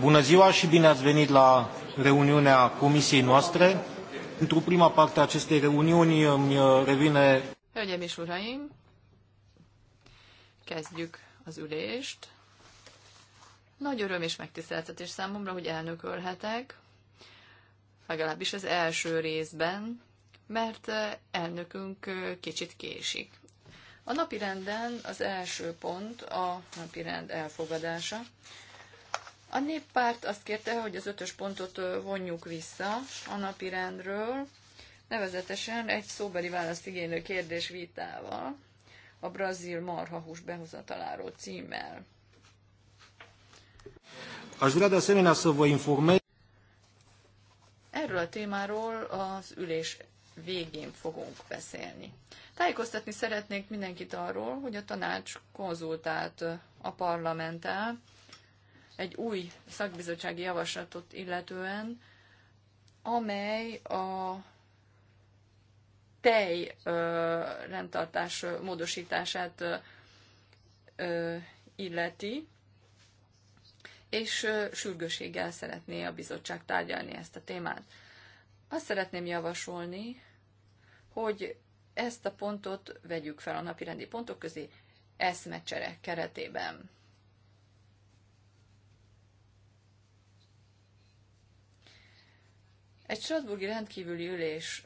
Bună ziua și bine ați venit la reuniunea comisiei noastre. Pentru prima parte a acestei reuniuni îmi uh, revine... Hölgyeim és uraim, kezdjük az ülést. Nagy öröm és megtiszteltetés számomra, hogy elnökölhetek, legalábbis az első részben, mert uh, elnökünk uh, kicsit késik. A renden az első pont a rend elfogadása. A néppárt azt kérte, hogy az ötös pontot vonjuk vissza a napi rendről, nevezetesen egy szóbeli választ igénylő kérdés vitával, a brazil marhahús behozataláról címmel. Az vrea de asemenea să Erről a témáról az ülés végén fogunk beszélni. Tájékoztatni szeretnék mindenkit arról, hogy a tanács konzultált a parlamenttel egy új szakbizottsági javaslatot illetően, amely a tej rendtartás módosítását illeti, és sürgőséggel szeretné a bizottság tárgyalni ezt a témát. Azt szeretném javasolni, hogy ezt a pontot vegyük fel a napirendi pontok közé eszmecsere keretében. Egy Strasburgi rendkívüli ülés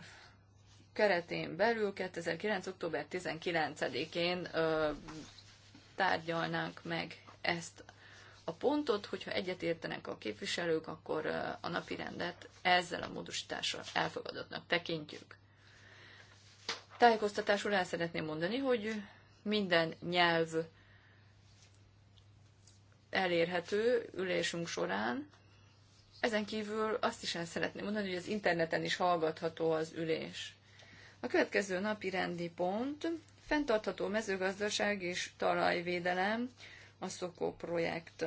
keretén belül 2009. október 19-én tárgyalnánk meg ezt a pontot, hogyha egyetértenek a képviselők, akkor a napi rendet ezzel a módosítással elfogadottnak tekintjük. Tájékoztatásul el szeretném mondani, hogy minden nyelv elérhető ülésünk során, ezen kívül azt is el szeretném mondani, hogy az interneten is hallgatható az ülés. A következő napi rendi pont fenntartható mezőgazdaság és talajvédelem a Szokó projekt.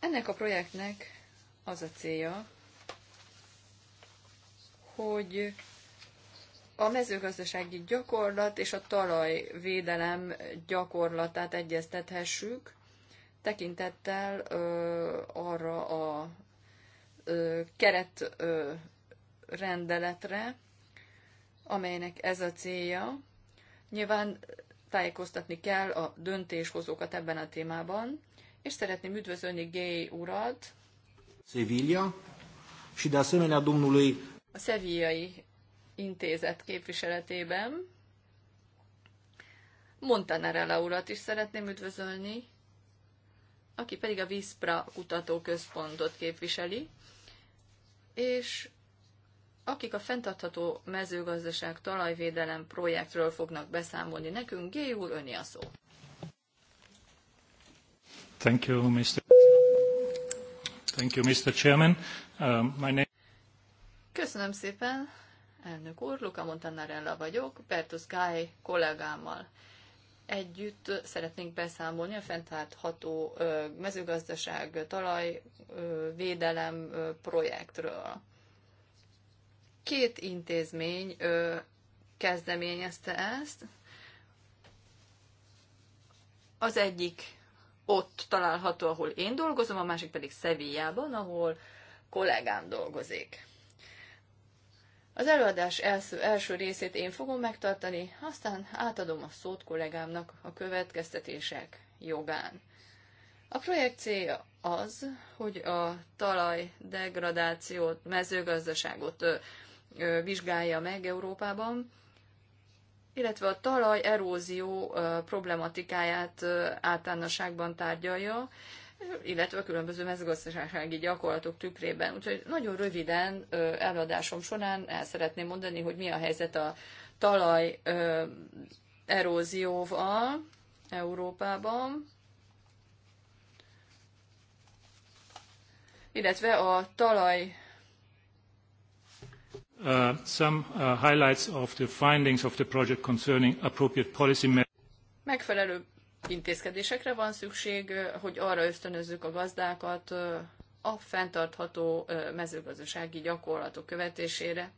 Ennek a projektnek az a célja, hogy a mezőgazdasági gyakorlat és a talajvédelem gyakorlatát egyeztethessük, tekintettel ö, arra a ö, keret ö, rendeletre, amelynek ez a célja. Nyilván tájékoztatni kell a döntéshozókat ebben a témában, és szeretném üdvözölni Gay urat. Sevilla, és de asemenea domnului a szevíjai intézet képviseletében. Montanarella urat is szeretném üdvözölni, aki pedig a Viszpra kutatóközpontot képviseli, és akik a fenntartható mezőgazdaság talajvédelem projektről fognak beszámolni nekünk. Géj úr, öni a szó. Thank you, Mr. Thank you, Mr. Chairman. Uh, my name... Köszönöm szépen elnök úr, Luca Montanarella vagyok, Pertus Guy kollégámmal együtt szeretnénk beszámolni a fenntartható mezőgazdaság talajvédelem projektről. Két intézmény kezdeményezte ezt. Az egyik ott található, ahol én dolgozom, a másik pedig Szevíjában, ahol kollégám dolgozik. Az előadás első, első részét én fogom megtartani, aztán átadom a szót kollégámnak a következtetések jogán. A projekt célja az, hogy a talaj degradációt, mezőgazdaságot vizsgálja meg Európában, illetve a talaj erózió problematikáját általánosságban tárgyalja, illetve a különböző mezőgazdasági gyakorlatok tükrében. Úgyhogy nagyon röviden előadásom során el szeretném mondani, hogy mi a helyzet a talaj erózióval Európában, illetve a talaj Uh, some uh, highlights of the findings of the project concerning appropriate policy measures. Megfelelő intézkedésekre van szükség, hogy arra ösztönözzük a gazdákat a fenntartható mezőgazdasági gyakorlatok követésére,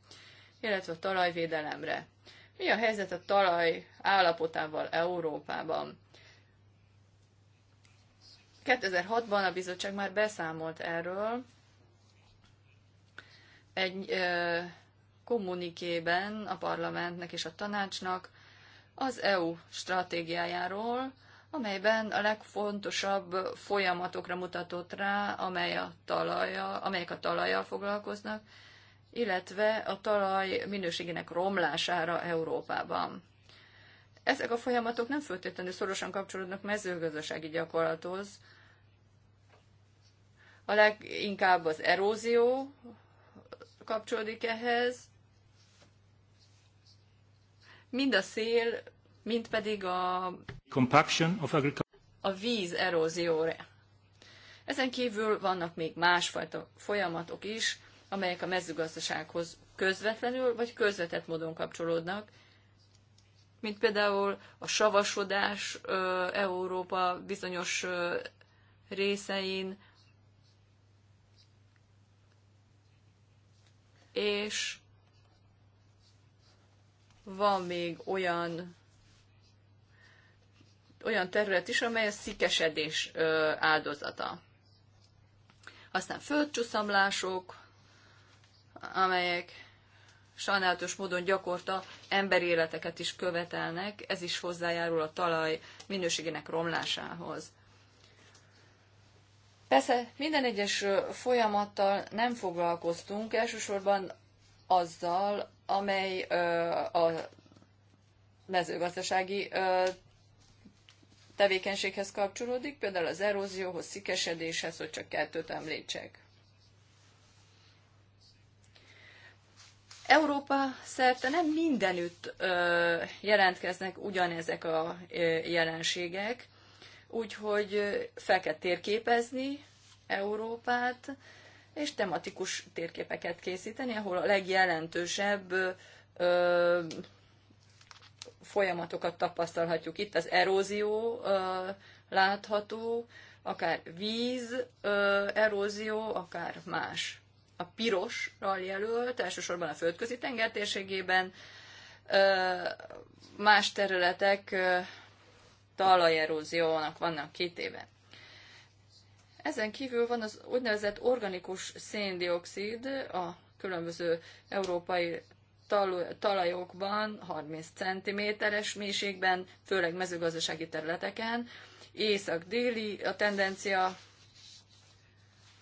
illetve a talajvédelemre. Mi a helyzet a talaj állapotával Európában? 2006-ban a bizottság már beszámolt erről egy ö, kommunikében a parlamentnek és a tanácsnak az EU stratégiájáról, amelyben a legfontosabb folyamatokra mutatott rá, amely a talaja, amelyek a talajjal foglalkoznak, illetve a talaj minőségének romlására Európában. Ezek a folyamatok nem föltétlenül szorosan kapcsolódnak mezőgazdasági gyakorlathoz. A leginkább az erózió kapcsolódik ehhez, mind a szél, mint pedig a, Compaction of a víz erózióra. Ezen kívül vannak még másfajta folyamatok is, amelyek a mezőgazdasághoz közvetlenül vagy közvetett módon kapcsolódnak, mint például a savasodás Európa bizonyos részein, és van még olyan olyan terület is, amely a szikesedés áldozata. Aztán földcsúszamlások, amelyek sajnálatos módon gyakorta emberéleteket is követelnek, ez is hozzájárul a talaj minőségének romlásához. Persze minden egyes folyamattal nem foglalkoztunk, elsősorban azzal, amely a mezőgazdasági tevékenységhez kapcsolódik, például az erózióhoz, szikesedéshez, hogy csak kettőt említsek. Európa szerte nem mindenütt jelentkeznek ugyanezek a jelenségek, úgyhogy fel kell térképezni Európát, és tematikus térképeket készíteni, ahol a legjelentősebb folyamatokat tapasztalhatjuk itt. Az erózió látható, akár víz erózió, akár más. A pirosral jelölt, elsősorban a földközi tenger térségében, más területek talajeróziónak vannak kitéve. Ezen kívül van az úgynevezett organikus széndiokszid a különböző európai tal talajokban, 30 cm-es mélységben, főleg mezőgazdasági területeken. Észak-déli a tendencia,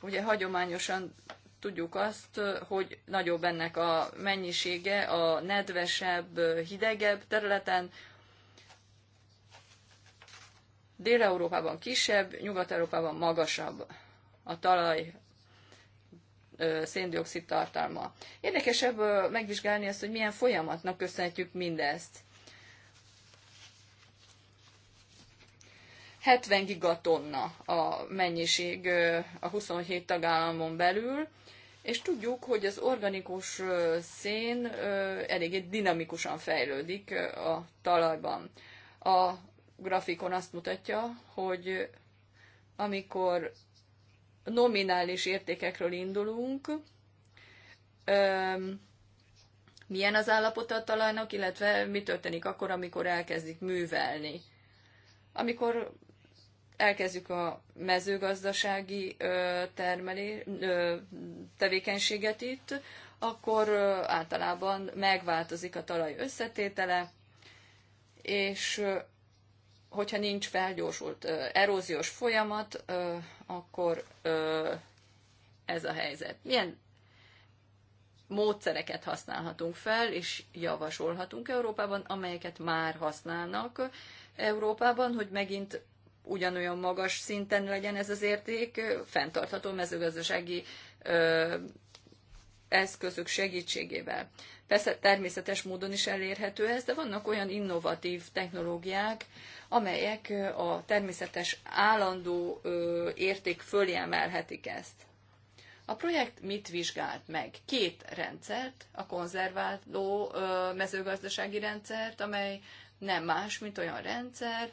ugye hagyományosan tudjuk azt, hogy nagyobb ennek a mennyisége a nedvesebb, hidegebb területen, Dél-Európában kisebb, Nyugat-Európában magasabb a talaj széndiokszid tartalma. Érdekesebb megvizsgálni azt, hogy milyen folyamatnak köszönhetjük mindezt. 70 gigatonna a mennyiség a 27 tagállamon belül, és tudjuk, hogy az organikus szén eléggé dinamikusan fejlődik a talajban. A grafikon azt mutatja, hogy amikor nominális értékekről indulunk, milyen az állapota a talajnak, illetve mi történik akkor, amikor elkezdik művelni. Amikor elkezdjük a mezőgazdasági termelé, tevékenységet itt, akkor általában megváltozik a talaj összetétele, és hogyha nincs felgyorsult eróziós folyamat, akkor ez a helyzet. Milyen módszereket használhatunk fel, és javasolhatunk Európában, amelyeket már használnak Európában, hogy megint ugyanolyan magas szinten legyen ez az érték, fenntartható mezőgazdasági eszközök segítségével. Persze természetes módon is elérhető ez, de vannak olyan innovatív technológiák, amelyek a természetes állandó érték fölé emelhetik ezt. A projekt mit vizsgált meg? Két rendszert, a konzerváló mezőgazdasági rendszert, amely nem más, mint olyan rendszer,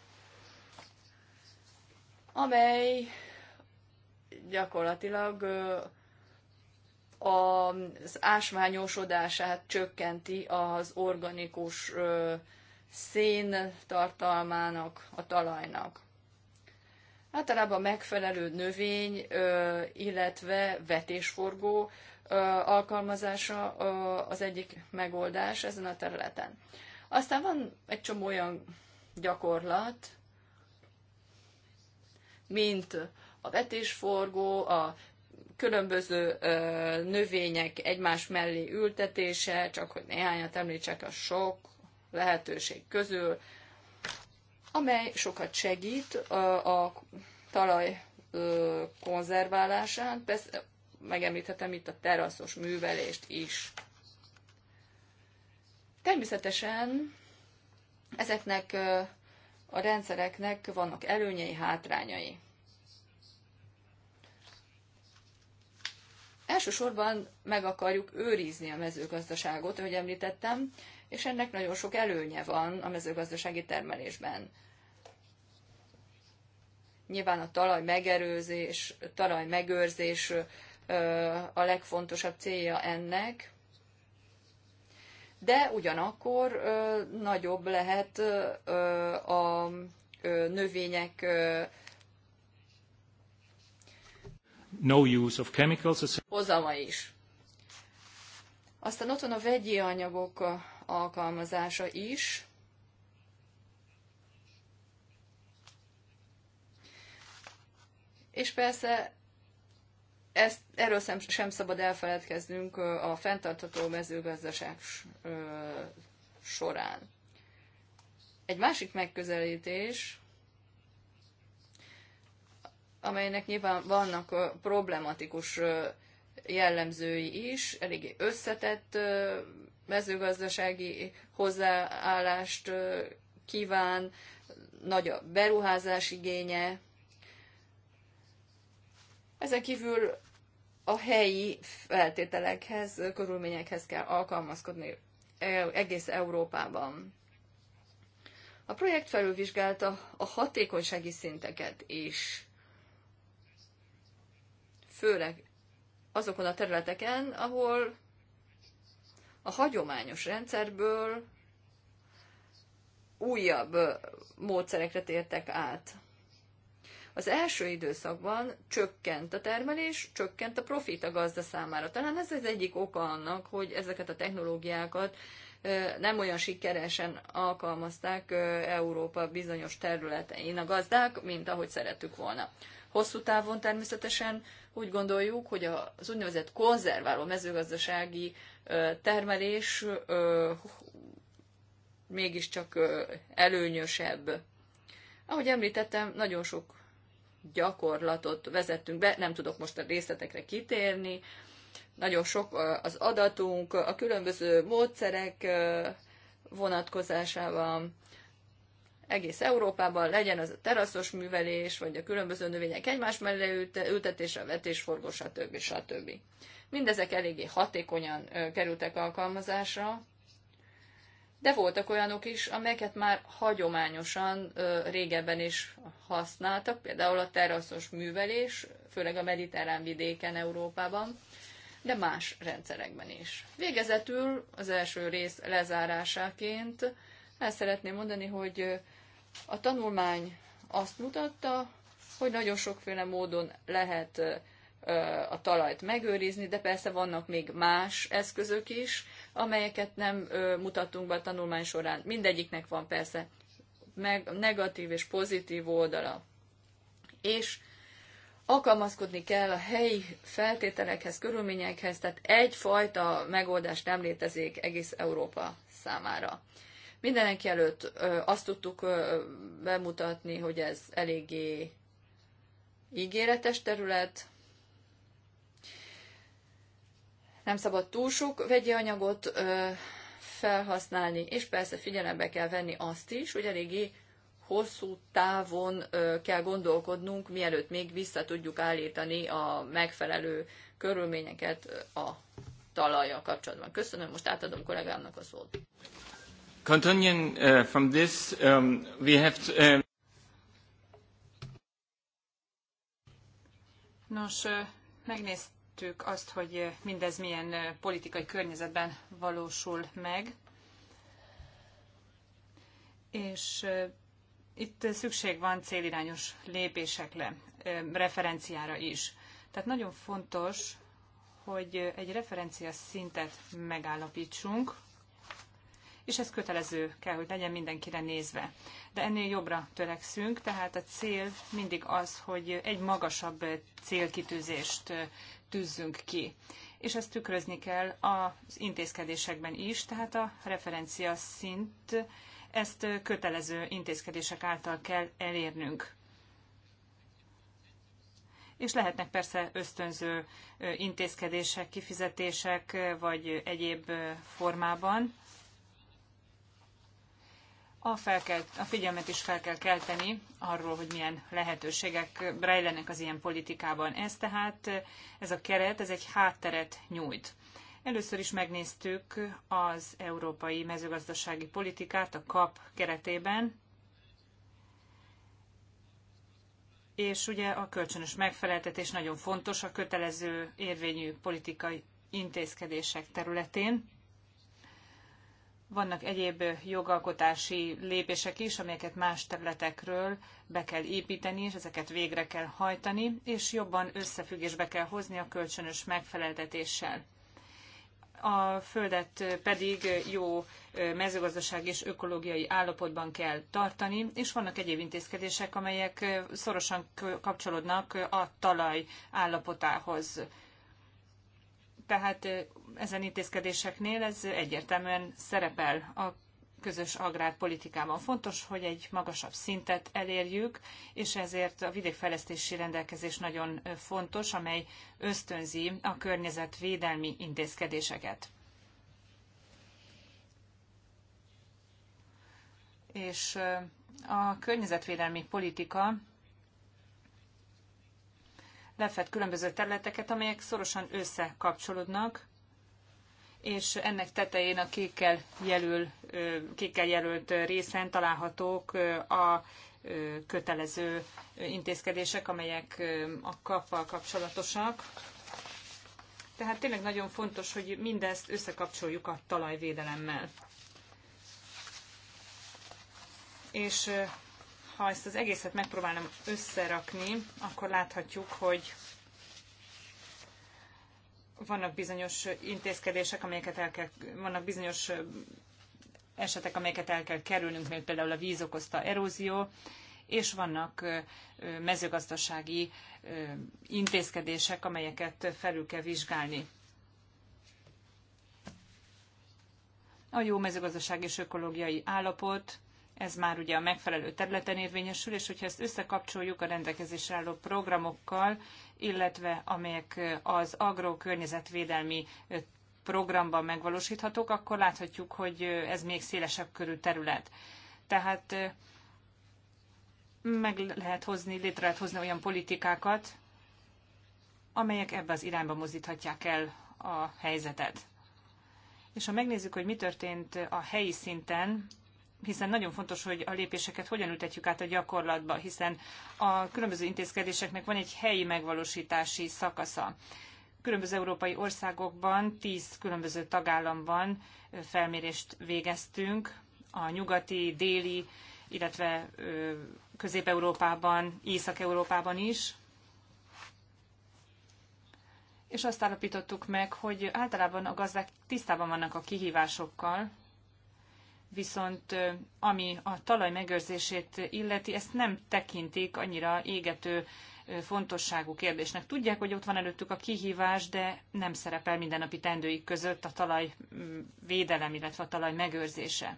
amely gyakorlatilag az ásványosodását csökkenti az organikus szén tartalmának, a talajnak. Általában megfelelő növény, illetve vetésforgó alkalmazása az egyik megoldás ezen a területen. Aztán van egy csomó olyan gyakorlat, mint a vetésforgó, a különböző növények egymás mellé ültetése, csak hogy néhányat említsek a sok lehetőség közül, amely sokat segít a talaj konzerválásán. Persze megemlíthetem itt a teraszos művelést is. Természetesen ezeknek a rendszereknek vannak előnyei, hátrányai. Elsősorban meg akarjuk őrizni a mezőgazdaságot, ahogy említettem, és ennek nagyon sok előnye van a mezőgazdasági termelésben. Nyilván a talaj megerőzés, talaj megőrzés a legfontosabb célja ennek, de ugyanakkor nagyobb lehet a növények no use of chemicals. Hozama is. Aztán ott van a vegyi anyagok uh, alkalmazása is. És persze ezt, erről sem, sem szabad elfeledkeznünk uh, a fenntartható mezőgazdaság uh, során. Egy másik megközelítés amelynek nyilván vannak problematikus jellemzői is, eléggé összetett mezőgazdasági hozzáállást kíván, nagy a beruházás igénye. Ezen kívül a helyi feltételekhez, körülményekhez kell alkalmazkodni e, egész Európában. A projekt felülvizsgálta a hatékonysági szinteket is főleg azokon a területeken, ahol a hagyományos rendszerből újabb módszerekre tértek át. Az első időszakban csökkent a termelés, csökkent a profit a gazda számára. Talán ez az egyik oka annak, hogy ezeket a technológiákat nem olyan sikeresen alkalmazták Európa bizonyos területein a gazdák, mint ahogy szerettük volna. Hosszú távon természetesen úgy gondoljuk, hogy az úgynevezett konzerváló mezőgazdasági termelés mégiscsak előnyösebb. Ahogy említettem, nagyon sok gyakorlatot vezettünk be, nem tudok most a részletekre kitérni, nagyon sok az adatunk, a különböző módszerek vonatkozásában, egész Európában, legyen az a teraszos művelés, vagy a különböző növények egymás mellé ültetése, vetésforgó, stb. stb. Mindezek eléggé hatékonyan kerültek alkalmazásra, de voltak olyanok is, amelyeket már hagyományosan régebben is használtak, például a teraszos művelés, főleg a mediterrán vidéken Európában, de más rendszerekben is. Végezetül az első rész lezárásáként el szeretném mondani, hogy a tanulmány azt mutatta, hogy nagyon sokféle módon lehet a talajt megőrizni, de persze vannak még más eszközök is, amelyeket nem mutattunk be a tanulmány során. Mindegyiknek van persze negatív és pozitív oldala. És alkalmazkodni kell a helyi feltételekhez, körülményekhez, tehát egyfajta megoldás nem létezik egész Európa számára. Mindenek előtt azt tudtuk bemutatni, hogy ez eléggé ígéretes terület. Nem szabad túl sok vegyi anyagot felhasználni, és persze figyelembe kell venni azt is, hogy eléggé hosszú távon kell gondolkodnunk, mielőtt még vissza tudjuk állítani a megfelelő körülményeket a talajjal kapcsolatban. Köszönöm, most átadom kollégámnak a szót. Continuing uh, from this, um, we have to, um... Nos, uh, megnéztük azt, hogy uh, mindez milyen politikai környezetben valósul meg, és itt szükség van célirányos lépésekre, referenciára is. Tehát nagyon fontos, hogy egy referencia szintet megállapítsunk, és ez kötelező kell, hogy legyen mindenkire nézve. De ennél jobbra törekszünk, tehát a cél mindig az, hogy egy magasabb célkitűzést tűzzünk ki. És ezt tükrözni kell az intézkedésekben is, tehát a referencia szint, ezt kötelező intézkedések által kell elérnünk és lehetnek persze ösztönző intézkedések, kifizetések vagy egyéb formában, a, felkelt, a figyelmet is fel kell kelteni arról, hogy milyen lehetőségek rejlenek az ilyen politikában. Ez tehát, ez a keret, ez egy hátteret nyújt. Először is megnéztük az európai mezőgazdasági politikát a KAP keretében, és ugye a kölcsönös megfeleltetés nagyon fontos a kötelező érvényű politikai intézkedések területén. Vannak egyéb jogalkotási lépések is, amelyeket más területekről be kell építeni, és ezeket végre kell hajtani, és jobban összefüggésbe kell hozni a kölcsönös megfeleltetéssel. A földet pedig jó mezőgazdaság és ökológiai állapotban kell tartani, és vannak egyéb intézkedések, amelyek szorosan kapcsolódnak a talaj állapotához tehát ezen intézkedéseknél ez egyértelműen szerepel a közös agrárpolitikában. Fontos, hogy egy magasabb szintet elérjük, és ezért a vidékfejlesztési rendelkezés nagyon fontos, amely ösztönzi a környezetvédelmi intézkedéseket. És a környezetvédelmi politika lefed különböző területeket, amelyek szorosan összekapcsolódnak, és ennek tetején a kékkel, jelöl, kékkel jelölt részen találhatók a kötelező intézkedések, amelyek a kappal kapcsolatosak. Tehát tényleg nagyon fontos, hogy mindezt összekapcsoljuk a talajvédelemmel. És ha ezt az egészet megpróbálom összerakni, akkor láthatjuk, hogy vannak bizonyos intézkedések, amelyeket el kell, vannak bizonyos esetek, amelyeket el kell kerülnünk, mint például a víz okozta erózió, és vannak mezőgazdasági intézkedések, amelyeket felül kell vizsgálni. A jó mezőgazdaság és ökológiai állapot, ez már ugye a megfelelő területen érvényesül, és hogyha ezt összekapcsoljuk a rendelkezésre álló programokkal, illetve amelyek az agrokörnyezetvédelmi programban megvalósíthatók, akkor láthatjuk, hogy ez még szélesebb körű terület. Tehát meg lehet hozni, létre lehet hozni olyan politikákat, amelyek ebbe az irányba mozdíthatják el a helyzetet. És ha megnézzük, hogy mi történt a helyi szinten, hiszen nagyon fontos, hogy a lépéseket hogyan ültetjük át a gyakorlatba, hiszen a különböző intézkedéseknek van egy helyi megvalósítási szakasza. Különböző európai országokban, tíz különböző tagállamban felmérést végeztünk, a nyugati, déli, illetve Közép-Európában, Észak-Európában is, és azt állapítottuk meg, hogy általában a gazdák tisztában vannak a kihívásokkal, viszont ami a talaj megőrzését illeti, ezt nem tekintik annyira égető fontosságú kérdésnek. Tudják, hogy ott van előttük a kihívás, de nem szerepel mindennapi tendőik között a talaj mm, védelem, illetve a talaj megőrzése.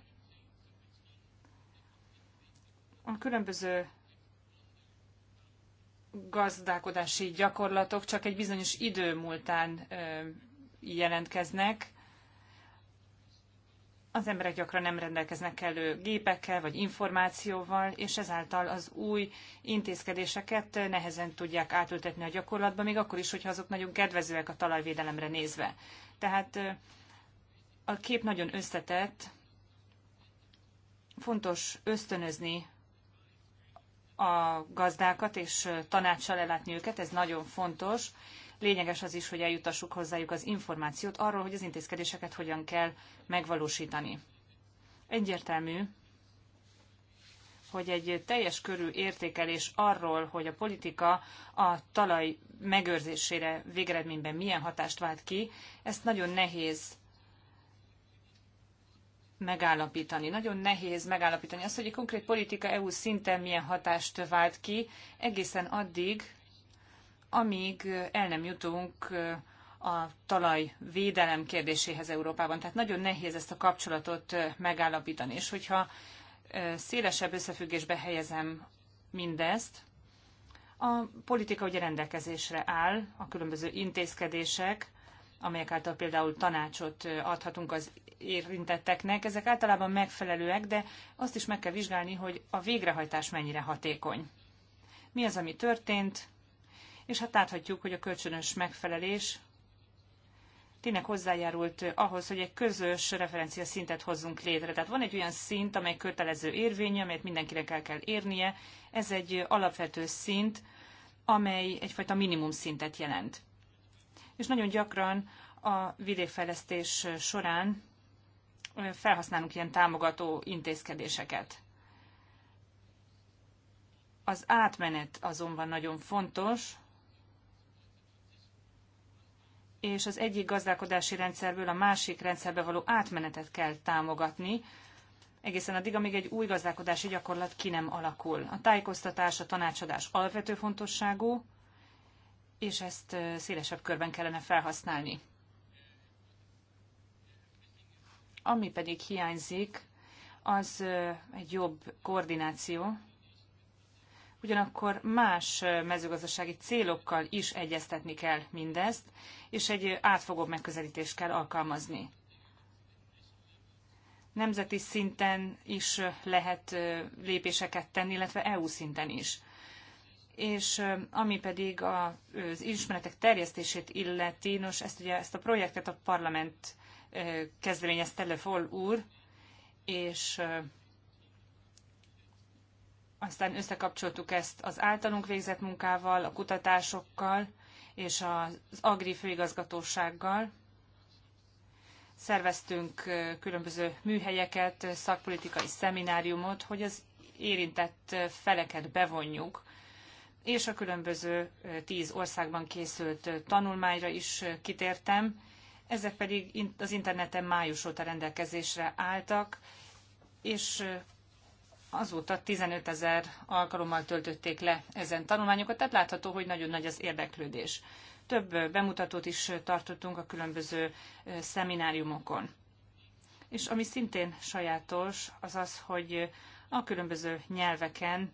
A különböző gazdálkodási gyakorlatok csak egy bizonyos idő múltán jelentkeznek, az emberek gyakran nem rendelkeznek elő gépekkel vagy információval, és ezáltal az új intézkedéseket nehezen tudják átültetni a gyakorlatba, még akkor is, hogyha azok nagyon kedvezőek a talajvédelemre nézve. Tehát a kép nagyon összetett, fontos ösztönözni a gazdákat és tanácssal ellátni őket, ez nagyon fontos, Lényeges az is, hogy eljutassuk hozzájuk az információt arról, hogy az intézkedéseket hogyan kell megvalósítani. Egyértelmű, hogy egy teljes körű értékelés arról, hogy a politika a talaj megőrzésére végeredményben milyen hatást vált ki, ezt nagyon nehéz megállapítani. Nagyon nehéz megállapítani azt, hogy egy konkrét politika EU szinten milyen hatást vált ki, egészen addig, amíg el nem jutunk a talajvédelem kérdéséhez Európában. Tehát nagyon nehéz ezt a kapcsolatot megállapítani. És hogyha szélesebb összefüggésbe helyezem mindezt, a politika ugye rendelkezésre áll, a különböző intézkedések, amelyek által például tanácsot adhatunk az érintetteknek, ezek általában megfelelőek, de azt is meg kell vizsgálni, hogy a végrehajtás mennyire hatékony. Mi az, ami történt, és hát láthatjuk, hogy a kölcsönös megfelelés tényleg hozzájárult ahhoz, hogy egy közös referencia szintet hozzunk létre. Tehát van egy olyan szint, amely kötelező érvényű, amelyet mindenkinek el kell érnie. Ez egy alapvető szint, amely egyfajta minimum szintet jelent. És nagyon gyakran a vidékfejlesztés során felhasználunk ilyen támogató intézkedéseket. Az átmenet azonban nagyon fontos, és az egyik gazdálkodási rendszerből a másik rendszerbe való átmenetet kell támogatni, egészen addig, amíg egy új gazdálkodási gyakorlat ki nem alakul. A tájékoztatás, a tanácsadás alapvető fontosságú, és ezt szélesebb körben kellene felhasználni. Ami pedig hiányzik, az egy jobb koordináció ugyanakkor más mezőgazdasági célokkal is egyeztetni kell mindezt, és egy átfogóbb megközelítést kell alkalmazni. Nemzeti szinten is lehet lépéseket tenni, illetve EU szinten is és ami pedig az ismeretek terjesztését illeti, nos, ezt, ugye, ezt a projektet a parlament kezdeményezte le Vol úr, és aztán összekapcsoltuk ezt az általunk végzett munkával, a kutatásokkal és az Agri főigazgatósággal. Szerveztünk különböző műhelyeket, szakpolitikai szemináriumot, hogy az érintett feleket bevonjuk, és a különböző tíz országban készült tanulmányra is kitértem. Ezek pedig az interneten május óta rendelkezésre álltak, és azóta 15 ezer alkalommal töltötték le ezen tanulmányokat, tehát látható, hogy nagyon nagy az érdeklődés. Több bemutatót is tartottunk a különböző szemináriumokon. És ami szintén sajátos, az az, hogy a különböző nyelveken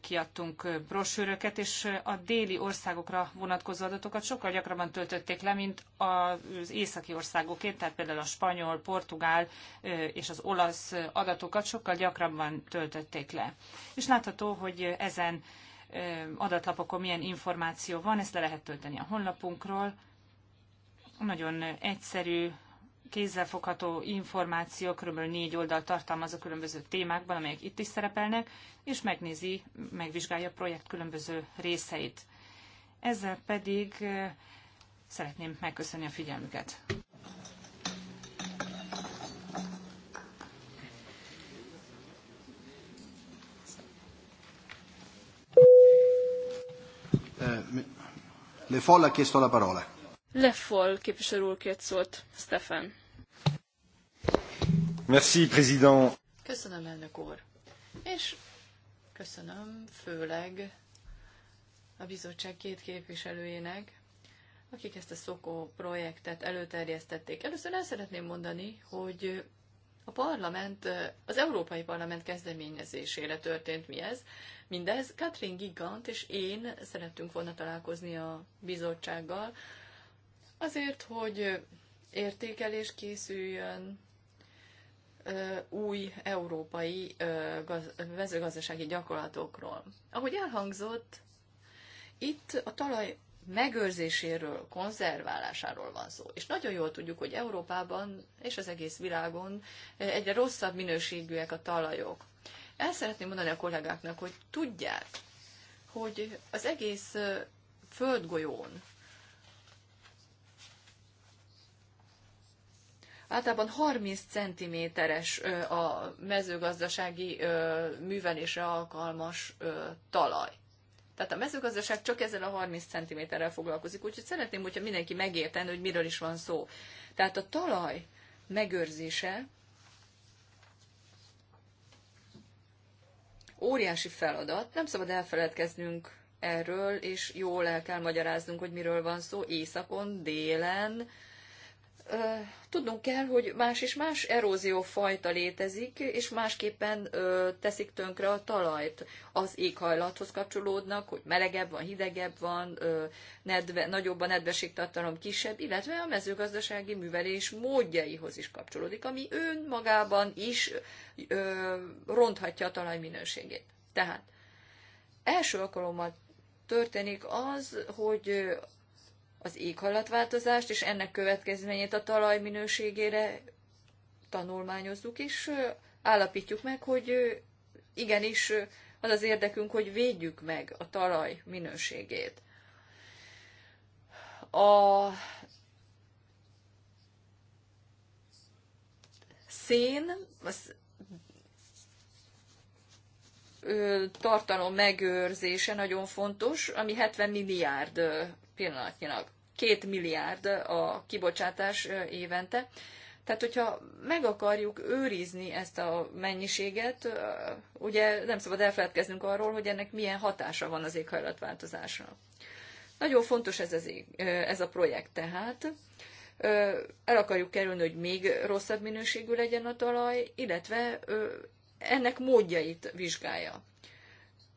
kiadtunk brosűröket, és a déli országokra vonatkozó adatokat sokkal gyakrabban töltötték le, mint az északi országokét, tehát például a spanyol, portugál és az olasz adatokat sokkal gyakrabban töltötték le. És látható, hogy ezen adatlapokon milyen információ van, ezt le lehet tölteni a honlapunkról. Nagyon egyszerű kézzelfogható információ, kb. négy oldal tartalmaz a különböző témákban, amelyek itt is szerepelnek, és megnézi, megvizsgálja a projekt különböző részeit. Ezzel pedig szeretném megköszönni a figyelmüket. Eh, Le Foll ha chiesto la parola. Lefol képviselő úr két szót, Stefan. Merci, président. Köszönöm, elnök úr. És köszönöm főleg a bizottság két képviselőjének, akik ezt a Szokó projektet előterjesztették. Először el szeretném mondani, hogy a parlament, az Európai Parlament kezdeményezésére történt mi ez. Mindez Katrin Gigant és én szerettünk volna találkozni a bizottsággal, Azért, hogy értékelés készüljön új európai vezőgazdasági gyakorlatokról. Ahogy elhangzott, itt a talaj megőrzéséről, konzerválásáról van szó. És nagyon jól tudjuk, hogy Európában és az egész világon egyre rosszabb minőségűek a talajok. El szeretném mondani a kollégáknak, hogy tudják, hogy az egész földgolyón Általában 30 cm-es a mezőgazdasági művelésre alkalmas talaj. Tehát a mezőgazdaság csak ezzel a 30 cm-rel foglalkozik, úgyhogy szeretném, hogyha mindenki megértene, hogy miről is van szó. Tehát a talaj megőrzése óriási feladat, nem szabad elfeledkeznünk erről, és jól el kell magyaráznunk, hogy miről van szó északon, délen, tudnunk kell, hogy más és más fajta létezik, és másképpen teszik tönkre a talajt. Az éghajlathoz kapcsolódnak, hogy melegebb van, hidegebb van, nedve, nagyobb a nedvességtartalom, kisebb, illetve a mezőgazdasági művelés módjaihoz is kapcsolódik, ami önmagában is ronthatja a talaj minőségét. Tehát első alkalommal történik az, hogy az éghajlatváltozást és ennek következményét a talaj minőségére tanulmányozzuk, és állapítjuk meg, hogy igenis az az érdekünk, hogy védjük meg a talaj minőségét. A szén az tartalom megőrzése nagyon fontos, ami 70 milliárd pillanatnyilag. Két milliárd a kibocsátás évente. Tehát, hogyha meg akarjuk őrizni ezt a mennyiséget, ugye nem szabad elfeledkeznünk arról, hogy ennek milyen hatása van az éghajlatváltozásra. Nagyon fontos ez, az, ez a projekt tehát. El akarjuk kerülni, hogy még rosszabb minőségű legyen a talaj, illetve ennek módjait vizsgálja.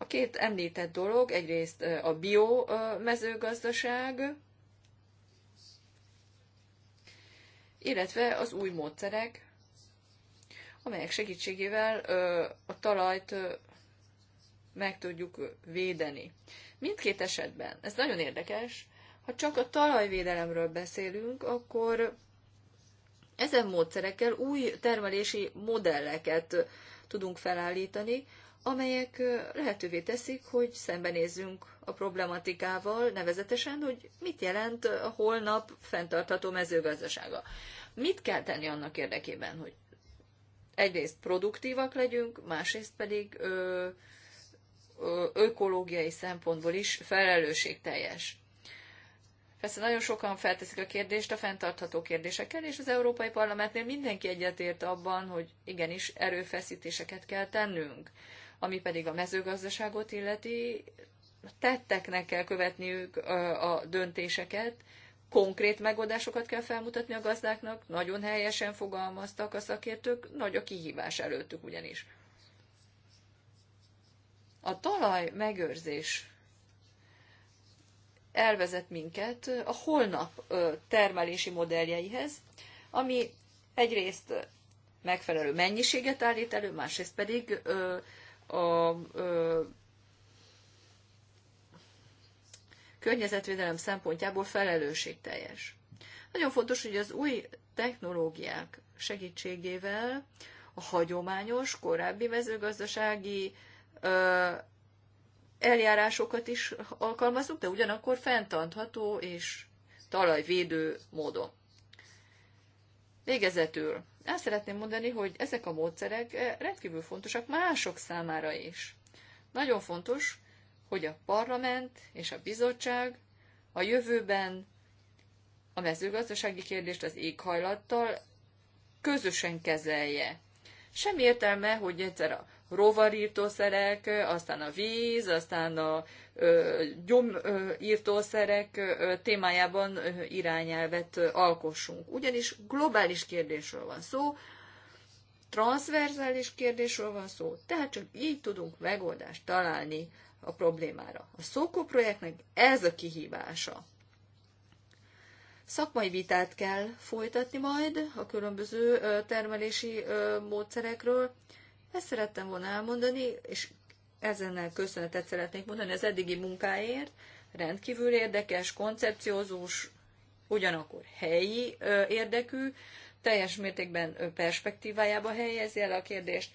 A két említett dolog, egyrészt a biomezőgazdaság, illetve az új módszerek, amelyek segítségével a talajt meg tudjuk védeni. Mindkét esetben, ez nagyon érdekes, ha csak a talajvédelemről beszélünk, akkor ezen módszerekkel új termelési modelleket tudunk felállítani, amelyek lehetővé teszik, hogy szembenézzünk a problematikával, nevezetesen, hogy mit jelent a holnap fenntartható mezőgazdasága. Mit kell tenni annak érdekében, hogy egyrészt produktívak legyünk, másrészt pedig ö, ö, ökológiai szempontból is felelősségteljes. Persze nagyon sokan felteszik a kérdést a fenntartható kérdésekkel, és az Európai Parlamentnél mindenki egyetért abban, hogy igenis erőfeszítéseket kell tennünk. Ami pedig a mezőgazdaságot illeti, tetteknek kell követniük a döntéseket, konkrét megoldásokat kell felmutatni a gazdáknak, nagyon helyesen fogalmaztak a szakértők, nagy a kihívás előttük ugyanis. A talaj megőrzés elvezet minket a holnap termelési modelljeihez, ami egyrészt megfelelő mennyiséget állít elő, másrészt pedig a ö, környezetvédelem szempontjából felelősségteljes. Nagyon fontos, hogy az új technológiák segítségével a hagyományos, korábbi mezőgazdasági ö, eljárásokat is alkalmazunk, de ugyanakkor fenntartható és talajvédő módon. Végezetül azt szeretném mondani, hogy ezek a módszerek eh, rendkívül fontosak mások számára is. Nagyon fontos, hogy a parlament és a bizottság a jövőben a mezőgazdasági kérdést az éghajlattal közösen kezelje. Sem értelme, hogy egyszer a rovarírtószerek, aztán a víz, aztán a gyomírtószerek témájában irányelvet alkossunk. Ugyanis globális kérdésről van szó, transzverzális kérdésről van szó, tehát csak így tudunk megoldást találni a problémára. A szókó projektnek ez a kihívása. Szakmai vitát kell folytatni majd a különböző termelési módszerekről, ezt szerettem volna elmondani, és ezennel köszönetet szeretnék mondani az eddigi munkáért. Rendkívül érdekes, koncepciózós, ugyanakkor helyi érdekű, teljes mértékben perspektívájába helyezi el a kérdést,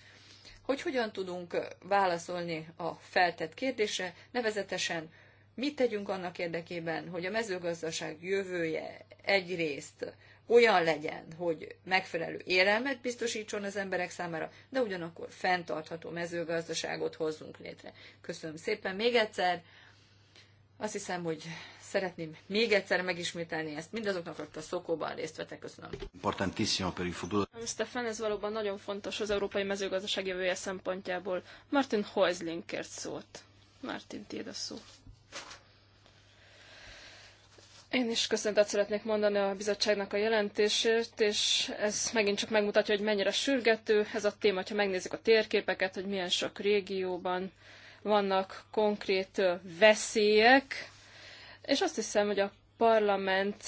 hogy hogyan tudunk válaszolni a feltett kérdésre, nevezetesen mit tegyünk annak érdekében, hogy a mezőgazdaság jövője egyrészt olyan legyen, hogy megfelelő élelmet biztosítson az emberek számára, de ugyanakkor fenntartható mezőgazdaságot hozzunk létre. Köszönöm szépen még egyszer. Azt hiszem, hogy szeretném még egyszer megismételni ezt mindazoknak, akik a szokóban részt vettek. Köszönöm. Importantissimo per il futuro. Stefan, ez valóban nagyon fontos az európai mezőgazdaság jövője szempontjából. Martin Heusling kért szót. Martin, tiéd a szó. Én is köszönetet szeretnék mondani a bizottságnak a jelentésért, és ez megint csak megmutatja, hogy mennyire sürgető ez a téma, ha megnézzük a térképeket, hogy milyen sok régióban vannak konkrét veszélyek, és azt hiszem, hogy a parlament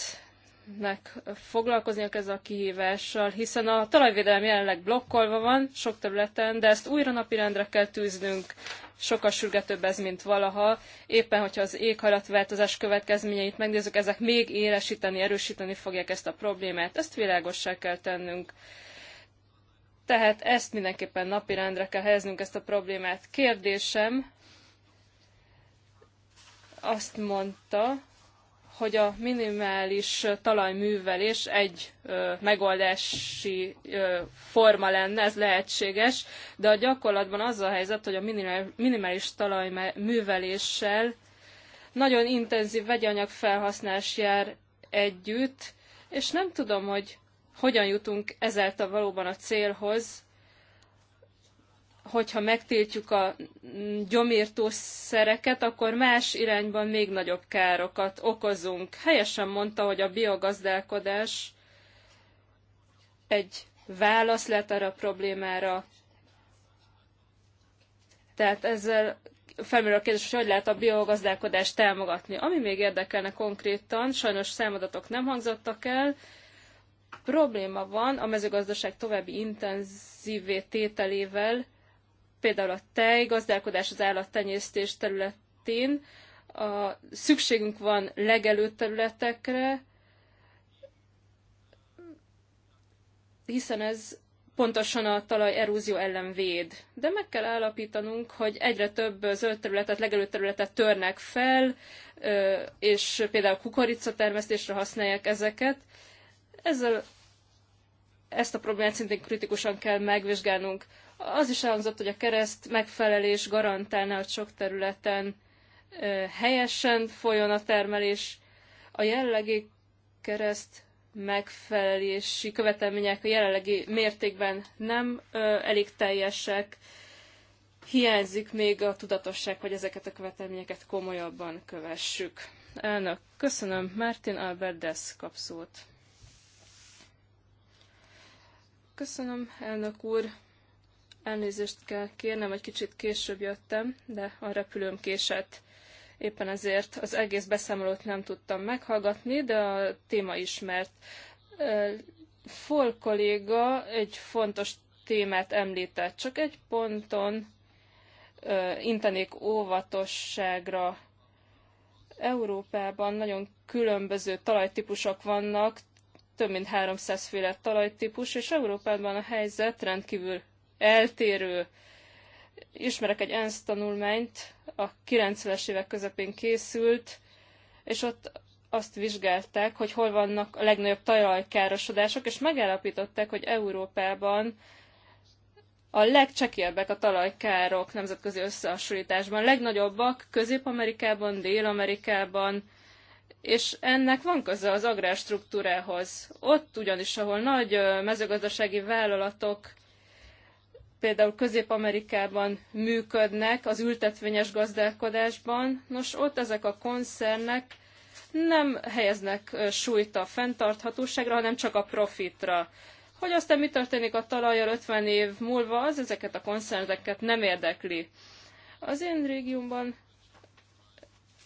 nek foglalkozniak ezzel a kihívással, hiszen a talajvédelem jelenleg blokkolva van sok területen, de ezt újra napirendre kell tűznünk, sokkal sürgetőbb ez, mint valaha. Éppen, hogyha az éghajlatváltozás következményeit megnézzük, ezek még élesíteni, erősíteni fogják ezt a problémát. Ezt világossá kell tennünk. Tehát ezt mindenképpen napirendre kell helyeznünk ezt a problémát. Kérdésem azt mondta, hogy a minimális talajművelés egy ö, megoldási ö, forma lenne, ez lehetséges, de a gyakorlatban az a helyzet, hogy a minimális talajműveléssel nagyon intenzív vegyanyag felhasználás jár együtt, és nem tudom, hogy hogyan jutunk ezáltal valóban a célhoz, hogyha megtiltjuk a szereket, akkor más irányban még nagyobb károkat okozunk. Helyesen mondta, hogy a biogazdálkodás egy válasz lett erre a problémára. Tehát ezzel felmerül a kérdés, hogy hogy lehet a biogazdálkodást támogatni. Ami még érdekelne konkrétan, sajnos számadatok nem hangzottak el, probléma van a mezőgazdaság további intenzívé tételével, például a tej, gazdálkodás az állattenyésztés területén, a, szükségünk van legelő területekre, hiszen ez pontosan a talaj erózió ellen véd. De meg kell állapítanunk, hogy egyre több zöld területet, legelő területet törnek fel, és például kukoricatermesztésre használják ezeket. Ezzel ezt a problémát szintén kritikusan kell megvizsgálnunk. Az is elhangzott, hogy a kereszt megfelelés garantálná, hogy sok területen helyesen folyjon a termelés. A jelenlegi kereszt megfelelési követelmények a jelenlegi mértékben nem elég teljesek. Hiányzik még a tudatosság, hogy ezeket a követelményeket komolyabban kövessük. Elnök, köszönöm. Martin Albert Dess kap szót. Köszönöm, elnök úr. Elnézést kell kérnem, egy kicsit később jöttem, de a repülőm késett. Éppen ezért az egész beszámolót nem tudtam meghallgatni, de a téma ismert. Fol kolléga egy fontos témát említett, csak egy ponton intenék óvatosságra. Európában nagyon különböző talajtípusok vannak, több mint 300 féle talajtípus, és Európában a helyzet rendkívül eltérő. Ismerek egy ENSZ tanulmányt, a 90-es évek közepén készült, és ott azt vizsgálták, hogy hol vannak a legnagyobb talajkárosodások, és megállapították, hogy Európában a legcsekélbek a talajkárok nemzetközi összehasonlításban. Legnagyobbak Közép-Amerikában, Dél-Amerikában, és ennek van köze az agrárstruktúrához. Ott ugyanis, ahol nagy mezőgazdasági vállalatok például Közép-Amerikában működnek az ültetvényes gazdálkodásban. Nos, ott ezek a koncernek nem helyeznek súlyt a fenntarthatóságra, hanem csak a profitra. Hogy aztán mi történik a talajjal 50 év múlva, az ezeket a koncerneket nem érdekli. Az én régiumban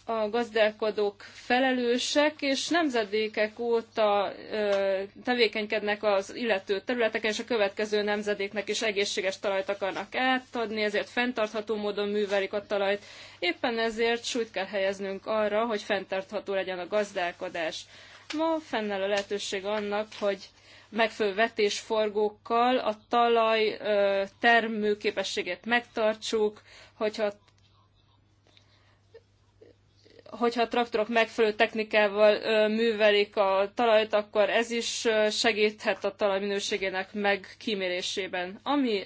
a gazdálkodók felelősek, és nemzedékek óta ö, tevékenykednek az illető területeken, és a következő nemzedéknek is egészséges talajt akarnak átadni, ezért fenntartható módon művelik a talajt. Éppen ezért súlyt kell helyeznünk arra, hogy fenntartható legyen a gazdálkodás. Ma fennel a lehetőség annak, hogy megfelelő vetésforgókkal a talaj termőképességét megtartsuk, hogyha a hogyha a traktorok megfelelő technikával művelik a talajt, akkor ez is segíthet a talaj minőségének megkímélésében. Ami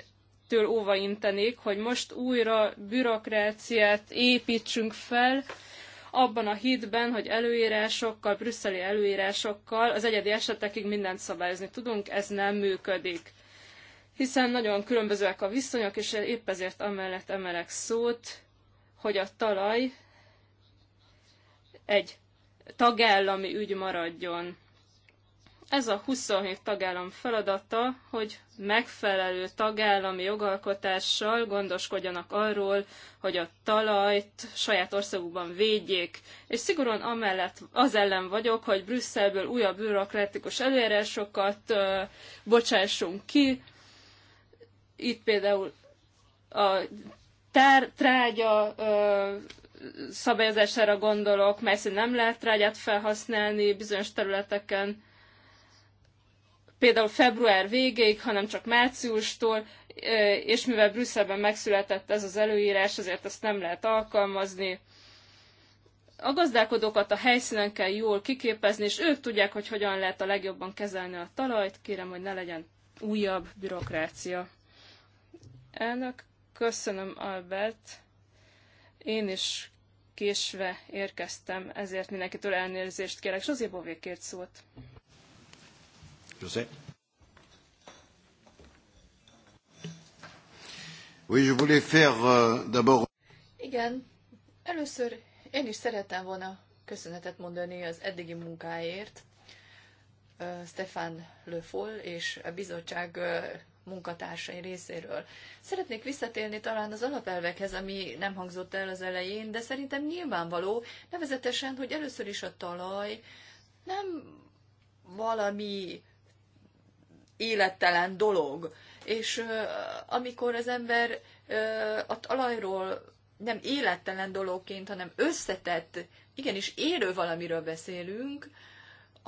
től óva intenék, hogy most újra bürokráciát építsünk fel, abban a hitben, hogy előírásokkal, brüsszeli előírásokkal az egyedi esetekig mindent szabályozni tudunk, ez nem működik. Hiszen nagyon különbözőek a viszonyok, és épp ezért amellett emelek szót, hogy a talaj egy tagállami ügy maradjon. Ez a 27 tagállam feladata, hogy megfelelő tagállami jogalkotással gondoskodjanak arról, hogy a talajt saját országukban védjék, és szigorúan amellett az ellen vagyok, hogy Brüsszelből újabb bürokratikus előjárásokat ö, bocsássunk ki. Itt például a tár, trágya ö, szabályozására gondolok, mely szerint nem lehet trágyát felhasználni bizonyos területeken, például február végéig, hanem csak márciustól, e, és mivel Brüsszelben megszületett ez az előírás, ezért ezt nem lehet alkalmazni. A gazdálkodókat a helyszínen kell jól kiképezni, és ők tudják, hogy hogyan lehet a legjobban kezelni a talajt. Kérem, hogy ne legyen újabb bürokrácia. Elnök, köszönöm Albert. Én is késve érkeztem, ezért mindenkitől elnézést kérek. Zsuzsi Bové kért szót. José. Oui, je voulais faire euh, d'abord... Igen, először én is szerettem volna köszönetet mondani az eddigi munkáért. Stefan Le Foll és a bizottság munkatársai részéről. Szeretnék visszatérni talán az alapelvekhez, ami nem hangzott el az elején, de szerintem nyilvánvaló, nevezetesen, hogy először is a talaj nem valami élettelen dolog. És amikor az ember a talajról nem élettelen dologként, hanem összetett, igenis élő valamiről beszélünk,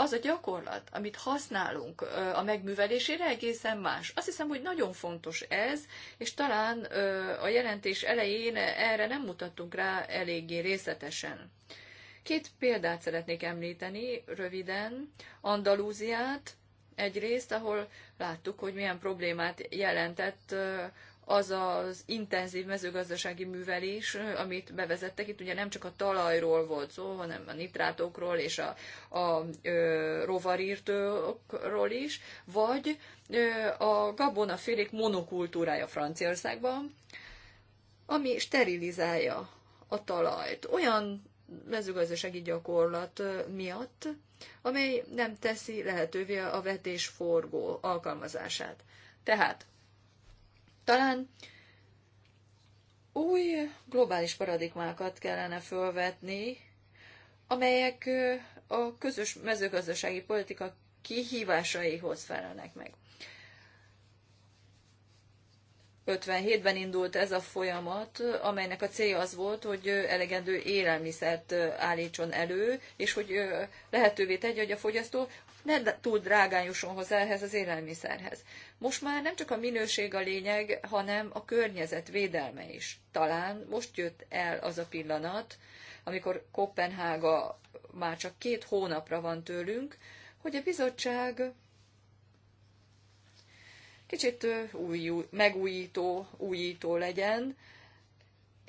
az a gyakorlat, amit használunk a megművelésére egészen más. Azt hiszem, hogy nagyon fontos ez, és talán a jelentés elején erre nem mutattunk rá eléggé részletesen. Két példát szeretnék említeni röviden. Andalúziát egyrészt, ahol láttuk, hogy milyen problémát jelentett az az intenzív mezőgazdasági művelés, amit bevezettek, itt ugye nem csak a talajról volt szó, hanem a nitrátokról és a, a ö, rovarírtókról is, vagy ö, a gabonafélék monokultúrája Franciaországban, ami sterilizálja a talajt. Olyan mezőgazdasági gyakorlat miatt, amely nem teszi lehetővé a vetésforgó alkalmazását. Tehát talán új globális paradigmákat kellene felvetni, amelyek a közös mezőgazdasági politika kihívásaihoz felelnek meg. 57-ben indult ez a folyamat, amelynek a célja az volt, hogy elegendő élelmiszert állítson elő, és hogy lehetővé tegye, hogy a fogyasztó ne túl drágán jusson hozzá ehhez az élelmiszerhez. Most már nem csak a minőség a lényeg, hanem a környezet védelme is. Talán most jött el az a pillanat, amikor Kopenhága már csak két hónapra van tőlünk, hogy a bizottság kicsit új, megújító, újító legyen,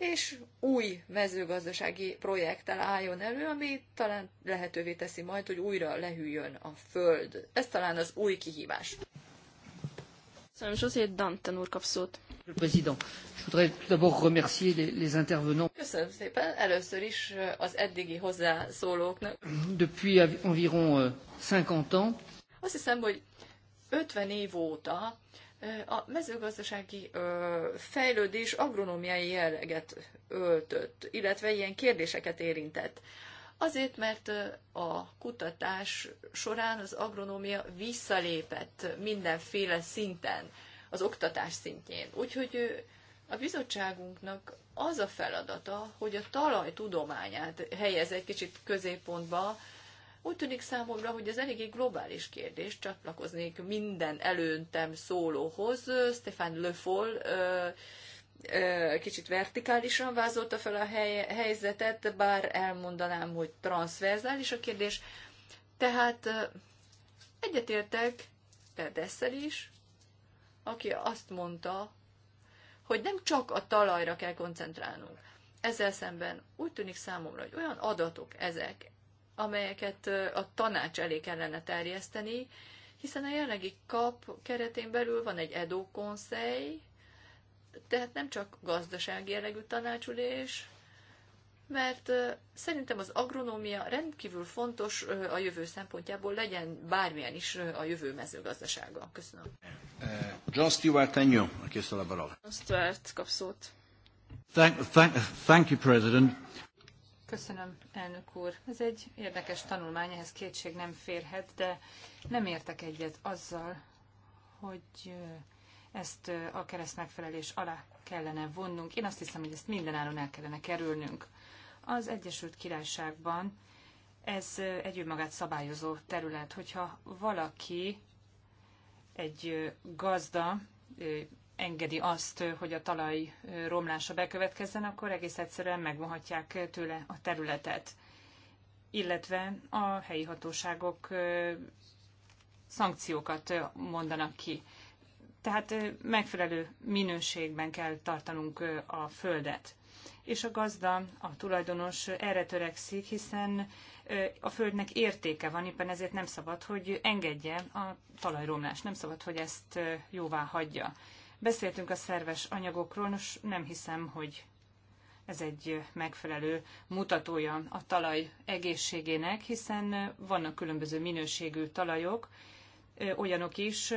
és új mezőgazdasági projekttel álljon elő, ami talán lehetővé teszi majd, hogy újra lehűljön a föld. Ez talán az új kihívás. Köszönöm, José Danten úr kap szót. Köszönöm szépen először is az eddigi hozzászólóknak. Depuis environ 50 euh, ans. Azt hiszem, hogy 50 év óta a mezőgazdasági fejlődés agronómiai jelleget öltött, illetve ilyen kérdéseket érintett. Azért, mert a kutatás során az agronómia visszalépett mindenféle szinten, az oktatás szintjén. Úgyhogy a bizottságunknak az a feladata, hogy a talajtudományát helyez egy kicsit középpontba, úgy tűnik számomra, hogy ez eléggé globális kérdés, csatlakoznék minden előntem szólóhoz. Stefan Le Foll kicsit vertikálisan vázolta fel a hely, helyzetet, bár elmondanám, hogy transzverzális a kérdés. Tehát egyetértek Perdesszel is, aki azt mondta, hogy nem csak a talajra kell koncentrálnunk. Ezzel szemben úgy tűnik számomra, hogy olyan adatok ezek, amelyeket a tanács elé kellene terjeszteni, hiszen a jelenlegi kap keretén belül van egy edókonszely, tehát nem csak gazdasági jellegű tanácsulés, mert szerintem az agronómia rendkívül fontos a jövő szempontjából legyen bármilyen is a jövő mezőgazdasága. Köszönöm. Eh, John Stewart, and you. John Stewart, kap szót. Thank, thank, thank you, President. Köszönöm, elnök úr. Ez egy érdekes tanulmány, ehhez kétség nem férhet, de nem értek egyet azzal, hogy ezt a kereszt megfelelés alá kellene vonnunk. Én azt hiszem, hogy ezt mindenáron el kellene kerülnünk. Az Egyesült Királyságban ez egy önmagát szabályozó terület, hogyha valaki egy gazda engedi azt, hogy a talaj romlása bekövetkezzen, akkor egész egyszerűen megvonhatják tőle a területet. Illetve a helyi hatóságok szankciókat mondanak ki. Tehát megfelelő minőségben kell tartanunk a földet. És a gazda, a tulajdonos erre törekszik, hiszen a földnek értéke van, éppen ezért nem szabad, hogy engedje a talajromlást, nem szabad, hogy ezt jóvá hagyja. Beszéltünk a szerves anyagokról, nos nem hiszem, hogy ez egy megfelelő mutatója a talaj egészségének, hiszen vannak különböző minőségű talajok, olyanok is,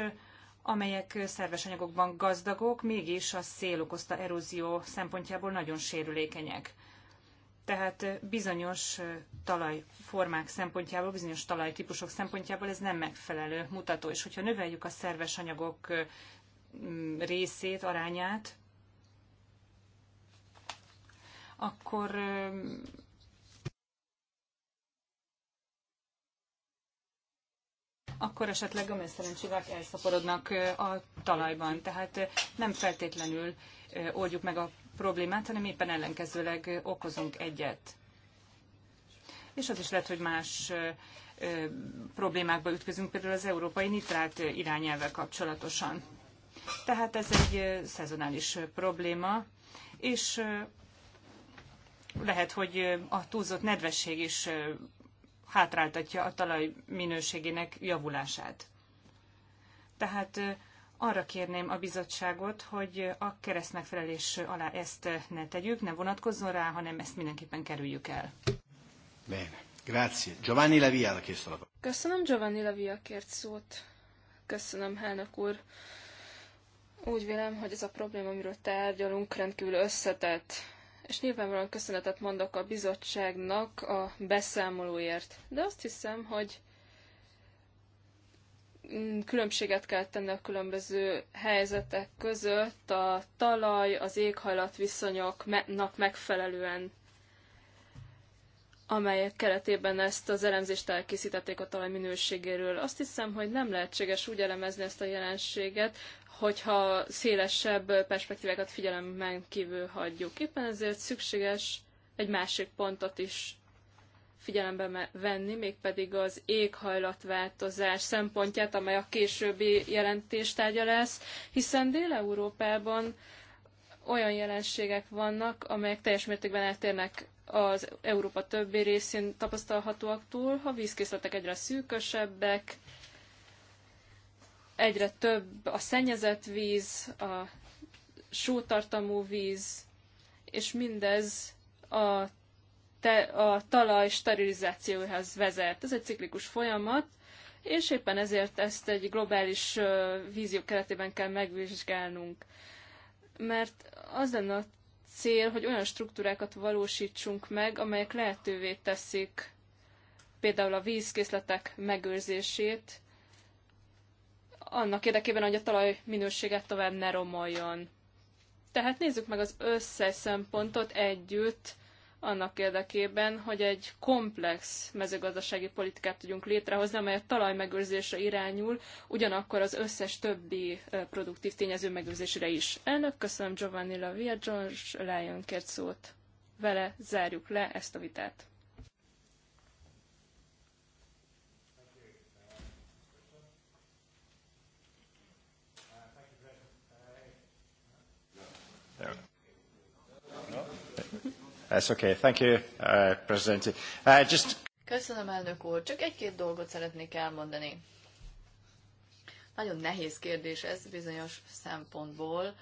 amelyek szerves anyagokban gazdagok, mégis a szél okozta erózió szempontjából nagyon sérülékenyek. Tehát bizonyos talajformák szempontjából, bizonyos talajtípusok szempontjából ez nem megfelelő mutató, és hogyha növeljük a szerves anyagok részét, arányát, akkor akkor esetleg a messzerencsivák elszaporodnak a talajban. Tehát nem feltétlenül oldjuk meg a problémát, hanem éppen ellenkezőleg okozunk egyet. És az is lehet, hogy más problémákba ütközünk, például az európai nitrát irányelvvel kapcsolatosan. Tehát ez egy szezonális probléma, és lehet, hogy a túlzott nedvesség is hátráltatja a talaj minőségének javulását. Tehát arra kérném a bizottságot, hogy a keresztmegfelelés alá ezt ne tegyük, ne vonatkozzon rá, hanem ezt mindenképpen kerüljük el. Bene. Grazie. Giovanni Lavia ha la Köszönöm, Giovanni Lavia kért szót. Köszönöm, elnök úr. Úgy vélem, hogy ez a probléma, amiről tárgyalunk, rendkívül összetett, és nyilvánvalóan köszönetet mondok a bizottságnak a beszámolóért. De azt hiszem, hogy mm, különbséget kell tenni a különböző helyzetek között a talaj, az éghajlat viszonyoknak megfelelően, amelyek keretében ezt az elemzést elkészítették a talaj minőségéről. Azt hiszem, hogy nem lehetséges úgy elemezni ezt a jelenséget, hogyha szélesebb perspektívákat figyelemben kívül hagyjuk. Éppen ezért szükséges egy másik pontot is figyelembe venni, mégpedig az éghajlatváltozás szempontját, amely a későbbi jelentéstárgya lesz, hiszen Dél-Európában olyan jelenségek vannak, amelyek teljes mértékben eltérnek az Európa többi részén tapasztalhatóak túl, ha vízkészletek egyre szűkösebbek, egyre több a szennyezett víz, a sótartalmú víz, és mindez a, te, a talaj sterilizációhoz vezet. Ez egy ciklikus folyamat, és éppen ezért ezt egy globális vízió keretében kell megvizsgálnunk. Mert az lenne a cél, hogy olyan struktúrákat valósítsunk meg, amelyek lehetővé teszik például a vízkészletek megőrzését, annak érdekében, hogy a talaj minőséget tovább ne romoljon. Tehát nézzük meg az összes szempontot együtt, annak érdekében, hogy egy komplex mezőgazdasági politikát tudjunk létrehozni, amely a talaj megőrzésre irányul, ugyanakkor az összes többi produktív tényező megőrzésére is. Elnök, köszönöm Giovanni Lavia, George Lyon kért szót. Vele zárjuk le ezt a vitát. That's okay. Thank you, uh, President. Uh, just... Köszönöm, elnök úr. Csak egy-két dolgot szeretnék elmondani. Nagyon nehéz kérdés ez bizonyos szempontból,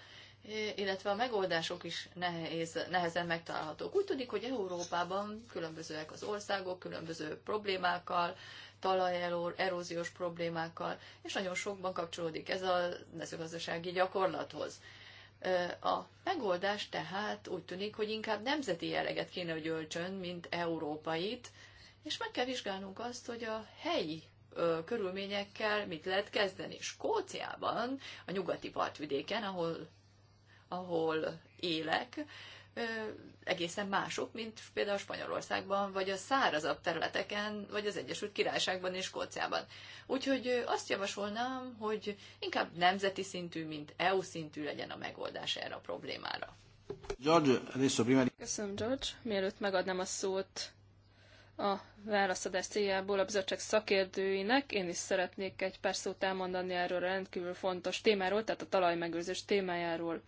illetve a megoldások is nehéz, nehezen megtalálhatók. Úgy tudik, hogy Európában különbözőek az országok, különböző problémákkal, talajelor, eróziós problémákkal, és nagyon sokban kapcsolódik ez a mezőgazdasági gyakorlathoz. A megoldás tehát úgy tűnik, hogy inkább nemzeti jelleget kéne, hogy öltsön, mint európait, és meg kell vizsgálnunk azt, hogy a helyi körülményekkel mit lehet kezdeni. Skóciában, a nyugati partvidéken, ahol, ahol élek, egészen mások, mint például Spanyolországban, vagy a szárazabb területeken, vagy az Egyesült Királyságban és Skóciában. Úgyhogy azt javasolnám, hogy inkább nemzeti szintű, mint EU szintű legyen a megoldás erre a problémára. George, adesso prima... Köszönöm, George. Mielőtt megadnám a szót a válaszadás céljából a bizottság szakértőinek, én is szeretnék egy pár szót elmondani erről a rendkívül fontos témáról, tehát a talajmegőrzés témájáról,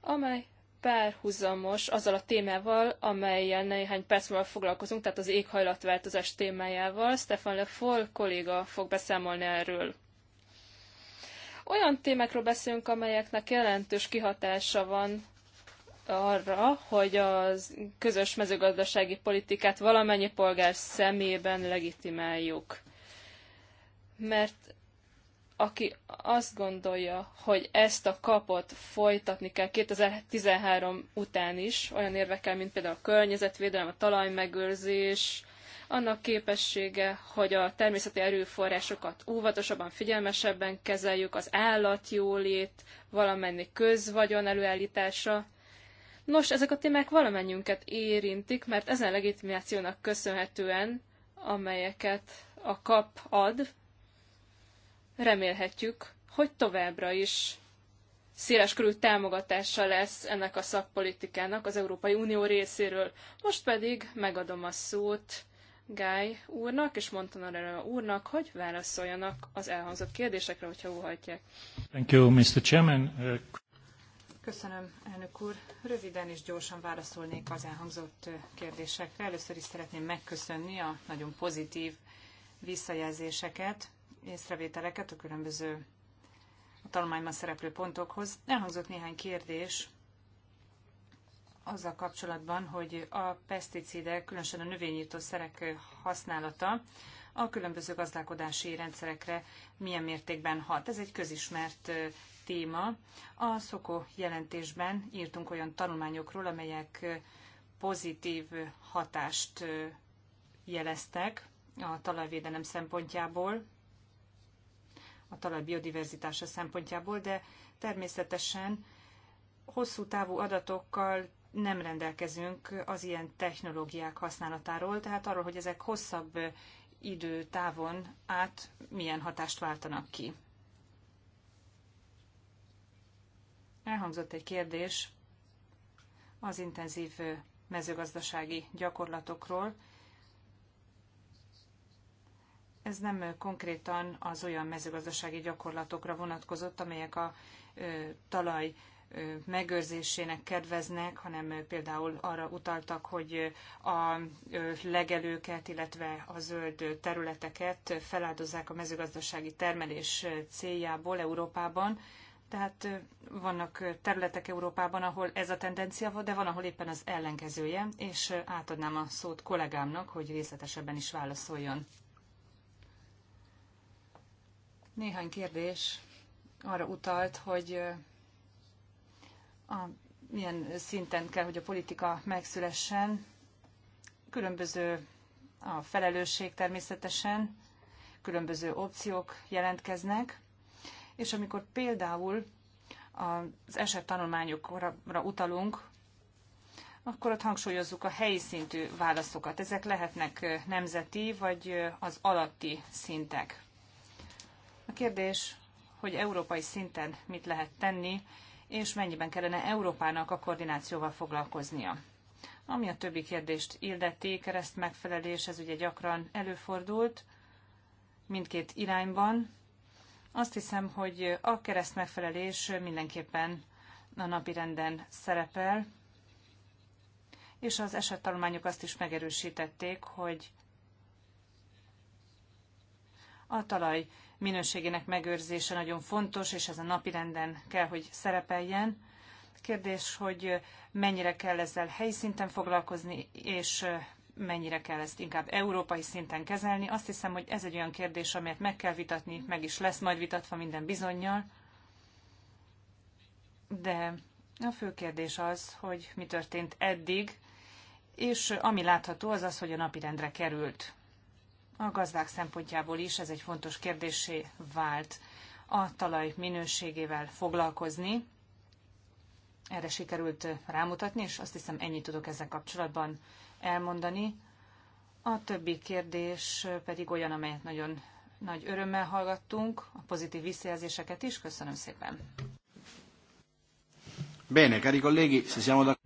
amely párhuzamos azzal a témával, amelyen néhány perc múlva foglalkozunk, tehát az éghajlatváltozás témájával. Stefan Le Foll kolléga fog beszámolni erről. Olyan témákról beszélünk, amelyeknek jelentős kihatása van arra, hogy a közös mezőgazdasági politikát valamennyi polgár szemében legitimáljuk. Mert aki azt gondolja, hogy ezt a kapot folytatni kell 2013 után is, olyan érvekkel, mint például a környezetvédelem, a talajmegőrzés, annak képessége, hogy a természeti erőforrásokat óvatosabban, figyelmesebben kezeljük, az állatjólét, valamennyi közvagyon előállítása. Nos, ezek a témák valamennyünket érintik, mert ezen legitimációnak köszönhetően, amelyeket a kap ad, remélhetjük, hogy továbbra is széleskörű támogatása lesz ennek a szakpolitikának az Európai Unió részéről. Most pedig megadom a szót Guy úrnak és Montanarello úrnak, hogy válaszoljanak az elhangzott kérdésekre, hogyha óhajtják. Thank you, Mr. Chairman. Köszönöm, elnök úr. Röviden és gyorsan válaszolnék az elhangzott kérdésekre. Először is szeretném megköszönni a nagyon pozitív visszajelzéseket észrevételeket a különböző a tanulmányban szereplő pontokhoz. Elhangzott néhány kérdés azzal kapcsolatban, hogy a peszticidek, különösen a növényírtószerek használata a különböző gazdálkodási rendszerekre milyen mértékben hat. Ez egy közismert téma. A Szokó jelentésben írtunk olyan tanulmányokról, amelyek pozitív hatást jeleztek a talajvédelem szempontjából, a talaj biodiverzitása szempontjából, de természetesen hosszú távú adatokkal nem rendelkezünk az ilyen technológiák használatáról, tehát arról, hogy ezek hosszabb időtávon át milyen hatást váltanak ki. Elhangzott egy kérdés az intenzív mezőgazdasági gyakorlatokról, ez nem konkrétan az olyan mezőgazdasági gyakorlatokra vonatkozott, amelyek a talaj megőrzésének kedveznek, hanem például arra utaltak, hogy a legelőket, illetve a zöld területeket feláldozzák a mezőgazdasági termelés céljából Európában. Tehát vannak területek Európában, ahol ez a tendencia van, de van, ahol éppen az ellenkezője, és átadnám a szót kollégámnak, hogy részletesebben is válaszoljon. Néhány kérdés arra utalt, hogy a, milyen szinten kell, hogy a politika megszülessen. Különböző a felelősség természetesen, különböző opciók jelentkeznek, és amikor például az esettanulmányokra utalunk, akkor ott hangsúlyozzuk a helyi szintű válaszokat. Ezek lehetnek nemzeti vagy az alatti szintek kérdés, hogy európai szinten mit lehet tenni, és mennyiben kellene Európának a koordinációval foglalkoznia. Ami a többi kérdést illeti, kereszt megfelelés, ez ugye gyakran előfordult mindkét irányban. Azt hiszem, hogy a kereszt megfelelés mindenképpen a napi renden szerepel, és az esettanulmányok azt is megerősítették, hogy a talaj minőségének megőrzése nagyon fontos, és ez a napirenden kell, hogy szerepeljen. Kérdés, hogy mennyire kell ezzel helyi szinten foglalkozni, és mennyire kell ezt inkább európai szinten kezelni. Azt hiszem, hogy ez egy olyan kérdés, amelyet meg kell vitatni, meg is lesz majd vitatva minden bizonyal. De a fő kérdés az, hogy mi történt eddig, és ami látható az az, hogy a napirendre került a gazdák szempontjából is ez egy fontos kérdésé vált a talaj minőségével foglalkozni. Erre sikerült rámutatni, és azt hiszem ennyit tudok ezzel kapcsolatban elmondani. A többi kérdés pedig olyan, amelyet nagyon nagy örömmel hallgattunk, a pozitív visszajelzéseket is. Köszönöm szépen! Bene, cari colleghi, se siamo da...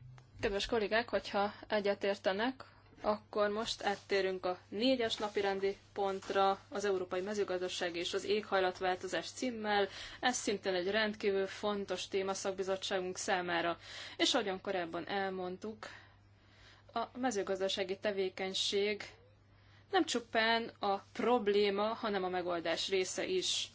Kedves kollégák, hogyha egyetértenek, akkor most áttérünk a négyes napirendi pontra, az Európai Mezőgazdaság és az éghajlatváltozás címmel. Ez szintén egy rendkívül fontos téma szakbizottságunk számára. És ahogyan korábban elmondtuk, a mezőgazdasági tevékenység nem csupán a probléma, hanem a megoldás része is.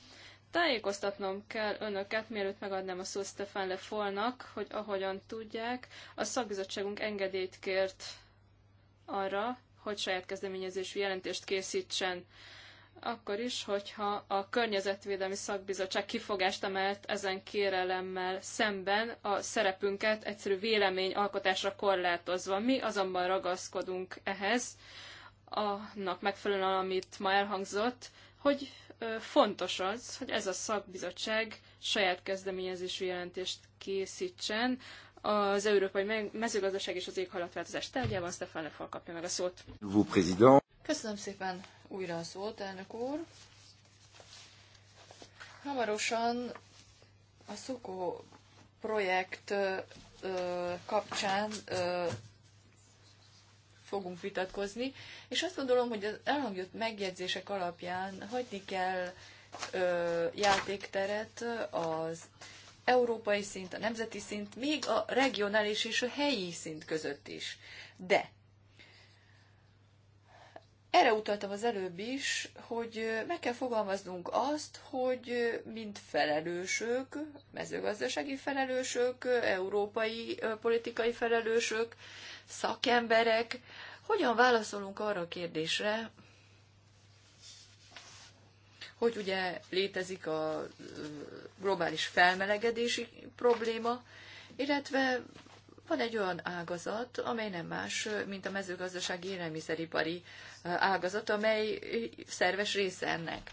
Tájékoztatnom kell önöket, mielőtt megadnám a szót Stefan Lefolnak, hogy ahogyan tudják, a szakbizottságunk engedélyt kért arra, hogy saját kezdeményezésű jelentést készítsen akkor is, hogyha a Környezetvédelmi Szakbizottság kifogást emelt ezen kérelemmel szemben a szerepünket egyszerű véleményalkotásra korlátozva. Mi azonban ragaszkodunk ehhez, annak megfelelően, amit ma elhangzott, hogy fontos az, hogy ez a szakbizottság saját kezdeményezésű jelentést készítsen az Európai Mezőgazdaság és az Éghajlatváltozás tárgyában. Stefan Lefal kapja meg a szót. Köszönöm szépen újra a szót, elnök úr. Hamarosan a Szukó projekt kapcsán fogunk vitatkozni, és azt gondolom, hogy az elhangzott megjegyzések alapján hagyni kell játékteret az európai szint, a nemzeti szint, még a regionális és a helyi szint között is. De erre utaltam az előbb is, hogy meg kell fogalmaznunk azt, hogy mint felelősök, mezőgazdasági felelősök, európai politikai felelősök, szakemberek, hogyan válaszolunk arra a kérdésre, hogy ugye létezik a globális felmelegedési probléma, illetve van egy olyan ágazat, amely nem más, mint a mezőgazdasági élelmiszeripari ágazat, amely szerves része ennek.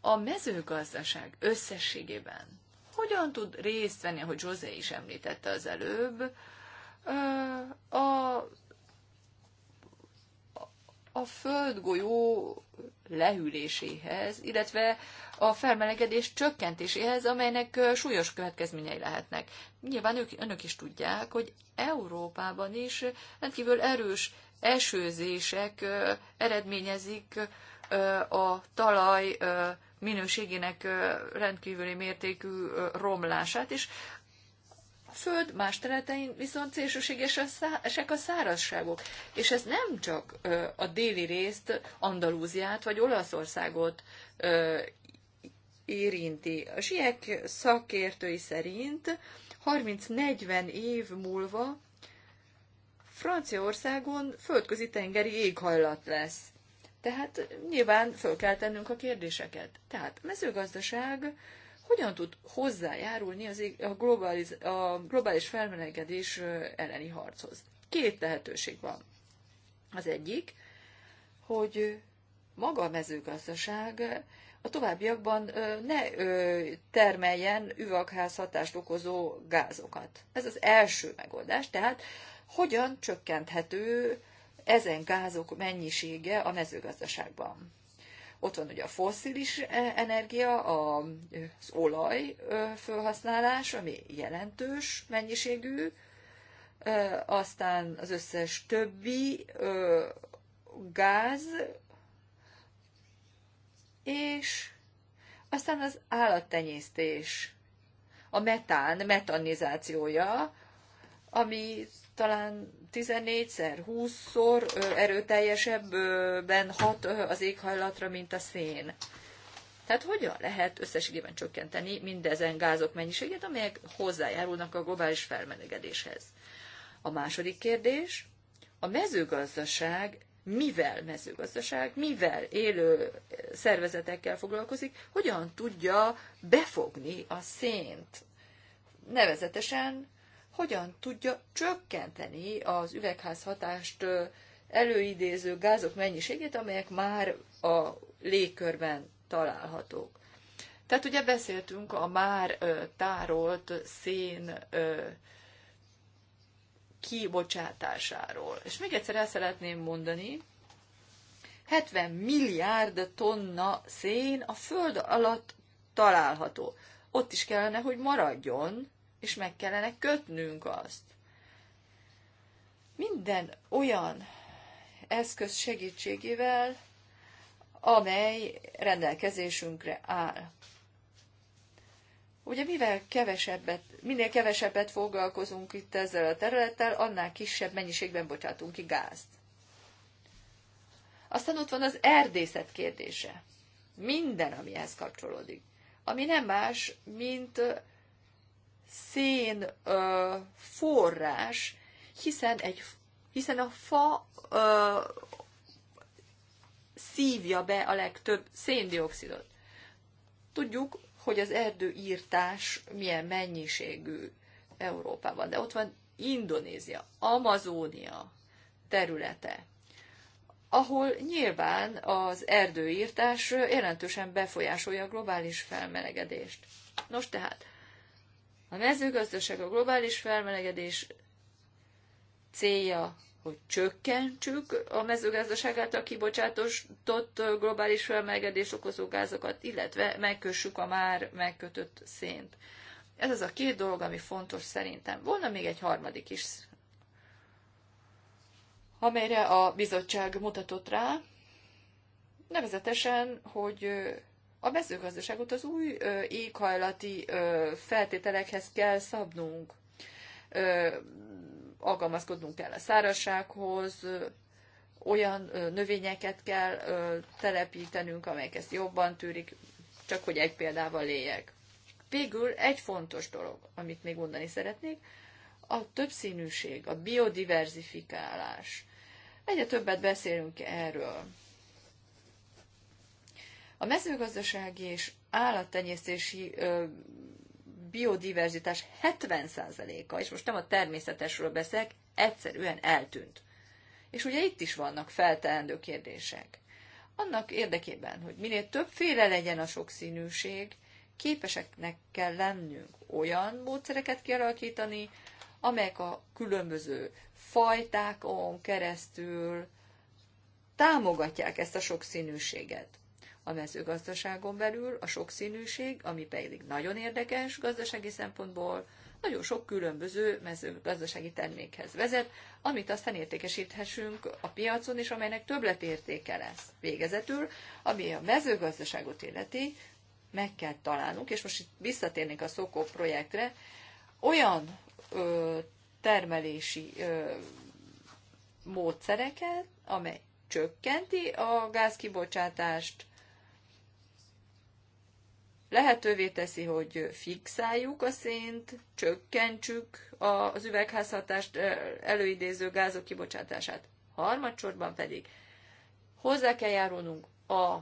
A mezőgazdaság összességében hogyan tud részt venni, ahogy José is említette az előbb, a a földgolyó lehűléséhez, illetve a felmelegedés csökkentéséhez, amelynek súlyos következményei lehetnek. Nyilván ők, önök is tudják, hogy Európában is rendkívül erős esőzések eredményezik a talaj minőségének rendkívüli mértékű romlását, és föld más területein viszont szélsőségesek a szárazságok. És ez nem csak a déli részt, Andalúziát vagy Olaszországot érinti. A siek szakértői szerint 30-40 év múlva Franciaországon földközi tengeri éghajlat lesz. Tehát nyilván föl kell tennünk a kérdéseket. Tehát mezőgazdaság, hogyan tud hozzájárulni az, a, globális, a globális felmelegedés elleni harchoz. Két lehetőség van. Az egyik, hogy maga a mezőgazdaság a továbbiakban ne termeljen üvegház hatást okozó gázokat. Ez az első megoldás, tehát hogyan csökkenthető ezen gázok mennyisége a mezőgazdaságban. Ott van ugye a fosszilis e, energia, az olaj felhasználás, ami jelentős mennyiségű, aztán az összes többi gáz, és aztán az állattenyésztés, a metán metanizációja, ami talán 14-szer, 20-szor erőteljesebben hat az éghajlatra, mint a szén. Tehát hogyan lehet összességében csökkenteni mindezen gázok mennyiségét, amelyek hozzájárulnak a globális felmelegedéshez? A második kérdés, a mezőgazdaság mivel mezőgazdaság, mivel élő szervezetekkel foglalkozik, hogyan tudja befogni a szént. Nevezetesen hogyan tudja csökkenteni az üvegházhatást előidéző gázok mennyiségét, amelyek már a légkörben találhatók. Tehát ugye beszéltünk a már tárolt szén kibocsátásáról. És még egyszer el szeretném mondani, 70 milliárd tonna szén a föld alatt található. Ott is kellene, hogy maradjon, és meg kellene kötnünk azt. Minden olyan eszköz segítségével, amely rendelkezésünkre áll. Ugye mivel kevesebbet, minél kevesebbet foglalkozunk itt ezzel a területtel, annál kisebb mennyiségben bocsátunk ki gázt. Aztán ott van az erdészet kérdése. Minden, amihez kapcsolódik. Ami nem más, mint szén ö, forrás, hiszen, egy, hiszen a fa ö, szívja be a legtöbb széndiokszidot. Tudjuk, hogy az erdőírtás milyen mennyiségű Európában, de ott van Indonézia, Amazónia területe, ahol nyilván az erdőírtás jelentősen befolyásolja a globális felmelegedést. Nos tehát, a mezőgazdaság a globális felmelegedés célja, hogy csökkentsük a mezőgazdaság által kibocsátott globális felmelegedés okozó gázokat, illetve megkössük a már megkötött szént. Ez az a két dolog, ami fontos szerintem. Volna még egy harmadik is, amelyre a bizottság mutatott rá, nevezetesen, hogy a mezőgazdaságot az új éghajlati feltételekhez kell szabnunk, alkalmazkodnunk kell a szárazsághoz, olyan növényeket kell telepítenünk, amelyek ezt jobban tűrik, csak hogy egy példával éljek. Végül egy fontos dolog, amit még mondani szeretnék, a többszínűség, a biodiverzifikálás. Egyre többet beszélünk erről a mezőgazdasági és állattenyésztési biodiverzitás 70%-a, és most nem a természetesről beszélek, egyszerűen eltűnt. És ugye itt is vannak feltelendő kérdések. Annak érdekében, hogy minél többféle legyen a sokszínűség, képeseknek kell lennünk olyan módszereket kialakítani, amelyek a különböző fajtákon keresztül támogatják ezt a sokszínűséget a mezőgazdaságon belül a sokszínűség, ami pedig nagyon érdekes gazdasági szempontból, nagyon sok különböző mezőgazdasági termékhez vezet, amit aztán értékesíthessünk a piacon, és amelynek többletértéke lesz végezetül, ami a mezőgazdaságot illeti, meg kell találnunk, és most itt visszatérnénk a Szokó projektre, olyan ö, termelési ö, módszereket, amely csökkenti a gázkibocsátást, lehetővé teszi, hogy fixáljuk a szént, csökkentsük az üvegházhatást eh, előidéző gázok kibocsátását. Harmadsorban pedig hozzá kell járulnunk a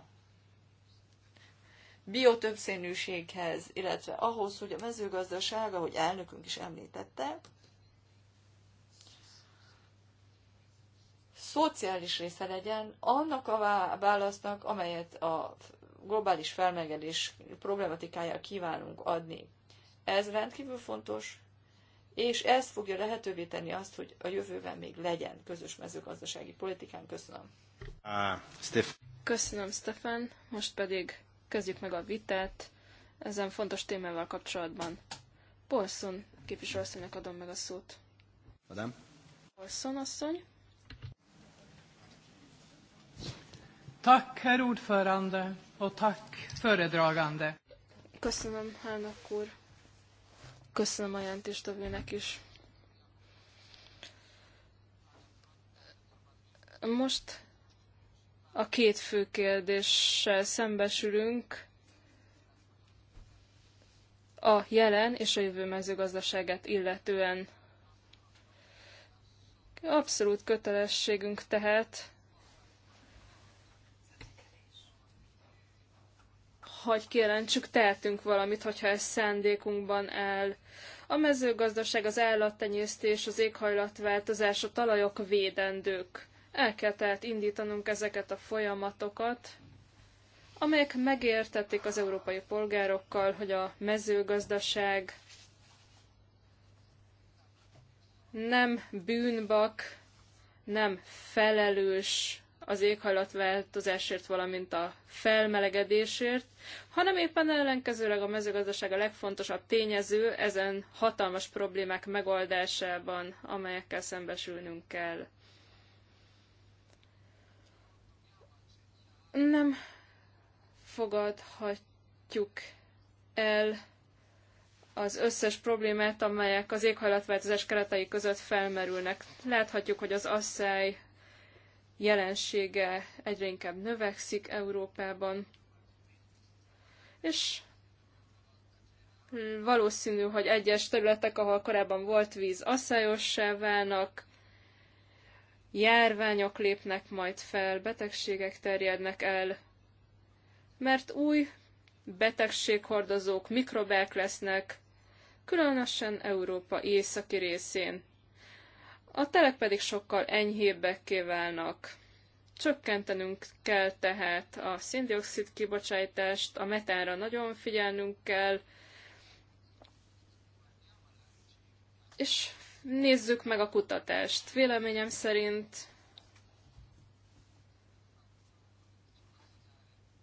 biotöbbszínűséghez, illetve ahhoz, hogy a mezőgazdaság, ahogy elnökünk is említette, szociális része legyen annak a választnak, amelyet a globális felmelegedés problematikájára kívánunk adni. Ez rendkívül fontos, és ez fogja lehetővé tenni azt, hogy a jövőben még legyen közös mezőgazdasági politikán. Köszönöm. Uh, Köszönöm, Stefan. Most pedig kezdjük meg a vitát ezen fontos témával kapcsolatban. Polszon képviselőasszonynak adom meg a szót. Adam. Polszon asszony. Tack, herr ordförande ó, tack, föredragande. Köszönöm, elnök úr. Köszönöm a jelentéstevőnek is. Most a két fő kérdéssel szembesülünk, a jelen és a jövő mezőgazdaságát illetően. Abszolút kötelességünk tehát, hogy kijelentsük, tehetünk valamit, hogyha ez szándékunkban áll. A mezőgazdaság, az állattenyésztés, az éghajlatváltozás, a talajok védendők. El kell tehát indítanunk ezeket a folyamatokat, amelyek megértették az európai polgárokkal, hogy a mezőgazdaság nem bűnbak, nem felelős az éghajlatváltozásért, valamint a felmelegedésért, hanem éppen ellenkezőleg a mezőgazdaság a legfontosabb tényező ezen hatalmas problémák megoldásában, amelyekkel szembesülnünk kell. Nem fogadhatjuk el az összes problémát, amelyek az éghajlatváltozás keretei között felmerülnek. Láthatjuk, hogy az asszály jelensége egyre inkább növekszik Európában, és hmm, valószínű, hogy egyes területek, ahol korábban volt víz, asszályossá válnak, járványok lépnek majd fel, betegségek terjednek el, mert új betegséghordozók, mikrobák lesznek, különösen Európa északi részén. A telek pedig sokkal enyhébbekké válnak. Csökkentenünk kell tehát a széndiokszid kibocsátást, a metánra nagyon figyelnünk kell, és nézzük meg a kutatást. Véleményem szerint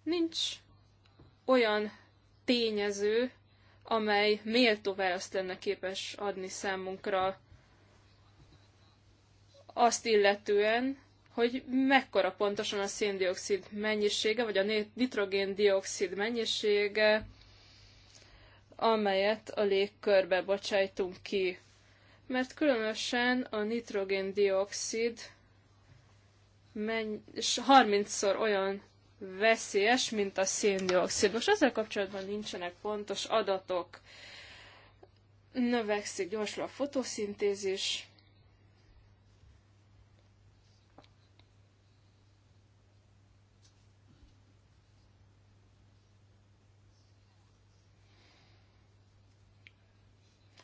nincs olyan tényező, amely méltó választ lenne képes adni számunkra azt illetően, hogy mekkora pontosan a széndiokszid mennyisége, vagy a nitrogéndiokszid mennyisége, amelyet a légkörbe bocsájtunk ki. Mert különösen a nitrogéndiokszid 30-szor olyan veszélyes, mint a széndiokszid. Most ezzel kapcsolatban nincsenek pontos adatok. Növekszik gyorsul a fotoszintézis,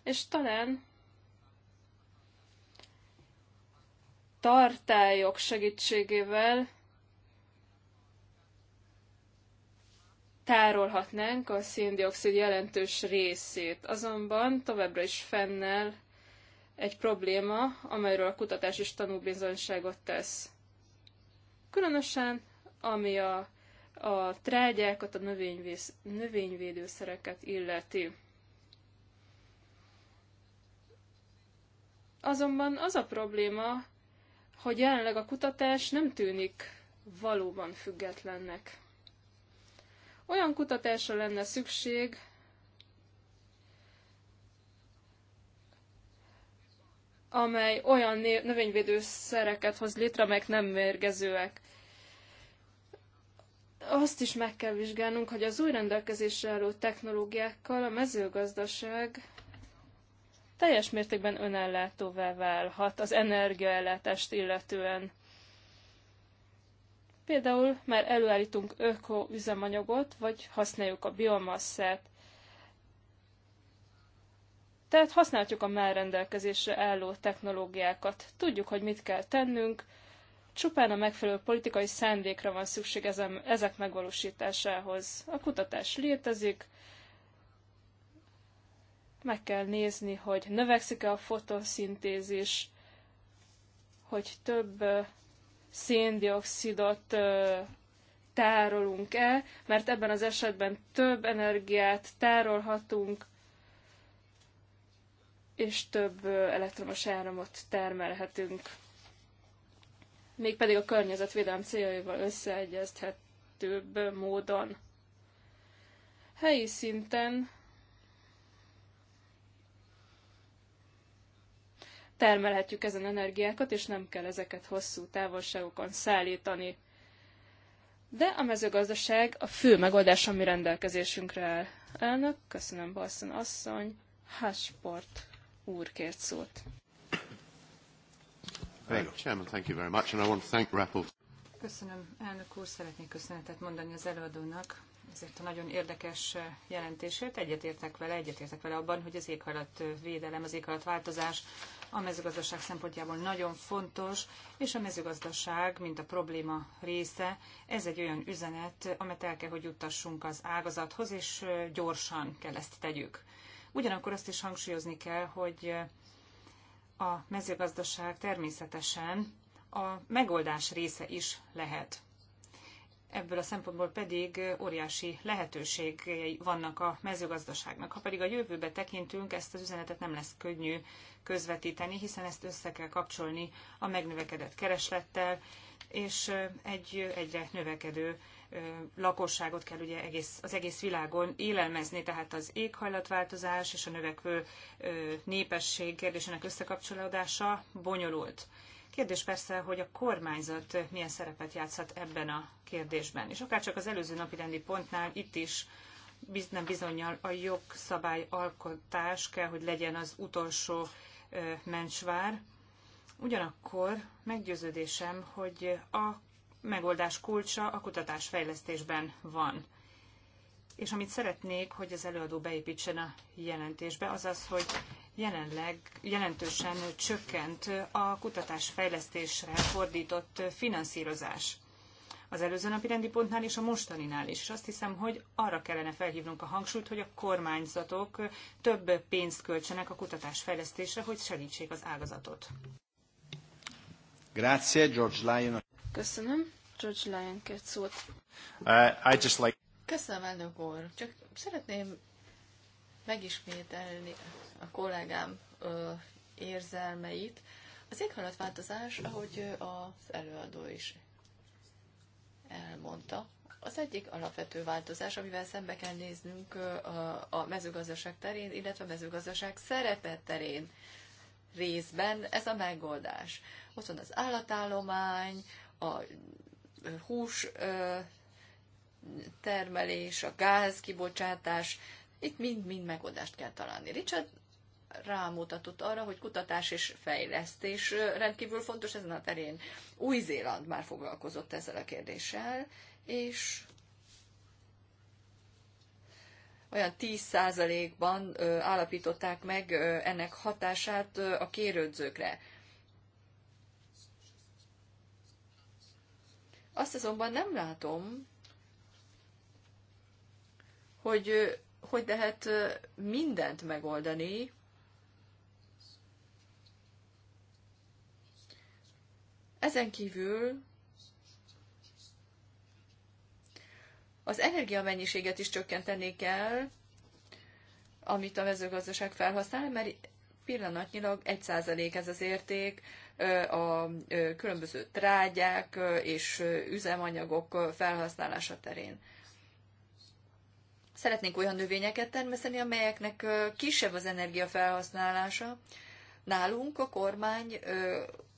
és talán tartályok segítségével tárolhatnánk a széndiokszid jelentős részét. Azonban továbbra is fennel egy probléma, amelyről a kutatás is tanúbizonyságot tesz. Különösen, ami a, a trágyákat, a növényvész, növényvédőszereket illeti. Azonban az a probléma, hogy jelenleg a kutatás nem tűnik valóban függetlennek. Olyan kutatásra lenne szükség, amely olyan szereket hoz létre, amelyek nem mérgezőek. Azt is meg kell vizsgálnunk, hogy az új rendelkezésre álló technológiákkal a mezőgazdaság teljes mértékben önellátóvá válhat az energiaellátást illetően. Például már előállítunk ökoüzemanyagot, vagy használjuk a biomasszát. Tehát használjuk a már rendelkezésre álló technológiákat. Tudjuk, hogy mit kell tennünk, csupán a megfelelő politikai szándékra van szükség ezek megvalósításához. A kutatás létezik, meg kell nézni, hogy növekszik-e a fotoszintézis, hogy több széndiokszidot tárolunk-e, mert ebben az esetben több energiát tárolhatunk, és több elektromos áramot termelhetünk. Mégpedig a környezetvédelem céljaival összeegyezhetőbb módon. Helyi szinten termelhetjük ezen energiákat, és nem kell ezeket hosszú távolságokon szállítani. De a mezőgazdaság a fő megoldás, ami rendelkezésünkre áll. Elnök, köszönöm Balszon asszony, Hasport úr kért szót. Köszönöm, elnök úr, szeretnék köszönetet mondani az előadónak ezért a nagyon érdekes eh, jelentését. Egyetértek vele, egyetértek vele abban, hogy az eh, védelem, az éghajlatváltozás a mezőgazdaság szempontjából nagyon fontos, és a mezőgazdaság, mint a probléma része, ez egy olyan üzenet, amit el kell, hogy juttassunk az ágazathoz, és eh, gyorsan kell ezt tegyük. Ugyanakkor azt is hangsúlyozni kell, hogy a mezőgazdaság természetesen a megoldás része is lehet ebből a szempontból pedig óriási lehetőségei vannak a mezőgazdaságnak. Ha pedig a jövőbe tekintünk, ezt az üzenetet nem lesz könnyű közvetíteni, hiszen ezt össze kell kapcsolni a megnövekedett kereslettel, és egy egyre növekedő lakosságot kell ugye egész, az egész világon élelmezni, tehát az éghajlatváltozás és a növekvő népesség kérdésének összekapcsolódása bonyolult. Kérdés persze, hogy a kormányzat milyen szerepet játszhat ebben a kérdésben. És akár csak az előző napi rendi pontnál itt is nem bizonyal a jogszabályalkotás kell, hogy legyen az utolsó mencsvár. Ugyanakkor meggyőződésem, hogy a megoldás kulcsa a kutatás fejlesztésben van. És amit szeretnék, hogy az előadó beépítsen a jelentésbe, az az, hogy jelenleg jelentősen csökkent a kutatásfejlesztésre fordított finanszírozás. Az előző napi rendi pontnál és a mostaninál is. És azt hiszem, hogy arra kellene felhívnunk a hangsúlyt, hogy a kormányzatok több pénzt költsenek a kutatásfejlesztésre, hogy segítsék az ágazatot. Grazie, George Lyon. Köszönöm. George Lyon kért szót. Uh, I just like... Köszönöm, elnök úr. Csak szeretném megismételni a kollégám ö, érzelmeit. Az éghajlatváltozás, ahogy az előadó is elmondta, az egyik alapvető változás, amivel szembe kell néznünk a mezőgazdaság terén, illetve a mezőgazdaság szerepe terén részben ez a megoldás. Ott van az állatállomány, a hús termelés, a gázkibocsátás, itt mind-mind megoldást kell találni. Richard rámutatott arra, hogy kutatás és fejlesztés rendkívül fontos ezen a terén. Új-Zéland már foglalkozott ezzel a kérdéssel, és olyan 10%-ban állapították meg ennek hatását a kérődzőkre. Azt azonban nem látom, hogy hogy lehet mindent megoldani, Ezen kívül az energiamennyiséget is csökkenteni kell, amit a mezőgazdaság felhasznál, mert pillanatnyilag 1% ez az érték, a különböző trágyák és üzemanyagok felhasználása terén. Szeretnénk olyan növényeket termeszteni, amelyeknek kisebb az energiafelhasználása. Nálunk a kormány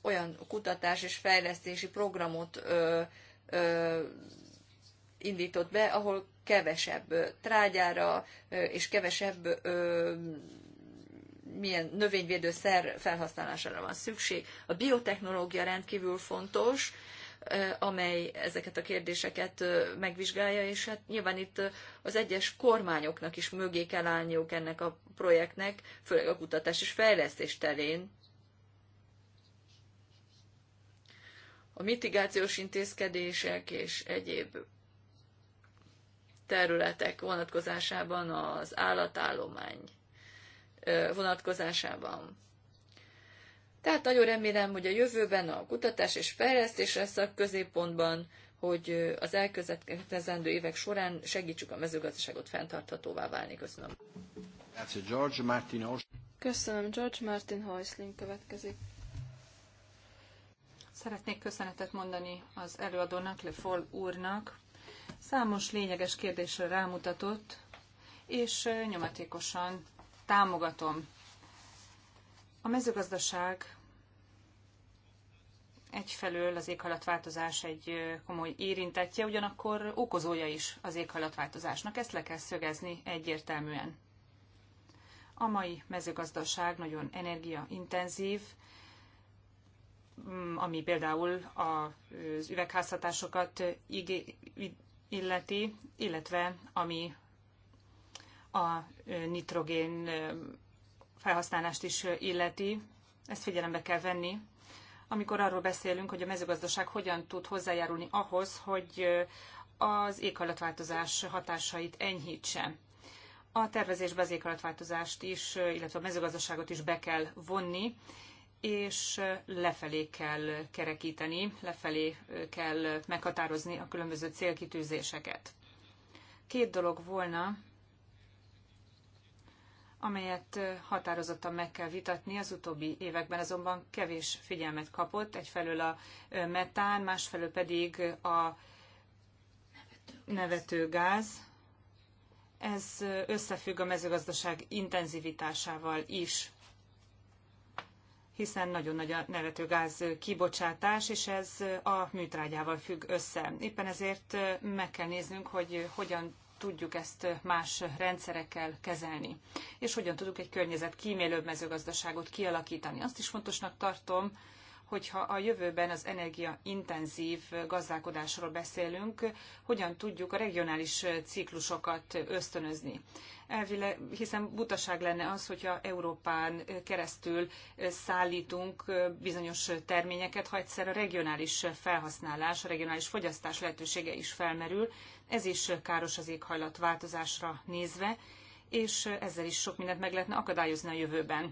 olyan kutatás és fejlesztési programot indított be, ahol kevesebb trágyára és kevesebb milyen növényvédőszer felhasználására van szükség. A biotechnológia rendkívül fontos, amely ezeket a kérdéseket megvizsgálja, és hát nyilván itt az egyes kormányoknak is mögé kell állniuk ennek a projektnek, főleg a kutatás és fejlesztés terén. A mitigációs intézkedések és egyéb területek vonatkozásában az állatállomány vonatkozásában tehát nagyon remélem, hogy a jövőben a kutatás és fejlesztés lesz a középpontban, hogy az elkövetkezendő évek során segítsük a mezőgazdaságot fenntarthatóvá válni. Köszönöm. George Köszönöm, George Martin Heusling következik. Szeretnék köszönetet mondani az előadónak, Le Foll úrnak. Számos lényeges kérdésre rámutatott, és nyomatékosan támogatom. A mezőgazdaság egyfelől az éghajlatváltozás egy komoly érintettje, ugyanakkor okozója is az éghajlatváltozásnak. Ezt le kell szögezni egyértelműen. A mai mezőgazdaság nagyon energiaintenzív, mm, ami például az üvegházhatásokat illeti, illetve ami a nitrogén felhasználást is illeti. Ezt figyelembe kell venni, amikor arról beszélünk, hogy a mezőgazdaság hogyan tud hozzájárulni ahhoz, hogy az éghajlatváltozás hatásait enyhítse. A tervezésbe az éghajlatváltozást is, illetve a mezőgazdaságot is be kell vonni, és lefelé kell kerekíteni, lefelé kell meghatározni a különböző célkitűzéseket. Két dolog volna, amelyet határozottan meg kell vitatni. Az utóbbi években azonban kevés figyelmet kapott, egyfelől a metán, másfelől pedig a nevetőgáz. Ez összefügg a mezőgazdaság intenzivitásával is, hiszen nagyon nagy a nevetőgáz kibocsátás, és ez a műtrágyával függ össze. Éppen ezért meg kell néznünk, hogy hogyan tudjuk ezt más rendszerekkel kezelni, és hogyan tudunk egy környezet kímélőbb mezőgazdaságot kialakítani. Azt is fontosnak tartom, hogyha a jövőben az energiaintenzív gazdálkodásról beszélünk, hogyan tudjuk a regionális ciklusokat ösztönözni. Elvileg, hiszen butaság lenne az, hogyha Európán keresztül szállítunk bizonyos terményeket, ha egyszer a regionális felhasználás, a regionális fogyasztás lehetősége is felmerül. Ez is káros az változásra nézve, és ezzel is sok mindent meg lehetne akadályozni a jövőben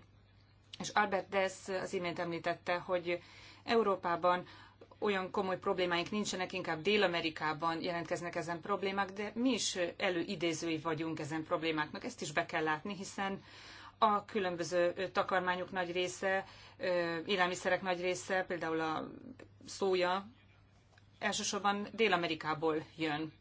és Albert Dess az imént említette, hogy Európában olyan komoly problémáink nincsenek, inkább Dél-Amerikában jelentkeznek ezen problémák, de mi is előidézői vagyunk ezen problémáknak. Ezt is be kell látni, hiszen a különböző takarmányok nagy része, élelmiszerek nagy része, például a szója, elsősorban Dél-Amerikából jön.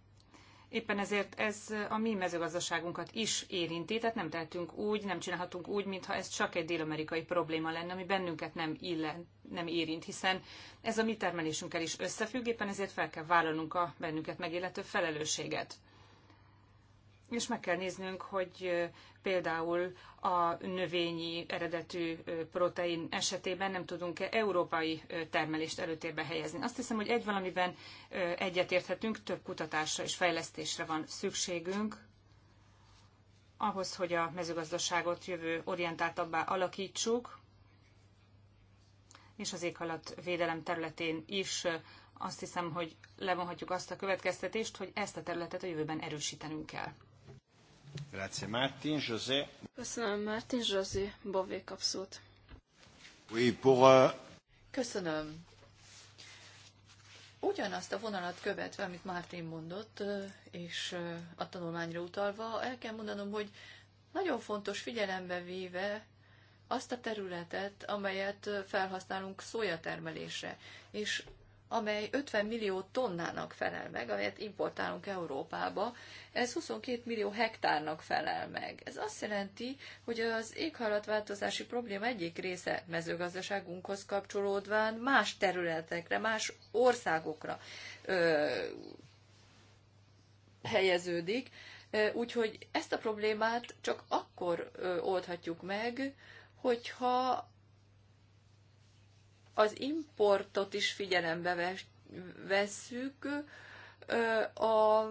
Éppen ezért ez a mi mezőgazdaságunkat is érinti, tehát nem tehetünk úgy, nem csinálhatunk úgy, mintha ez csak egy dél-amerikai probléma lenne, ami bennünket nem illen, nem érint, hiszen ez a mi termelésünkkel is összefügg, éppen ezért fel kell vállalnunk a bennünket megillető felelősséget és meg kell néznünk, hogy például a növényi eredetű protein esetében nem tudunk-e európai termelést előtérbe helyezni. Azt hiszem, hogy egy valamiben egyetérthetünk, több kutatásra és fejlesztésre van szükségünk, ahhoz, hogy a mezőgazdaságot jövő orientáltabbá alakítsuk, és az éghajlat védelem területén is azt hiszem, hogy levonhatjuk azt a következtetést, hogy ezt a területet a jövőben erősítenünk kell. Grazie Martin, José. Köszönöm Martin, José, Bové kapszót. Oui, pour, uh... Köszönöm. Ugyanazt a vonalat követve, amit Martin mondott, és a tanulmányra utalva, el kell mondanom, hogy nagyon fontos figyelembe véve azt a területet, amelyet felhasználunk szójatermelésre. És amely 50 millió tonnának felel meg, amelyet importálunk Európába, ez 22 millió hektárnak felel meg. Ez azt jelenti, hogy az éghajlatváltozási probléma egyik része mezőgazdaságunkhoz kapcsolódván más területekre, más országokra ö, helyeződik, úgyhogy ezt a problémát csak akkor oldhatjuk meg, hogyha az importot is figyelembe vesszük, a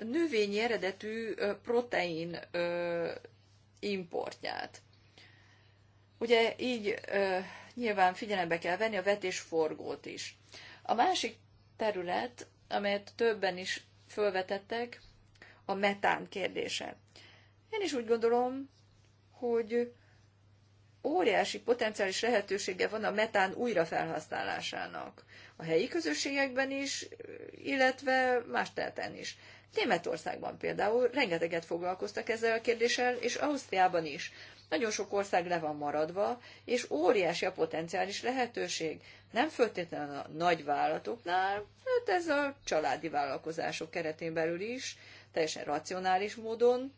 növényi eredetű protein importját. Ugye így nyilván figyelembe kell venni a vetésforgót is. A másik terület, amelyet többen is felvetettek, a metán kérdése. Én is úgy gondolom, hogy óriási potenciális lehetősége van a metán újrafelhasználásának. A helyi közösségekben is, illetve más telten is. Németországban például rengeteget foglalkoztak ezzel a kérdéssel, és Ausztriában is. Nagyon sok ország le van maradva, és óriási a potenciális lehetőség. Nem föltétlenül a nagy vállalatoknál, hát ez a családi vállalkozások keretén belül is, teljesen racionális módon,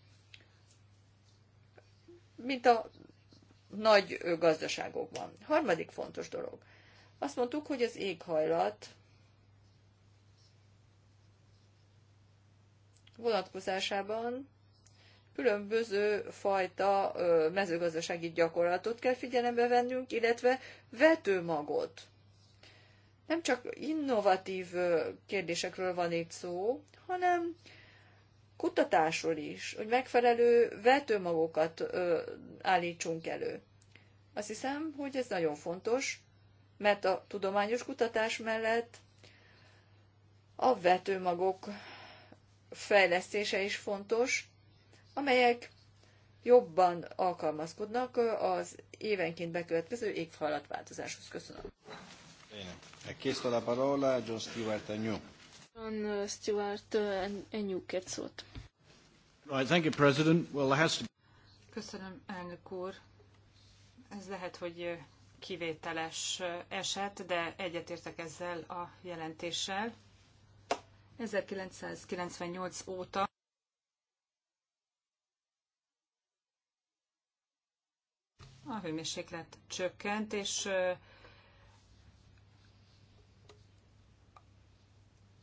mint a nagy gazdaságokban. Harmadik fontos dolog. Azt mondtuk, hogy az éghajlat vonatkozásában különböző fajta mezőgazdasági gyakorlatot kell figyelembe vennünk, illetve vetőmagot. Nem csak innovatív kérdésekről van itt szó, hanem kutatásról is, hogy megfelelő vetőmagokat állítsunk elő. Azt hiszem, hogy ez nagyon fontos, mert a tudományos kutatás mellett a vetőmagok fejlesztése is fontos, amelyek jobban alkalmazkodnak az évenként bekövetkező éghajlatváltozáshoz. Köszönöm. Chiesto la parola John Stewart Agnew. John uh, Stewart uh, Agnew kért szót. Right, thank you, President. Well, there has to... Köszönöm, elnök úr ez lehet, hogy kivételes eset, de egyetértek ezzel a jelentéssel. 1998 óta a hőmérséklet csökkent, és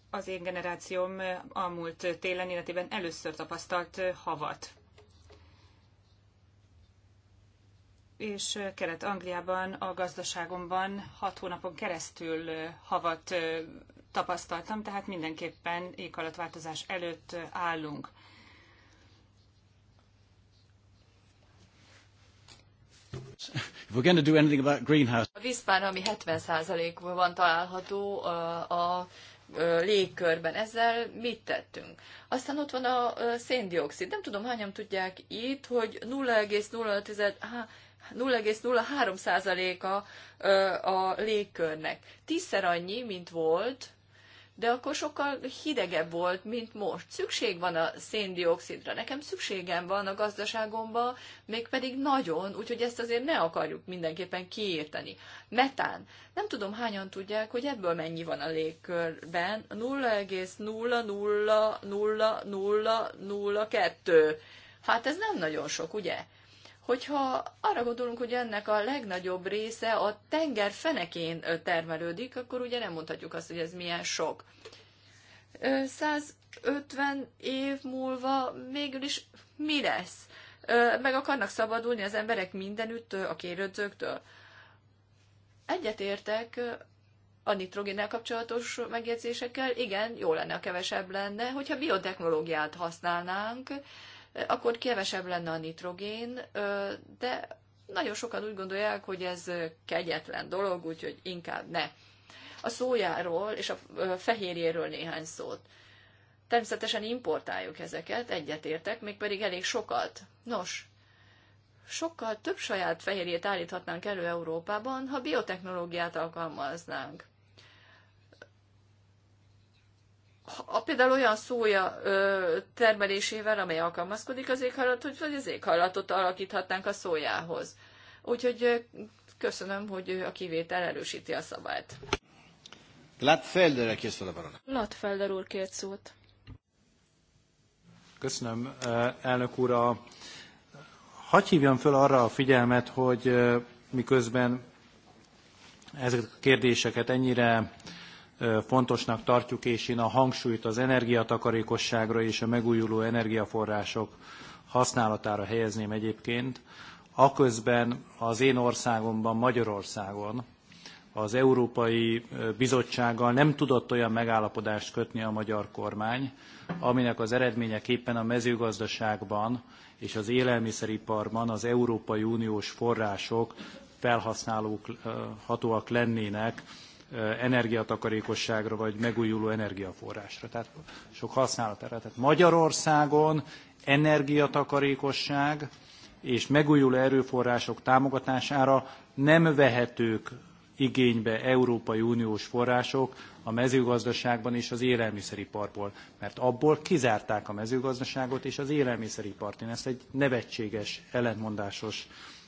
az én generációm a múlt télen illetve először tapasztalt havat. és Kelet-Angliában a gazdaságomban hat hónapon keresztül havat tapasztaltam, tehát mindenképpen éghajlatváltozás előtt állunk. If we're going to do anything about greenhouse... A vízpár, ami 70%-ban található a, a légkörben. Ezzel mit tettünk? Aztán ott van a széndiokszid. Nem tudom, hányan tudják itt, hogy 0,05 0,03%-a a légkörnek. Tízszer annyi, mint volt, de akkor sokkal hidegebb volt, mint most. Szükség van a széndiokszidra, nekem szükségem van a gazdaságomba, mégpedig nagyon, úgyhogy ezt azért ne akarjuk mindenképpen kiírteni. Metán. Nem tudom hányan tudják, hogy ebből mennyi van a légkörben. 0,00002. Hát ez nem nagyon sok, ugye? Hogyha arra gondolunk, hogy ennek a legnagyobb része a tenger fenekén termelődik, akkor ugye nem mondhatjuk azt, hogy ez milyen sok. 150 év múlva mégis mi lesz? Meg akarnak szabadulni az emberek mindenütt a kérődzőktől? Egyetértek a nitrogénnel kapcsolatos megjegyzésekkel, igen, jó lenne, kevesebb lenne, hogyha biotechnológiát használnánk, akkor kevesebb lenne a nitrogén, de nagyon sokan úgy gondolják, hogy ez kegyetlen dolog, úgyhogy inkább ne. A szójáról és a fehérjéről néhány szót. Természetesen importáljuk ezeket, egyetértek, mégpedig elég sokat. Nos, sokkal több saját fehérjét állíthatnánk elő Európában, ha biotechnológiát alkalmaznánk. a például olyan szója ö, termelésével, amely alkalmazkodik az éghajlat, hogy az éghajlatot alakíthatnánk a szójához. Úgyhogy köszönöm, hogy a kivétel erősíti a szabályt. Gladfelder készül a barona. Gladfelder úr kért szót. Köszönöm, elnök úr. Hagy hívjam föl arra a figyelmet, hogy miközben ezeket a kérdéseket ennyire fontosnak tartjuk, és én a hangsúlyt az energiatakarékosságra és a megújuló energiaforrások használatára helyezném egyébként. Aközben az én országomban, Magyarországon az Európai Bizottsággal nem tudott olyan megállapodást kötni a magyar kormány, aminek az eredményeképpen a mezőgazdaságban és az élelmiszeriparban az Európai Uniós források felhasználók hatóak lennének energiatakarékosságra vagy megújuló energiaforrásra, tehát sok használatára. Tehát Magyarországon energiatakarékosság és megújuló erőforrások támogatására nem vehetők igénybe Európai Uniós források a mezőgazdaságban és az élelmiszeriparból, mert abból kizárták a mezőgazdaságot és az élelmiszeripart. Én ezt egy nevetséges, ellentmondásos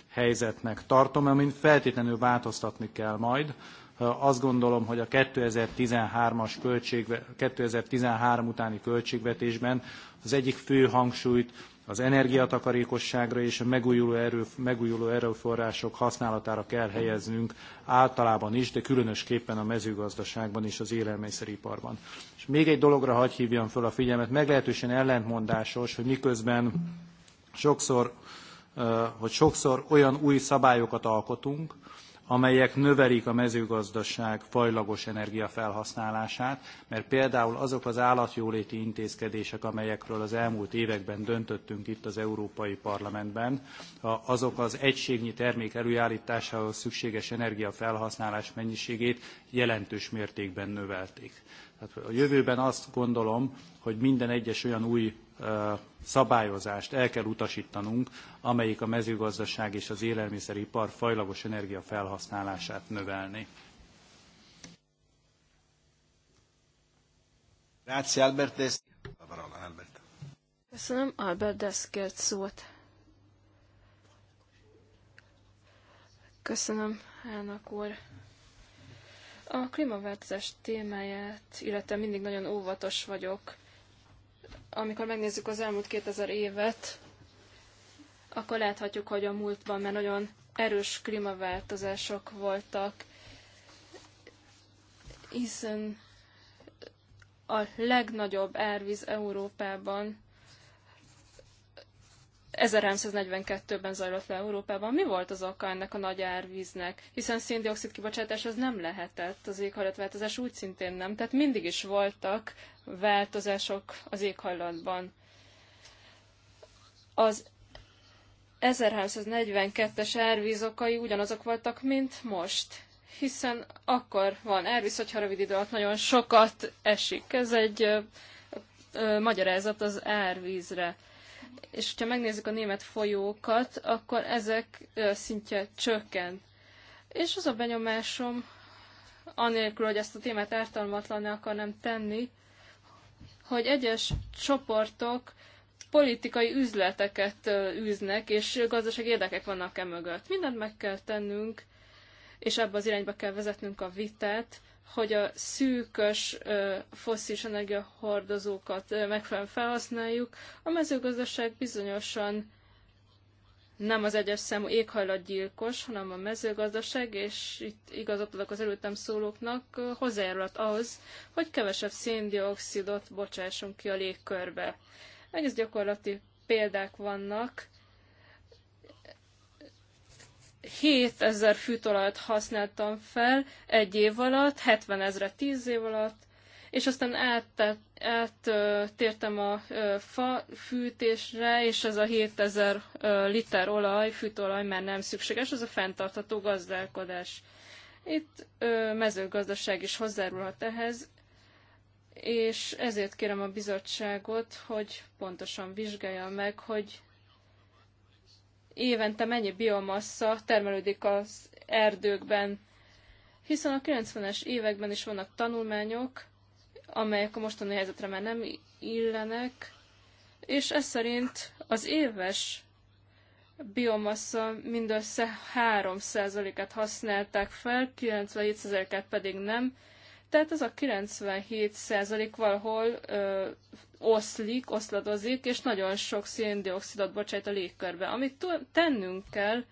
helyzetnek tartom, amin feltétlenül változtatni kell majd, azt gondolom, hogy a 2013-as költség, 2013 utáni költségvetésben az egyik fő hangsúlyt az energiatakarékosságra és a megújuló, erő, megújuló erőforrások használatára kell helyeznünk általában is, de különösképpen a mezőgazdaságban és az élelmiszeriparban. És még egy dologra hagy hívjam föl a figyelmet, meglehetősen ellentmondásos, hogy miközben sokszor, hogy sokszor olyan új szabályokat alkotunk, amelyek növelik a mezőgazdaság fajlagos energiafelhasználását, mert például azok az állatjóléti intézkedések, amelyekről az elmúlt években döntöttünk itt az Európai Parlamentben, azok az egységnyi termék előállításához szükséges energiafelhasználás mennyiségét jelentős mértékben növelték. Tehát a jövőben azt gondolom, hogy minden egyes olyan új szabályozást el kell utasítanunk, amelyik a mezőgazdaság és az élelmiszeripar fajlagos energiafelhasználását felhasználását növelni. Grazie Albert Albert. Köszönöm, Albert kért szót. Köszönöm, Hának úr. A klímaváltozás témáját, illetve mindig nagyon óvatos vagyok, amikor megnézzük az elmúlt 2000 évet, akkor láthatjuk, hogy a múltban már nagyon erős klímaváltozások voltak, hiszen a legnagyobb árvíz Európában 1342-ben zajlott le Európában. Mi volt az oka ennek a nagy árvíznek? Hiszen széndiokszid kibocsátás az nem lehetett, az éghajlatváltozás úgy szintén nem. Tehát mindig is voltak változások az éghajlatban. Az 1342-es árvíz okai ugyanazok voltak, mint most hiszen akkor van Árvíz hogyha rövid idő alatt nagyon sokat esik. Ez egy ö, ö, magyarázat az árvízre és hogyha megnézzük a német folyókat, akkor ezek szintje csökken. És az a benyomásom, anélkül, hogy ezt a témát ártalmatlanná akarnám tenni, hogy egyes csoportok politikai üzleteket űznek, és gazdasági érdekek vannak e mögött. Mindent meg kell tennünk, és ebbe az irányba kell vezetnünk a vitát, hogy a szűkös fosszilis energiahordozókat megfelelően felhasználjuk. A mezőgazdaság bizonyosan nem az egyes számú éghajlatgyilkos, hanem a mezőgazdaság, és itt igazat adok az előttem szólóknak, hozzájárulhat ahhoz, hogy kevesebb széndiokszidot bocsássunk ki a légkörbe. Egész gyakorlati példák vannak, 7000 fűtolajat használtam fel egy év alatt, 70 ezre 10 év alatt, és aztán áttértem a fa fűtésre, és ez a 7000 liter olaj, fűtolaj már nem szükséges, az a fenntartható gazdálkodás. Itt mezőgazdaság is hozzárulhat ehhez, és ezért kérem a bizottságot, hogy pontosan vizsgálja meg, hogy évente mennyi biomassa termelődik az erdőkben. Hiszen a 90-es években is vannak tanulmányok, amelyek a mostani helyzetre már nem illenek, és ez szerint az éves biomassa mindössze 3%-át használták fel, 97%-át pedig nem, tehát ez a 97% valahol ö, oszlik, oszladozik, és nagyon sok széndiokszidot bocsájt a légkörbe. Amit tennünk kell,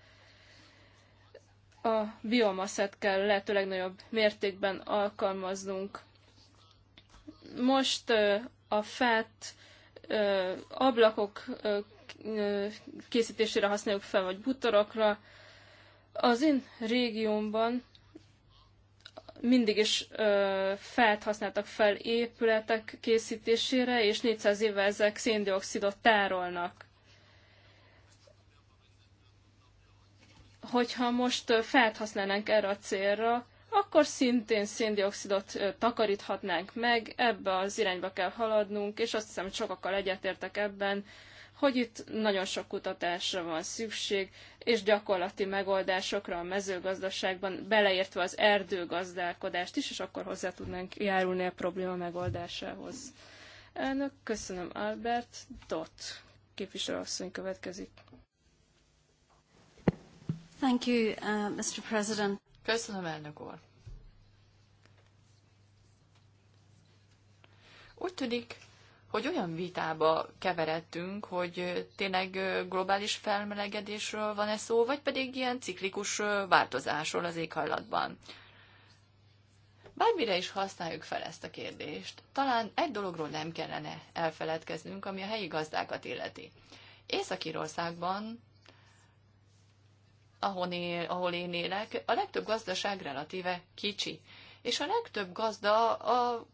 a biomaszet kell lehetőleg nagyobb mértékben alkalmaznunk. Most ö, a fát ö, ablakok ö, készítésére használjuk fel, vagy butorokra. Az én régiómban mindig is ö, felt használtak fel épületek készítésére, és 400 évvel ezek széndiokszidot tárolnak. Hogyha most felt használnánk erre a célra, akkor szintén széndiokszidot takaríthatnánk meg, ebbe az irányba kell haladnunk, és azt hiszem, hogy sokakkal egyetértek ebben, hogy itt nagyon sok kutatásra van szükség, és gyakorlati megoldásokra a mezőgazdaságban, beleértve az erdőgazdálkodást is, és akkor hozzá tudnánk járulni a probléma megoldásához. Elnök, köszönöm Albert. Dott képviselőasszony következik. Thank you, uh, Mr. President. Köszönöm, elnök úr. Úgy tűnik, hogy olyan vitába keveredtünk, hogy tényleg globális felmelegedésről van-e szó, vagy pedig ilyen ciklikus változásról az éghajlatban. Bármire is használjuk fel ezt a kérdést, talán egy dologról nem kellene elfeledkeznünk, ami a helyi gazdákat illeti. Észak-Írországban, ahol, él, ahol én élek, a legtöbb gazdaság relatíve kicsi, és a legtöbb gazda a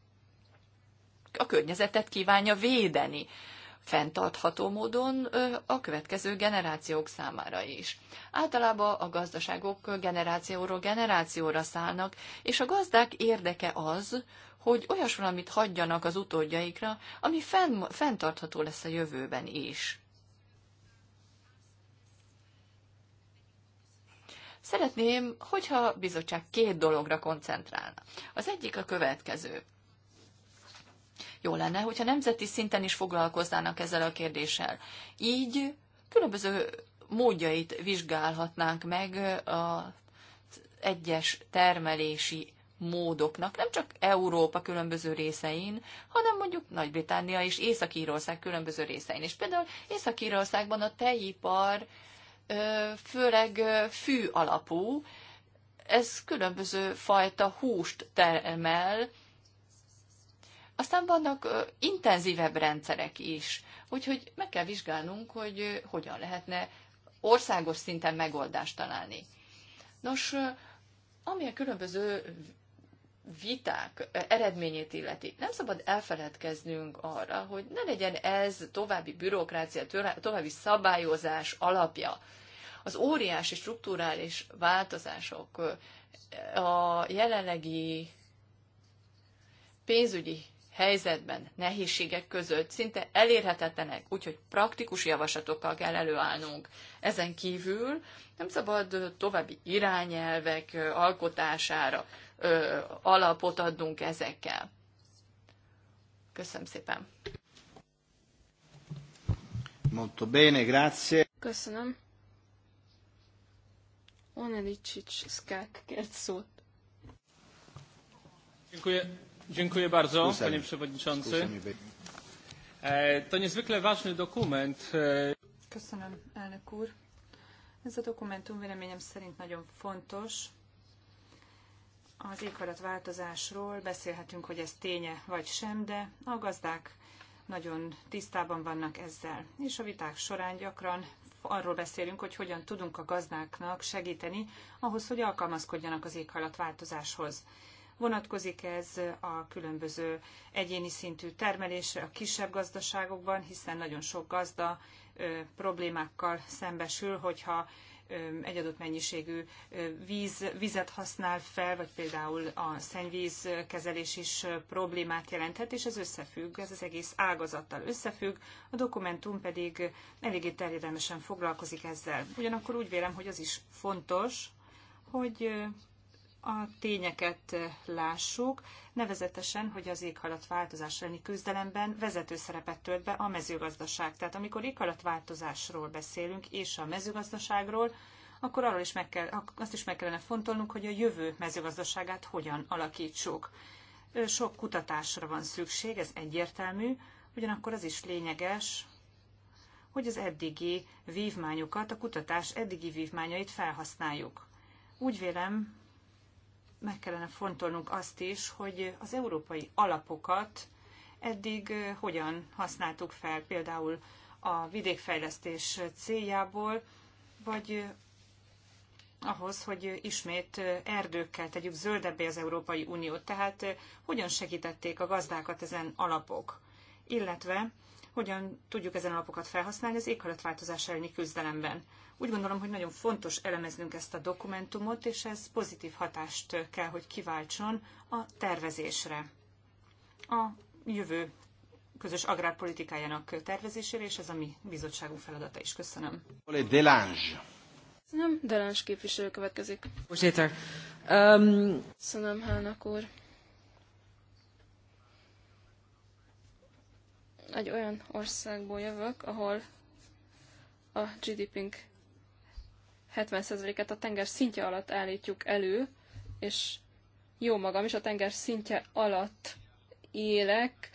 a környezetet kívánja védeni fenntartható módon a következő generációk számára is. Általában a gazdaságok generációról generációra szállnak, és a gazdák érdeke az, hogy olyasvalamit hagyjanak az utódjaikra, ami fenn, fenntartható lesz a jövőben is. Szeretném, hogyha a bizottság két dologra koncentrálna. Az egyik a következő. Jó lenne, hogyha nemzeti szinten is foglalkoznának ezzel a kérdéssel. Így különböző módjait vizsgálhatnánk meg az egyes termelési módoknak, nem csak Európa különböző részein, hanem mondjuk Nagy-Britannia és Észak-Írország különböző részein. És például Észak-Írországban a tejipar főleg fű alapú, ez különböző fajta húst termel, aztán vannak intenzívebb rendszerek is, úgyhogy meg kell vizsgálnunk, hogy hogyan lehetne országos szinten megoldást találni. Nos, ami a különböző viták eredményét illeti, nem szabad elfeledkeznünk arra, hogy ne legyen ez további bürokrácia, további szabályozás alapja. Az óriási strukturális változások a jelenlegi pénzügyi helyzetben, nehézségek között szinte elérhetetlenek, úgyhogy praktikus javaslatokkal kell előállnunk. Ezen kívül nem szabad további irányelvek alkotására ö, alapot adnunk ezekkel. Köszönöm szépen. Molto bene, grazie. Köszönöm. Onelicsics Szkák kért szót. Dziękuję. Dziękuję bardzo, panie przewodniczący. E, to niezwykle ważny dokument. E, Köszönöm, elnök úr. Ez a dokumentum véleményem szerint nagyon fontos. Az éghajlatváltozásról beszélhetünk, hogy ez ténye vagy sem, de a gazdák nagyon tisztában vannak ezzel. És a viták során gyakran arról beszélünk, hogy hogyan tudunk a gazdáknak segíteni ahhoz, hogy alkalmazkodjanak az éghajlatváltozáshoz. Vonatkozik ez a különböző egyéni szintű termelésre a kisebb gazdaságokban, hiszen nagyon sok gazda problémákkal szembesül, hogyha egy adott mennyiségű víz, vizet használ fel, vagy például a szennyvíz kezelés is problémát jelenthet, és ez összefügg, ez az egész ágazattal összefügg, a dokumentum pedig eléggé terjedelmesen foglalkozik ezzel. Ugyanakkor úgy vélem, hogy az is fontos, hogy a tényeket lássuk, nevezetesen, hogy az változás elleni küzdelemben vezető szerepet tölt be a mezőgazdaság. Tehát amikor változásról beszélünk és a mezőgazdaságról, akkor arról is meg kell, azt is meg kellene fontolnunk, hogy a jövő mezőgazdaságát hogyan alakítsuk. Sok kutatásra van szükség, ez egyértelmű, ugyanakkor az is lényeges, hogy az eddigi vívmányokat, a kutatás eddigi vívmányait felhasználjuk. Úgy vélem, meg kellene fontolnunk azt is, hogy az európai alapokat eddig hogyan használtuk fel, például a vidékfejlesztés céljából, vagy ahhoz, hogy ismét erdőkkel tegyük zöldebbé az Európai Uniót. Tehát hogyan segítették a gazdákat ezen alapok? Illetve hogyan tudjuk ezen alapokat felhasználni az éghajlatváltozás elleni küzdelemben. Úgy gondolom, hogy nagyon fontos elemeznünk ezt a dokumentumot, és ez pozitív hatást kell, hogy kiváltson a tervezésre. A jövő közös agrárpolitikájának tervezésére, és ez a mi bizottságunk feladata is. Köszönöm. Delange. Köszönöm. Delange képviselő következik. Voorzitter. Ehm, Köszönöm, Hának úr. egy olyan országból jövök, ahol a GDP-nk 70%-et a tenger szintje alatt állítjuk elő, és jó magam is a tenger szintje alatt élek.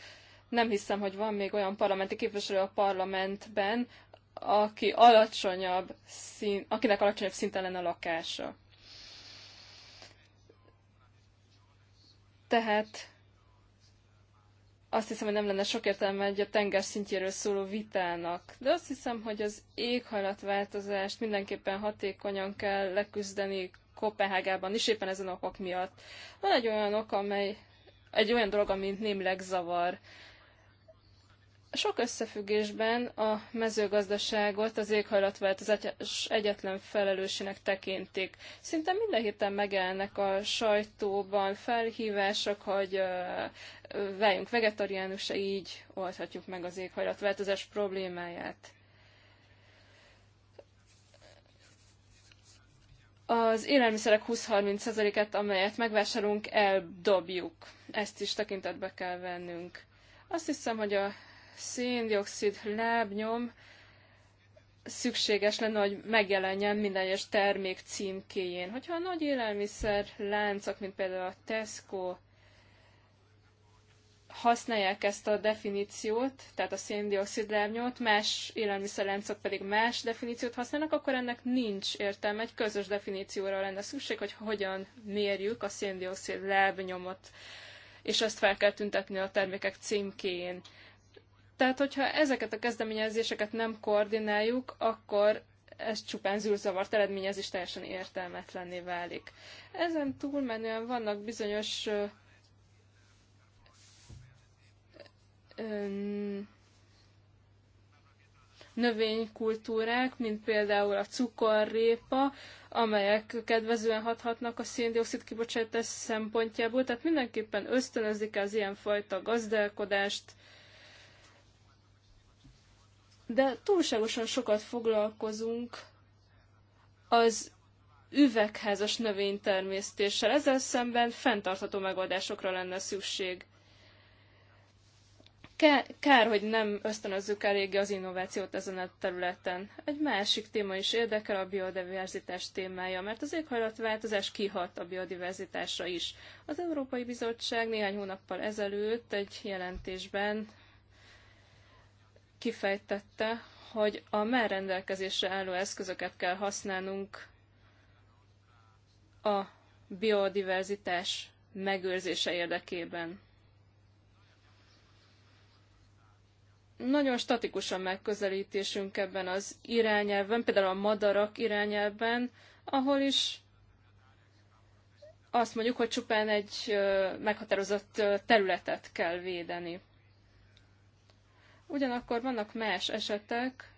Nem hiszem, hogy van még olyan parlamenti képviselő a parlamentben, aki alacsonyabb szín, akinek alacsonyabb szinten lenne a lakása. Tehát azt hiszem, hogy nem lenne sok értelme egy a tenger szintjéről szóló vitának. De azt hiszem, hogy az éghajlatváltozást mindenképpen hatékonyan kell leküzdeni Kopenhágában is, éppen ezen okok miatt. Van egy olyan ok, amely egy olyan dolog, amit némileg zavar. Sok összefüggésben a mezőgazdaságot az éghajlatváltozás egyetlen felelősének tekintik. Szinte minden héten megjelennek a sajtóban felhívások, hogy váljunk vegetariánus, így oldhatjuk meg az éghajlatváltozás problémáját. az élelmiszerek 20-30%-et, amelyet megvásárolunk, eldobjuk. Ezt is tekintetbe kell vennünk. Azt hiszem, hogy a széndiokszid lábnyom szükséges lenne, hogy megjelenjen minden egyes termék címkéjén. Hogyha a nagy élelmiszer láncok, mint például a Tesco, használják ezt a definíciót, tehát a széndiokszid lábnyót, más élelmiszerláncok pedig más definíciót használnak, akkor ennek nincs értelme. Egy közös definícióra lenne szükség, hogy hogyan mérjük a széndiokszid lábnyomot, és ezt fel kell tüntetni a termékek címkéjén. Tehát, hogyha ezeket a kezdeményezéseket nem koordináljuk, akkor ez csupán zűrzavart eredményez, és teljesen értelmetlenné válik. Ezen túlmenően vannak bizonyos ö, ö, növénykultúrák, mint például a cukorrépa, amelyek kedvezően hathatnak a széndiokszid kibocsátás szempontjából, tehát mindenképpen ösztönözik az ilyenfajta gazdálkodást, de túlságosan sokat foglalkozunk az üvegházas növénytermesztéssel. Ezzel szemben fenntartható megoldásokra lenne szükség. Kár, hogy nem ösztönözzük eléggé az innovációt ezen a területen. Egy másik téma is érdekel, a biodiverzitás témája, mert az éghajlatváltozás kihat a biodiverzitásra is. Az Európai Bizottság néhány hónappal ezelőtt egy jelentésben kifejtette, hogy a már rendelkezésre álló eszközöket kell használnunk a biodiverzitás megőrzése érdekében. Nagyon statikus a megközelítésünk ebben az irányelven, például a madarak irányelven, ahol is azt mondjuk, hogy csupán egy meghatározott területet kell védeni. Ugyanakkor vannak más esetek,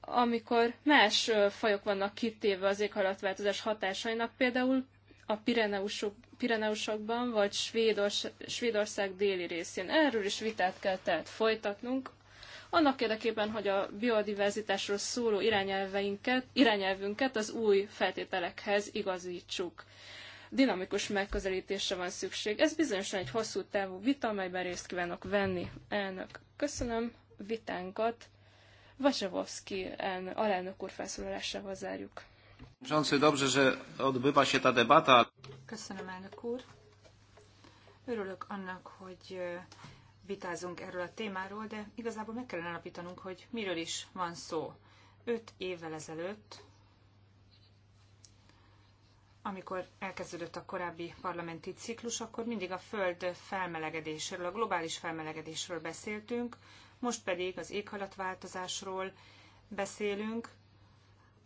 amikor más fajok vannak kitéve az éghajlatváltozás hatásainak, például a Pireneusok, Pireneusokban, vagy Svédors, Svédország déli részén. Erről is vitát kell tehát folytatnunk, annak érdekében, hogy a biodiverzitásról szóló irányelveinket, irányelvünket az új feltételekhez igazítsuk dinamikus megközelítésre van szükség. Ez bizonyosan egy hosszú távú vita, amelyben részt kívánok venni. Elnök, köszönöm vitánkat. Vazsavovszki elnök, alelnök úr felszólalásával zárjuk. Köszönöm, elnök úr. Örülök annak, hogy vitázunk erről a témáról, de igazából meg kellene alapítanunk, hogy miről is van szó. Öt évvel ezelőtt amikor elkezdődött a korábbi parlamenti ciklus, akkor mindig a föld felmelegedésről, a globális felmelegedésről beszéltünk, most pedig az éghajlatváltozásról beszélünk,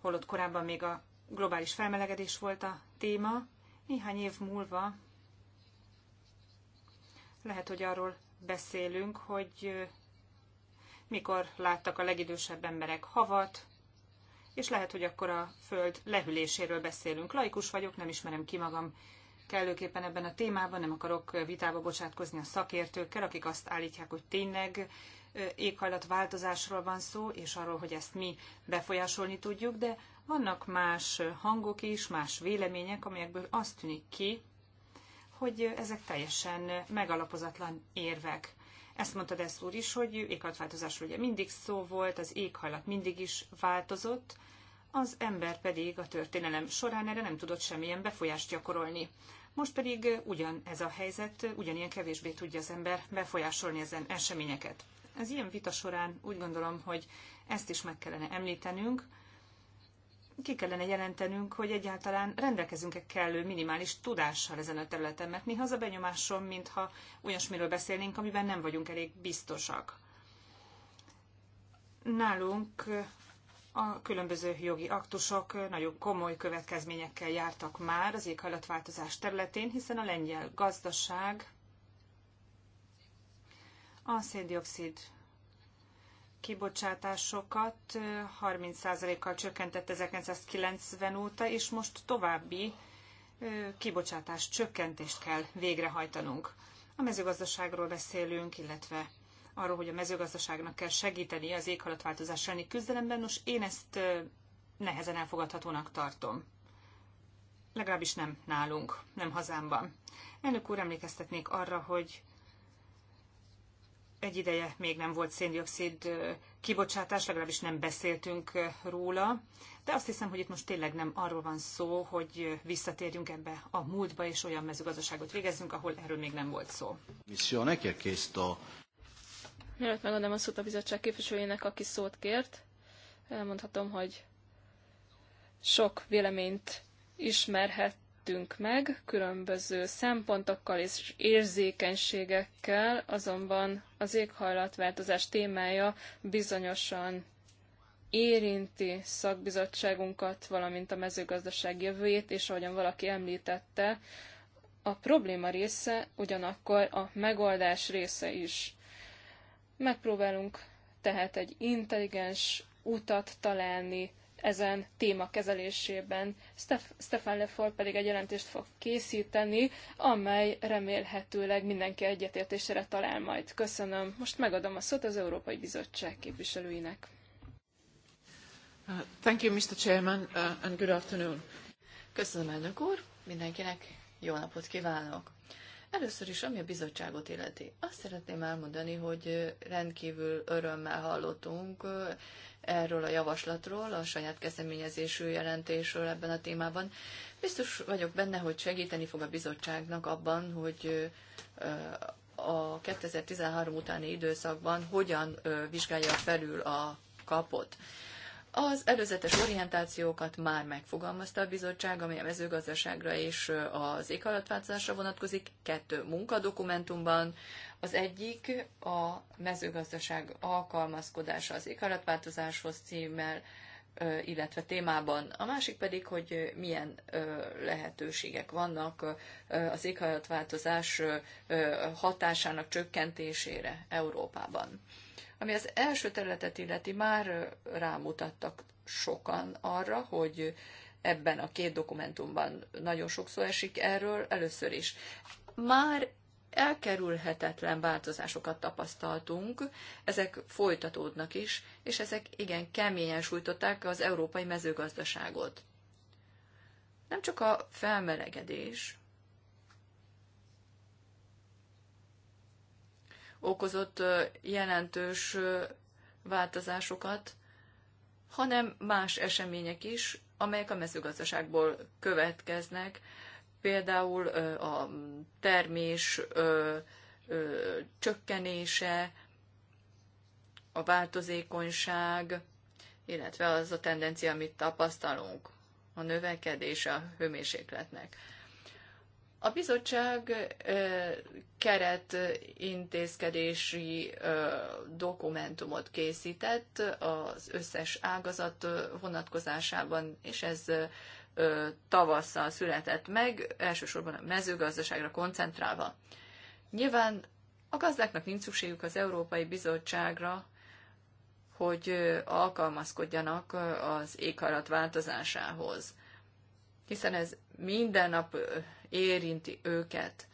holott korábban még a globális felmelegedés volt a téma, néhány év múlva lehet, hogy arról beszélünk, hogy mikor láttak a legidősebb emberek havat, és lehet, hogy akkor a Föld lehűléséről beszélünk. Laikus vagyok, nem ismerem ki magam kellőképpen ebben a témában, nem akarok vitába bocsátkozni a szakértőkkel, akik azt állítják, hogy tényleg éghajlatváltozásról van szó, és arról, hogy ezt mi befolyásolni tudjuk, de vannak más hangok is, más vélemények, amelyekből azt tűnik ki, hogy ezek teljesen megalapozatlan érvek. Ezt mondta Desz úr is, hogy éghajlatváltozásról ugye mindig szó volt, az éghajlat mindig is változott, az ember pedig a történelem során erre nem tudott semmilyen befolyást gyakorolni. Most pedig ugyan ez a helyzet, ugyanilyen kevésbé tudja az ember befolyásolni ezen eseményeket. Az ilyen vita során úgy gondolom, hogy ezt is meg kellene említenünk, ki kellene jelentenünk, hogy egyáltalán rendelkezünk-e kellő minimális tudással ezen a területen, mert néha az a benyomásom, mintha olyasmiről beszélnénk, amiben nem vagyunk elég biztosak. Nálunk a különböző jogi aktusok nagyon komoly következményekkel jártak már az éghajlatváltozás területén, hiszen a lengyel gazdaság a széndiokszid kibocsátásokat 30%-kal csökkentett 1990 óta, és most további kibocsátás csökkentést kell végrehajtanunk. A mezőgazdaságról beszélünk, illetve arról, hogy a mezőgazdaságnak kell segíteni az éghalatváltozás elleni küzdelemben, nos én ezt nehezen elfogadhatónak tartom. Legalábbis nem nálunk, nem hazámban. Elnök úr, emlékeztetnék arra, hogy egy ideje még nem volt széndiokszid kibocsátás, legalábbis nem beszéltünk róla, de azt hiszem, hogy itt most tényleg nem arról van szó, hogy visszatérjünk ebbe a múltba, és olyan mezőgazdaságot végezzünk, ahol erről még nem volt szó. Missione che chiesto. Mielőtt megadom a szót a bizottság képviselőjének, aki szót kért, elmondhatom, hogy sok véleményt ismerhet születtünk meg, különböző szempontokkal és érzékenységekkel, azonban az éghajlatváltozás témája bizonyosan érinti szakbizottságunkat, valamint a mezőgazdaság jövőjét, és ahogyan valaki említette, a probléma része ugyanakkor a megoldás része is. Megpróbálunk tehát egy intelligens utat találni ezen téma kezelésében. Stef- Stefan Lefort pedig egy jelentést fog készíteni, amely remélhetőleg mindenki egyetértésére talál majd. Köszönöm. Most megadom a szót az Európai Bizottság képviselőinek. Uh, thank you, Mr. Chairman, uh, and good afternoon. Köszönöm, elnök úr. Mindenkinek jó napot kívánok. Először is, ami a bizottságot illeti. Azt szeretném elmondani, hogy rendkívül örömmel hallottunk erről a javaslatról, a saját kezdeményezésű jelentésről ebben a témában. Biztos vagyok benne, hogy segíteni fog a bizottságnak abban, hogy a 2013 utáni időszakban hogyan vizsgálja felül a kapot. Az előzetes orientációkat már megfogalmazta a bizottság, amely a mezőgazdaságra és az éghajlatváltozásra vonatkozik kettő munkadokumentumban. Az egyik a mezőgazdaság alkalmazkodása az éghajlatváltozáshoz címmel, illetve témában. A másik pedig, hogy milyen lehetőségek vannak az éghajlatváltozás hatásának csökkentésére Európában. Ami az első területet illeti, már rámutattak sokan arra, hogy ebben a két dokumentumban nagyon sok szó esik erről először is. Már elkerülhetetlen változásokat tapasztaltunk, ezek folytatódnak is, és ezek igen keményen sújtották az európai mezőgazdaságot. Nem csak a felmelegedés, okozott jelentős változásokat, hanem más események is, amelyek a mezőgazdaságból következnek, például a termés csökkenése, a változékonyság, illetve az a tendencia, amit tapasztalunk, a növekedése a hőmérsékletnek. A bizottság keret intézkedési dokumentumot készített az összes ágazat vonatkozásában, és ez tavasszal született meg, elsősorban a mezőgazdaságra koncentrálva. Nyilván a gazdáknak nincs szükségük az Európai Bizottságra, hogy alkalmazkodjanak az éghajlat változásához, hiszen ez minden nap érinti őket.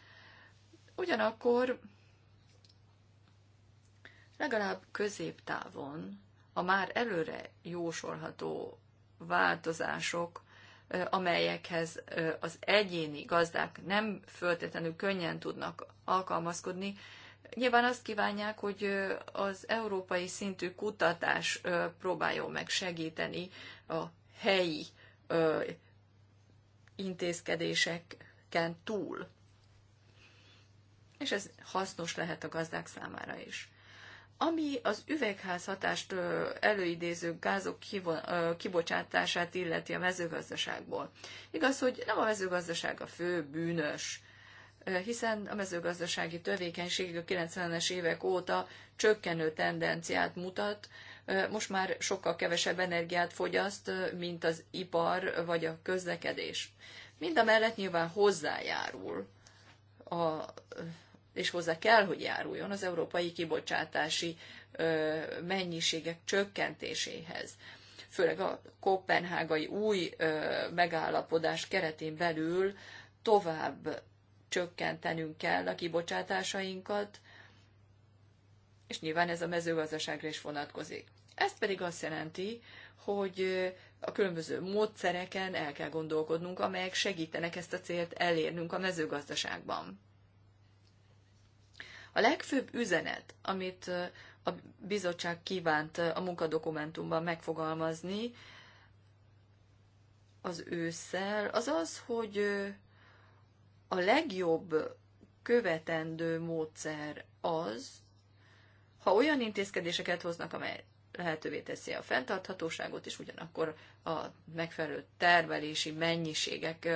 Ugyanakkor legalább középtávon a már előre jósolható változások, amelyekhez az egyéni gazdák nem föltétlenül könnyen tudnak alkalmazkodni, Nyilván azt kívánják, hogy az európai szintű kutatás próbáljon meg segíteni a helyi intézkedések terméken túl. És ez hasznos lehet a gazdák számára is. Ami az üvegházhatást előidéző gázok kibocsátását illeti a mezőgazdaságból. Igaz, hogy nem a mezőgazdaság a fő bűnös, hiszen a mezőgazdasági tevékenység a 90-es évek óta csökkenő tendenciát mutat, most már sokkal kevesebb energiát fogyaszt, mint az ipar vagy a közlekedés mind a mellett nyilván hozzájárul, a, és hozzá kell, hogy járuljon az európai kibocsátási ö, mennyiségek csökkentéséhez. Főleg a kopenhágai új ö, megállapodás keretén belül tovább csökkentenünk kell a kibocsátásainkat, és nyilván ez a mezőgazdaságra is vonatkozik. Ez pedig azt jelenti, hogy a különböző módszereken el kell gondolkodnunk, amelyek segítenek ezt a célt elérnünk a mezőgazdaságban. A legfőbb üzenet, amit a bizottság kívánt a munkadokumentumban megfogalmazni az ősszel, az az, hogy a legjobb követendő módszer az, ha olyan intézkedéseket hoznak, amely lehetővé teszi a fenntarthatóságot, és ugyanakkor a megfelelő termelési mennyiségek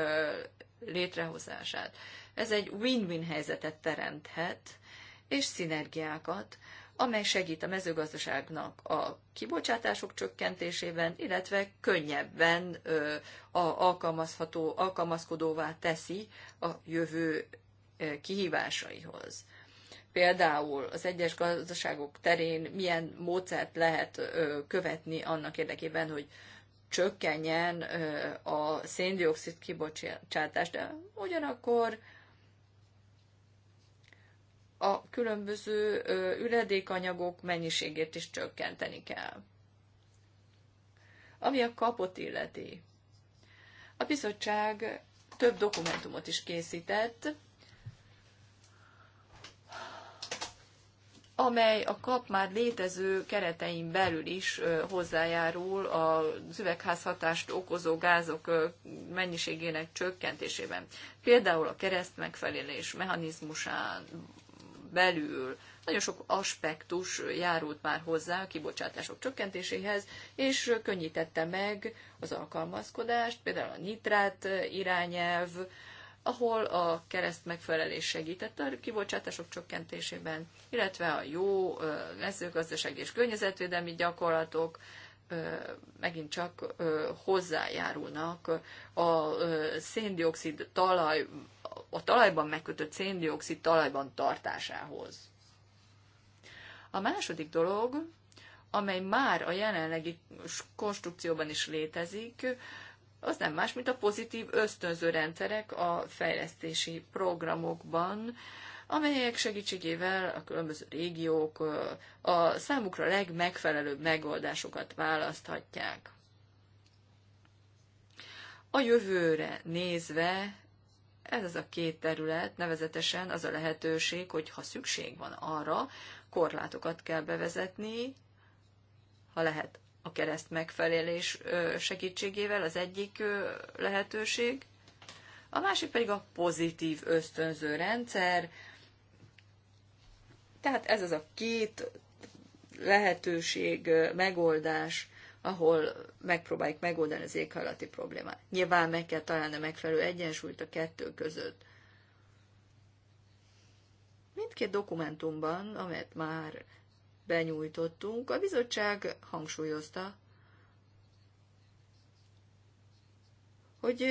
létrehozását. Ez egy win-win helyzetet teremthet, és szinergiákat, amely segít a mezőgazdaságnak a kibocsátások csökkentésében, illetve könnyebben ö, a alkalmazható, alkalmazkodóvá teszi a jövő ö, kihívásaihoz például az egyes gazdaságok terén milyen módszert lehet követni annak érdekében, hogy csökkenjen a széndiokszid kibocsátás, de ugyanakkor a különböző üledékanyagok mennyiségét is csökkenteni kell. Ami a kapot illeti. A bizottság több dokumentumot is készített, amely a kap már létező keretein belül is hozzájárul a üvegházhatást okozó gázok mennyiségének csökkentésében. Például a kereszt megfelelés mechanizmusán belül nagyon sok aspektus járult már hozzá a kibocsátások csökkentéséhez, és könnyítette meg az alkalmazkodást, például a nitrát irányelv, ahol a kereszt megfelelés segített a kibocsátások csökkentésében, illetve a jó mezőgazdaság és környezetvédelmi gyakorlatok megint csak hozzájárulnak a széndiokszid talaj, a talajban megkötött széndiokszid talajban tartásához. A második dolog, amely már a jelenlegi konstrukcióban is létezik, az nem más, mint a pozitív ösztönző rendszerek a fejlesztési programokban, amelyek segítségével a különböző régiók a számukra legmegfelelőbb megoldásokat választhatják. A jövőre nézve ez az a két terület, nevezetesen az a lehetőség, hogy ha szükség van arra, korlátokat kell bevezetni, ha lehet a kereszt megfelelés segítségével az egyik lehetőség, a másik pedig a pozitív ösztönző rendszer. Tehát ez az a két lehetőség, megoldás, ahol megpróbáljuk megoldani az éghajlati problémát. Nyilván meg kell találni a megfelelő egyensúlyt a kettő között. Mindkét dokumentumban, amelyet már benyújtottunk, a bizottság hangsúlyozta, hogy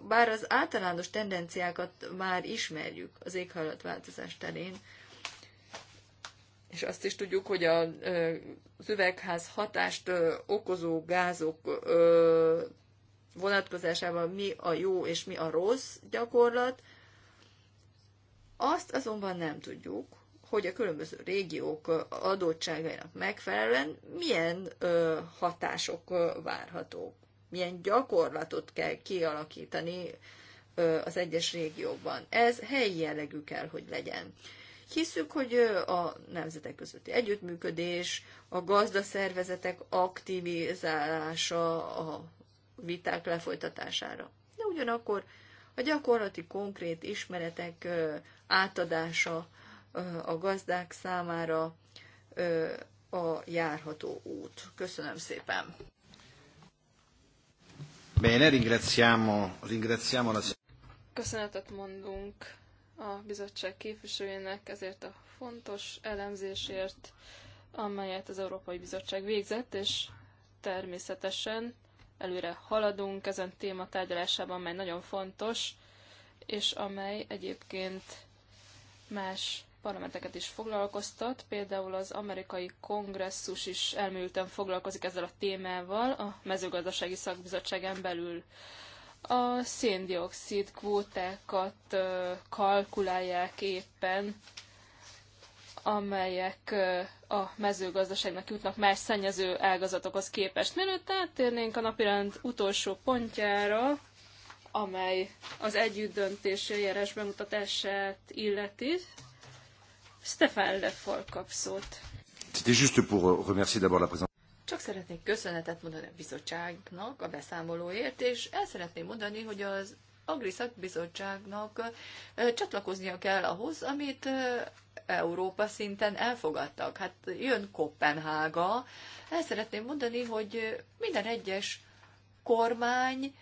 bár az általános tendenciákat már ismerjük az éghajlatváltozás terén, és azt is tudjuk, hogy a, üvegház hatást okozó gázok vonatkozásában mi a jó és mi a rossz gyakorlat, azt azonban nem tudjuk, hogy a különböző régiók adottságainak megfelelően milyen hatások várhatók, milyen gyakorlatot kell kialakítani az egyes régiókban. Ez helyi jellegű kell, hogy legyen. Hiszük, hogy a nemzetek közötti együttműködés, a gazdaszervezetek aktivizálása, a viták lefolytatására. De ugyanakkor a gyakorlati konkrét ismeretek átadása a gazdák számára a járható út. Köszönöm szépen! Bene, ringraziamo, ringraziamo la... Köszönetet mondunk a bizottság képviselőjének ezért a fontos elemzésért, amelyet az Európai Bizottság végzett, és természetesen előre haladunk ezen téma tárgyalásában, mely nagyon fontos, és amely egyébként más parlamenteket is foglalkoztat, például az amerikai kongresszus is elműlten foglalkozik ezzel a témával a mezőgazdasági szakbizottságán belül. A széndiokszid kvótákat kalkulálják éppen, amelyek a mezőgazdaságnak jutnak más szennyező ágazatokhoz képest. Mielőtt áttérnénk a napirend utolsó pontjára, amely az együttdöntési eljárás bemutatását illeti, Stefan Leffol kap szót. Euh, Csak szeretnék köszönetet mondani a bizottságnak a beszámolóért, és el szeretném mondani, hogy az Agri Szakbizottságnak csatlakoznia kell ahhoz, amit Európa szinten elfogadtak. Hát jön Kopenhága. El szeretném mondani, hogy minden egyes kormány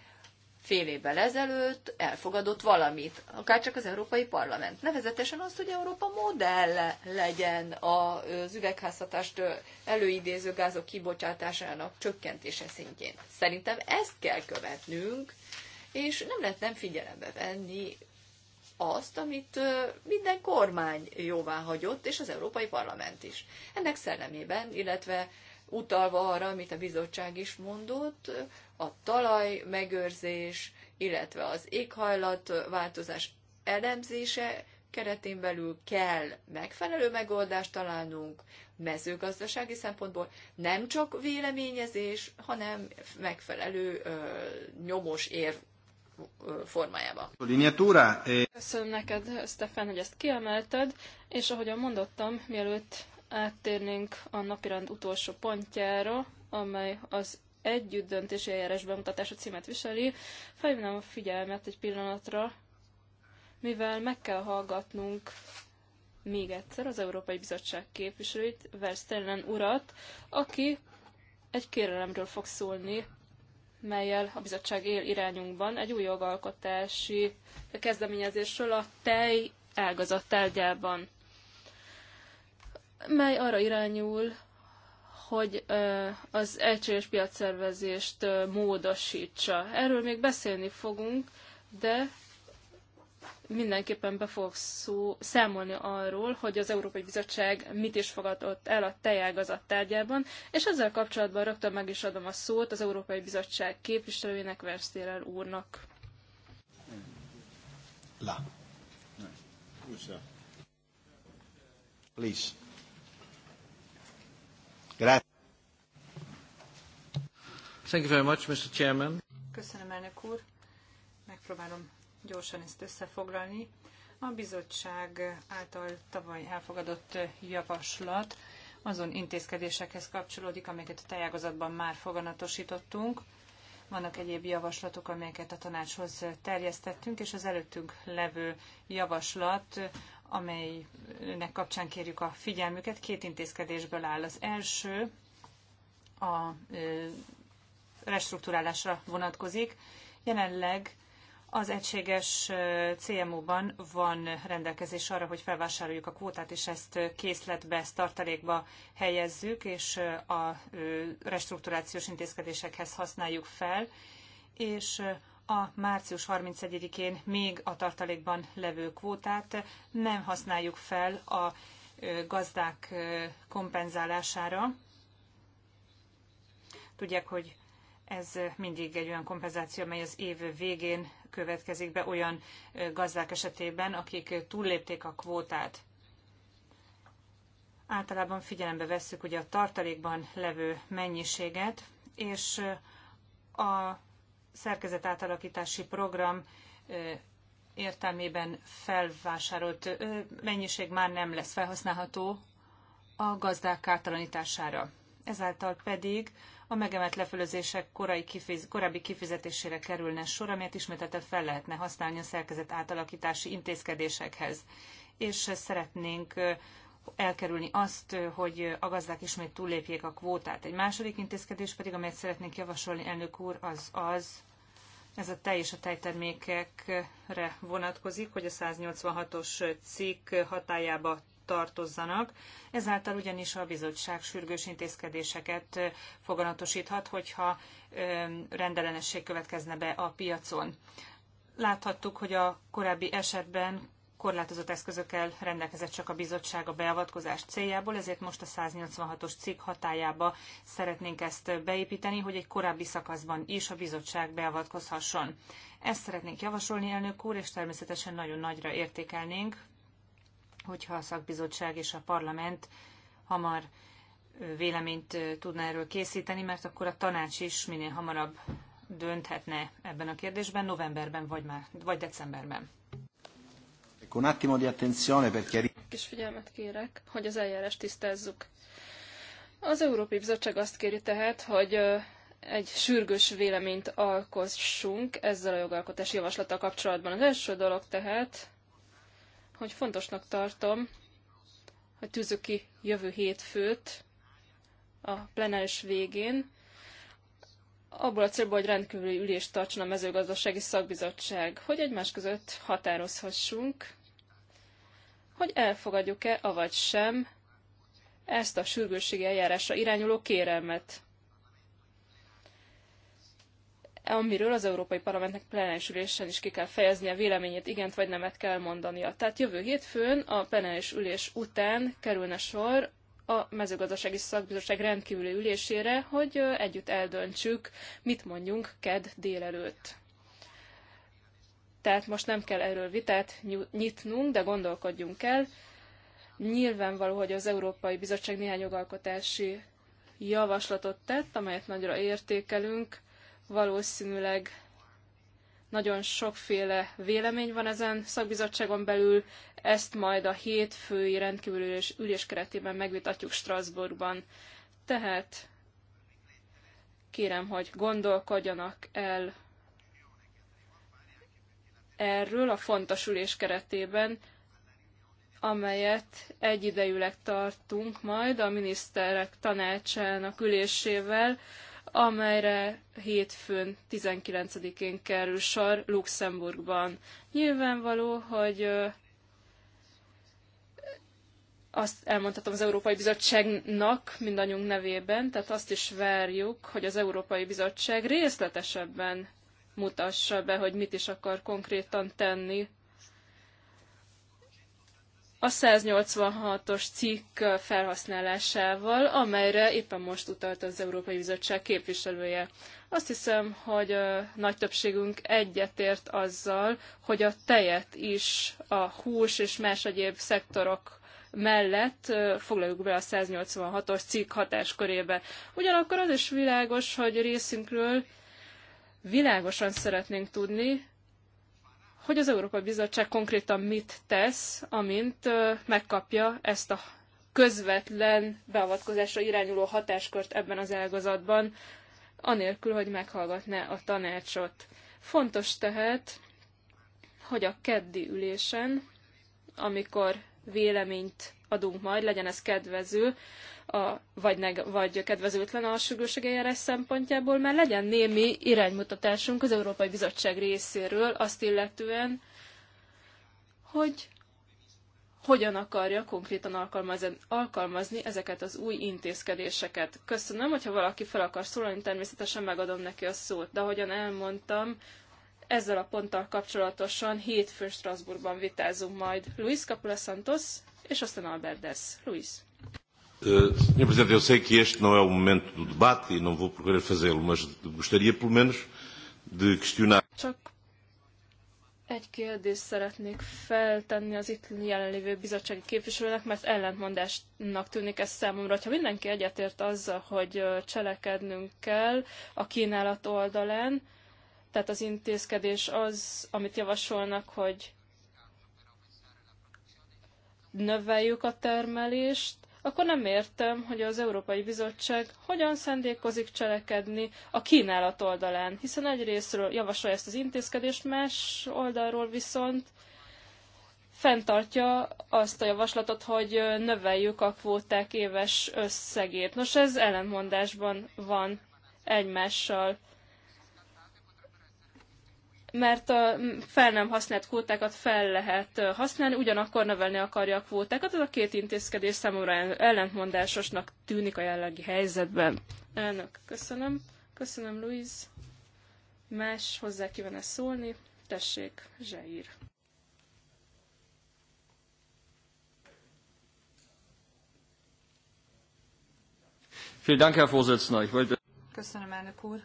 fél évvel ezelőtt elfogadott valamit, akárcsak az Európai Parlament. Nevezetesen azt, hogy Európa modell legyen az üvegházhatást előidéző gázok kibocsátásának csökkentése szintjén. Szerintem ezt kell követnünk, és nem lehet nem figyelembe venni azt, amit minden kormány jóvá hagyott, és az Európai Parlament is. Ennek szellemében, illetve utalva arra, amit a bizottság is mondott, a talaj megőrzés, illetve az éghajlatváltozás elemzése keretén belül kell megfelelő megoldást találnunk mezőgazdasági szempontból, nem csak véleményezés, hanem megfelelő ö, nyomos érv formájában. Eh. Köszönöm neked, Stefan, hogy ezt kiemelted, és ahogyan mondottam, mielőtt áttérnénk a napirend utolsó pontjára, amely az együtt döntési eljárás bemutatása címet viseli, felhívnám a figyelmet egy pillanatra, mivel meg kell hallgatnunk még egyszer az Európai Bizottság képviselőit, Verstelen urat, aki egy kérelemről fog szólni, melyel a bizottság él irányunkban egy új jogalkotási kezdeményezésről a tej ágazat tárgyában, mely arra irányul, hogy az egységes piacszervezést módosítsa. Erről még beszélni fogunk, de mindenképpen be fogok szó, számolni arról, hogy az Európai Bizottság mit is fogadott el a tejágazat tárgyában, és ezzel kapcsolatban rögtön meg is adom a szót az Európai Bizottság képviselőjének, Verstérel úrnak. La. Please. Thank you very much, Mr. Chairman. Köszönöm, elnök úr. Megpróbálom gyorsan ezt összefoglalni. A bizottság által tavaly elfogadott javaslat azon intézkedésekhez kapcsolódik, amelyeket a tájágazatban már foganatosítottunk. Vannak egyéb javaslatok, amelyeket a tanácshoz terjesztettünk, és az előttünk levő javaslat amelynek kapcsán kérjük a figyelmüket, két intézkedésből áll. Az első a restruktúrálásra vonatkozik. Jelenleg az egységes CMO-ban van rendelkezés arra, hogy felvásároljuk a kvótát, és ezt készletbe, ezt tartalékba helyezzük, és a restrukturációs intézkedésekhez használjuk fel, és a március 31-én még a tartalékban levő kvótát nem használjuk fel a gazdák kompenzálására. Tudják, hogy ez mindig egy olyan kompenzáció, amely az év végén következik be olyan gazdák esetében, akik túllépték a kvótát. Általában figyelembe vesszük ugye a tartalékban levő mennyiséget, és a szerkezetátalakítási program értelmében felvásárolt mennyiség már nem lesz felhasználható a gazdák kártalanítására. Ezáltal pedig a megemelt lefölözések korai kifiz, korábbi kifizetésére kerülne sor, amelyet ismételten fel lehetne használni a szerkezet átalakítási intézkedésekhez. És szeretnénk elkerülni azt, hogy a gazdák ismét túllépjék a kvótát. Egy második intézkedés pedig, amelyet szeretnénk javasolni, elnök úr, az az, ez a tej és a tejtermékekre vonatkozik, hogy a 186-os cikk hatájába tartozzanak. Ezáltal ugyanis a bizottság sürgős intézkedéseket foganatosíthat, hogyha rendellenesség következne be a piacon. Láthattuk, hogy a korábbi esetben korlátozott eszközökkel rendelkezett csak a bizottság a beavatkozás céljából, ezért most a 186-os cikk hatájába szeretnénk ezt beépíteni, hogy egy korábbi szakaszban is a bizottság beavatkozhasson. Ezt szeretnénk javasolni, elnök úr, és természetesen nagyon nagyra értékelnénk, hogyha a szakbizottság és a parlament hamar véleményt tudna erről készíteni, mert akkor a tanács is minél hamarabb dönthetne ebben a kérdésben, novemberben vagy, már, vagy decemberben. Ecco, un attimo di attenzione Kis figyelmet kérek, hogy az eljárást tisztázzuk. Az Európai Bizottság azt kéri tehát, hogy egy sürgős véleményt alkossunk ezzel a jogalkotási javaslattal kapcsolatban. Az első dolog tehát, hogy fontosnak tartom, hogy tűzzük ki jövő hétfőt a plenáris végén, abból a célból, hogy rendkívüli ülést tartson a mezőgazdasági szakbizottság, hogy egymás között határozhassunk hogy elfogadjuk-e, avagy sem ezt a sürgősségi eljárásra irányuló kérelmet, amiről az Európai Parlamentnek plenáris ülésen is ki kell fejezni a véleményét, igent vagy nemet kell mondania. Tehát jövő hétfőn a plenáris ülés után kerülne sor a mezőgazdasági szakbizottság rendkívüli ülésére, hogy együtt eldöntsük, mit mondjunk KED délelőtt. Tehát most nem kell erről vitát nyitnunk, de gondolkodjunk el. Nyilvánvaló, hogy az Európai Bizottság néhány jogalkotási javaslatot tett, amelyet nagyra értékelünk. Valószínűleg nagyon sokféle vélemény van ezen szakbizottságon belül, ezt majd a hétfői rendkívüli ülés, ülés keretében megvitatjuk Strasbourgban. Tehát kérem, hogy gondolkodjanak el erről a fontos ülés keretében, amelyet egyidejűleg tartunk majd a miniszterek tanácsának ülésével, amelyre hétfőn 19-én kerül sor Luxemburgban. Nyilvánvaló, hogy azt elmondhatom az Európai Bizottságnak mindannyiunk nevében, tehát azt is várjuk, hogy az Európai Bizottság részletesebben mutassa be, hogy mit is akar konkrétan tenni. A 186-os cikk felhasználásával, amelyre éppen most utalt az Európai Bizottság képviselője. Azt hiszem, hogy a nagy többségünk egyetért azzal, hogy a tejet is a hús és más egyéb szektorok mellett foglaljuk be a 186-os cikk hatáskörébe. Ugyanakkor az is világos, hogy részünkről Világosan szeretnénk tudni, hogy az Európai Bizottság konkrétan mit tesz, amint megkapja ezt a közvetlen beavatkozásra irányuló hatáskört ebben az ágazatban, anélkül, hogy meghallgatná a tanácsot. Fontos tehát, hogy a keddi ülésen, amikor véleményt adunk majd, legyen ez kedvező, a, vagy, neg, vagy kedvezőtlen a sürgősségeljárás szempontjából, mert legyen némi iránymutatásunk az Európai Bizottság részéről azt illetően, hogy hogyan akarja konkrétan alkalmazni ezeket az új intézkedéseket. Köszönöm, hogyha valaki fel akar szólalni, természetesen megadom neki a szót, de ahogyan elmondtam, ezzel a ponttal kapcsolatosan hétfőn Strasbourgban vitázunk majd. Luis Capula Santos, és aztán Albert Dess. Sr. Eh, Presidente, eu sei que este não é o momento do debate e não vou procurar fazê-lo, mas gostaria pelo menos de questionar. Csak egy kérdést szeretnék feltenni az itt jelenlévő bizottsági képviselőnek, mert ellentmondásnak tűnik ez számomra. Ha mindenki egyetért azzal, hogy cselekednünk kell a kínálat oldalán, tehát az intézkedés az, amit javasolnak, hogy növeljük a termelést, akkor nem értem, hogy az Európai Bizottság hogyan szándékozik cselekedni a kínálat oldalán, hiszen egyrésztről javasolja ezt az intézkedést, más oldalról viszont fenntartja azt a javaslatot, hogy növeljük a kvóták éves összegét. Nos, ez ellentmondásban van egymással mert a fel nem használt kvótákat fel lehet használni, ugyanakkor növelni akarja a kvótákat. Ez a két intézkedés számomra ellentmondásosnak tűnik a jellegi helyzetben. Elnök, köszönöm. Köszönöm, Louise. Más hozzá kívánne szólni? Tessék, Zsair. Köszönöm, elnök úr.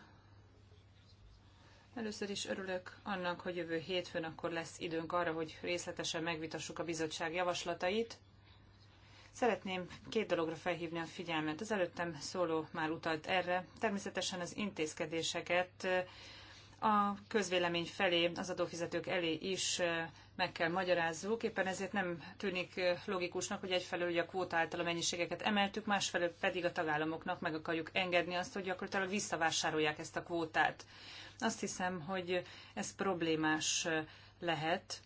Először is örülök annak, hogy jövő hétfőn akkor lesz időnk arra, hogy részletesen megvitassuk a bizottság javaslatait. Szeretném két dologra felhívni a figyelmet. Az előttem szóló már utalt erre. Természetesen az intézkedéseket a közvélemény felé, az adófizetők elé is meg kell magyarázzuk. Éppen ezért nem tűnik logikusnak, hogy egyfelől ugye a kvóta által a mennyiségeket emeltük, másfelől pedig a tagállamoknak meg akarjuk engedni azt, hogy gyakorlatilag visszavásárolják ezt a kvótát. Azt hiszem, hogy ez problémás lehet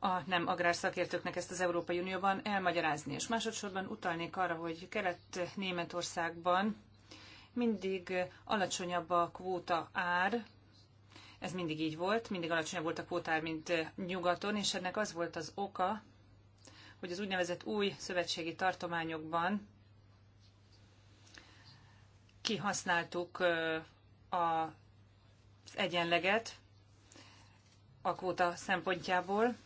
a nem agrárszakértőknek ezt az Európai Unióban elmagyarázni. És másodszorban utalnék arra, hogy Kelet-Németországban mindig alacsonyabb a kvóta ár, ez mindig így volt, mindig alacsonyabb volt a kótár, mint nyugaton, és ennek az volt az oka, hogy az úgynevezett új szövetségi tartományokban kihasználtuk az egyenleget a kvóta szempontjából.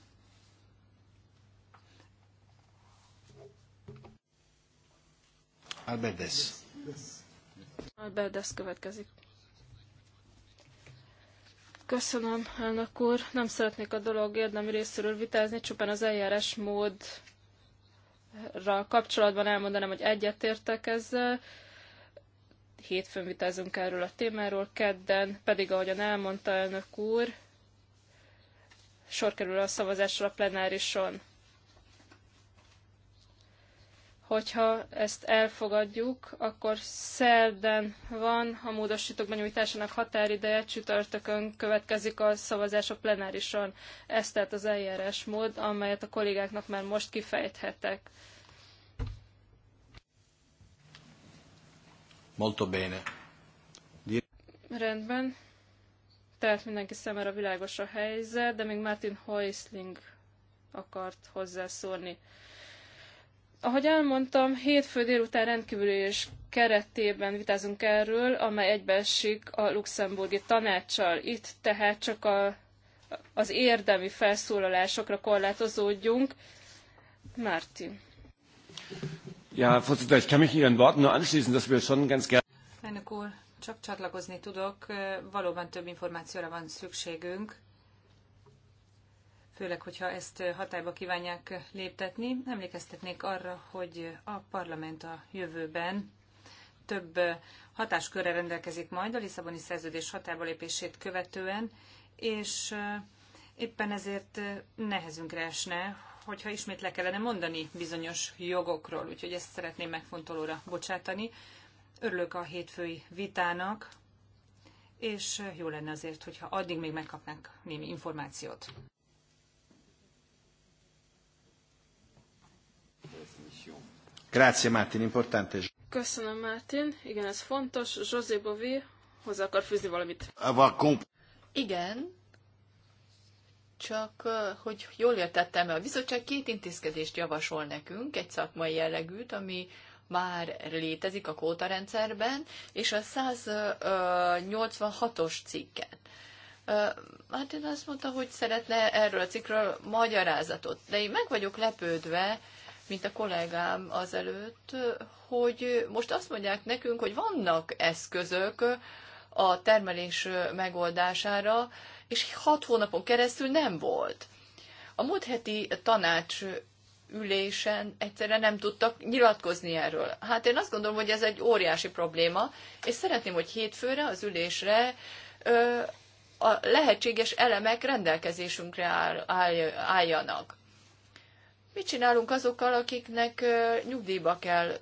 Albedes. Albedes következik. Köszönöm, elnök úr. Nem szeretnék a dolog érdemi részéről vitázni, csupán az eljárás módra kapcsolatban elmondanám, hogy egyetértek ezzel. Hétfőn vitázunk erről a témáról, kedden pedig, ahogyan elmondta elnök úr, sor kerül a szavazásra a plenárison hogyha ezt elfogadjuk, akkor szerden van a módosítók benyújtásának határideje, csütörtökön következik a szavazás a plenárison. Ez tehát az eljárás mód, amelyet a kollégáknak már most kifejthetek. Molto bene. Rendben. Tehát mindenki szemére világos a helyzet, de még Martin Heusling akart hozzászólni. Ahogy elmondtam, hétfő délután rendkívüli és keretében vitázunk erről, amely egybeesik a luxemburgi tanácssal. Itt tehát csak a, az érdemi felszólalásokra korlátozódjunk. Martin. Ja, Vorsitzender, ich kann mich Ihren Worten nur anschließen, dass wir schon ganz gerne... Elnök úr, csak csatlakozni tudok. Valóban több információra van szükségünk főleg, hogyha ezt hatályba kívánják léptetni. Emlékeztetnék arra, hogy a parlament a jövőben több hatáskörre rendelkezik majd a Lisszaboni szerződés hatályba lépését követően, és eh, éppen ezért eh, nehezünkre esne, hogyha ismét le kellene mondani bizonyos jogokról, úgyhogy ezt szeretném megfontolóra bocsátani. Örülök a hétfői vitának, és eh, jó lenne azért, hogyha addig még megkapnánk némi információt. Grazie, Martin, importante. Köszönöm, Martin. Igen, ez fontos. José Bové hozzá akar fűzni valamit. Igen, csak hogy jól értettem a bizottság két intézkedést javasol nekünk, egy szakmai jellegűt, ami már létezik a kóta rendszerben, és a 186-os cikken. Martin azt mondta, hogy szeretne erről a cikkről magyarázatot, de én meg vagyok lepődve, mint a kollégám azelőtt, hogy most azt mondják nekünk, hogy vannak eszközök a termelés megoldására, és hat hónapon keresztül nem volt. A múlt heti tanács ülésen egyszerre nem tudtak nyilatkozni erről. Hát én azt gondolom, hogy ez egy óriási probléma, és szeretném, hogy hétfőre az ülésre a lehetséges elemek rendelkezésünkre áll, áll, álljanak. Mit csinálunk azokkal, akiknek nyugdíjba kell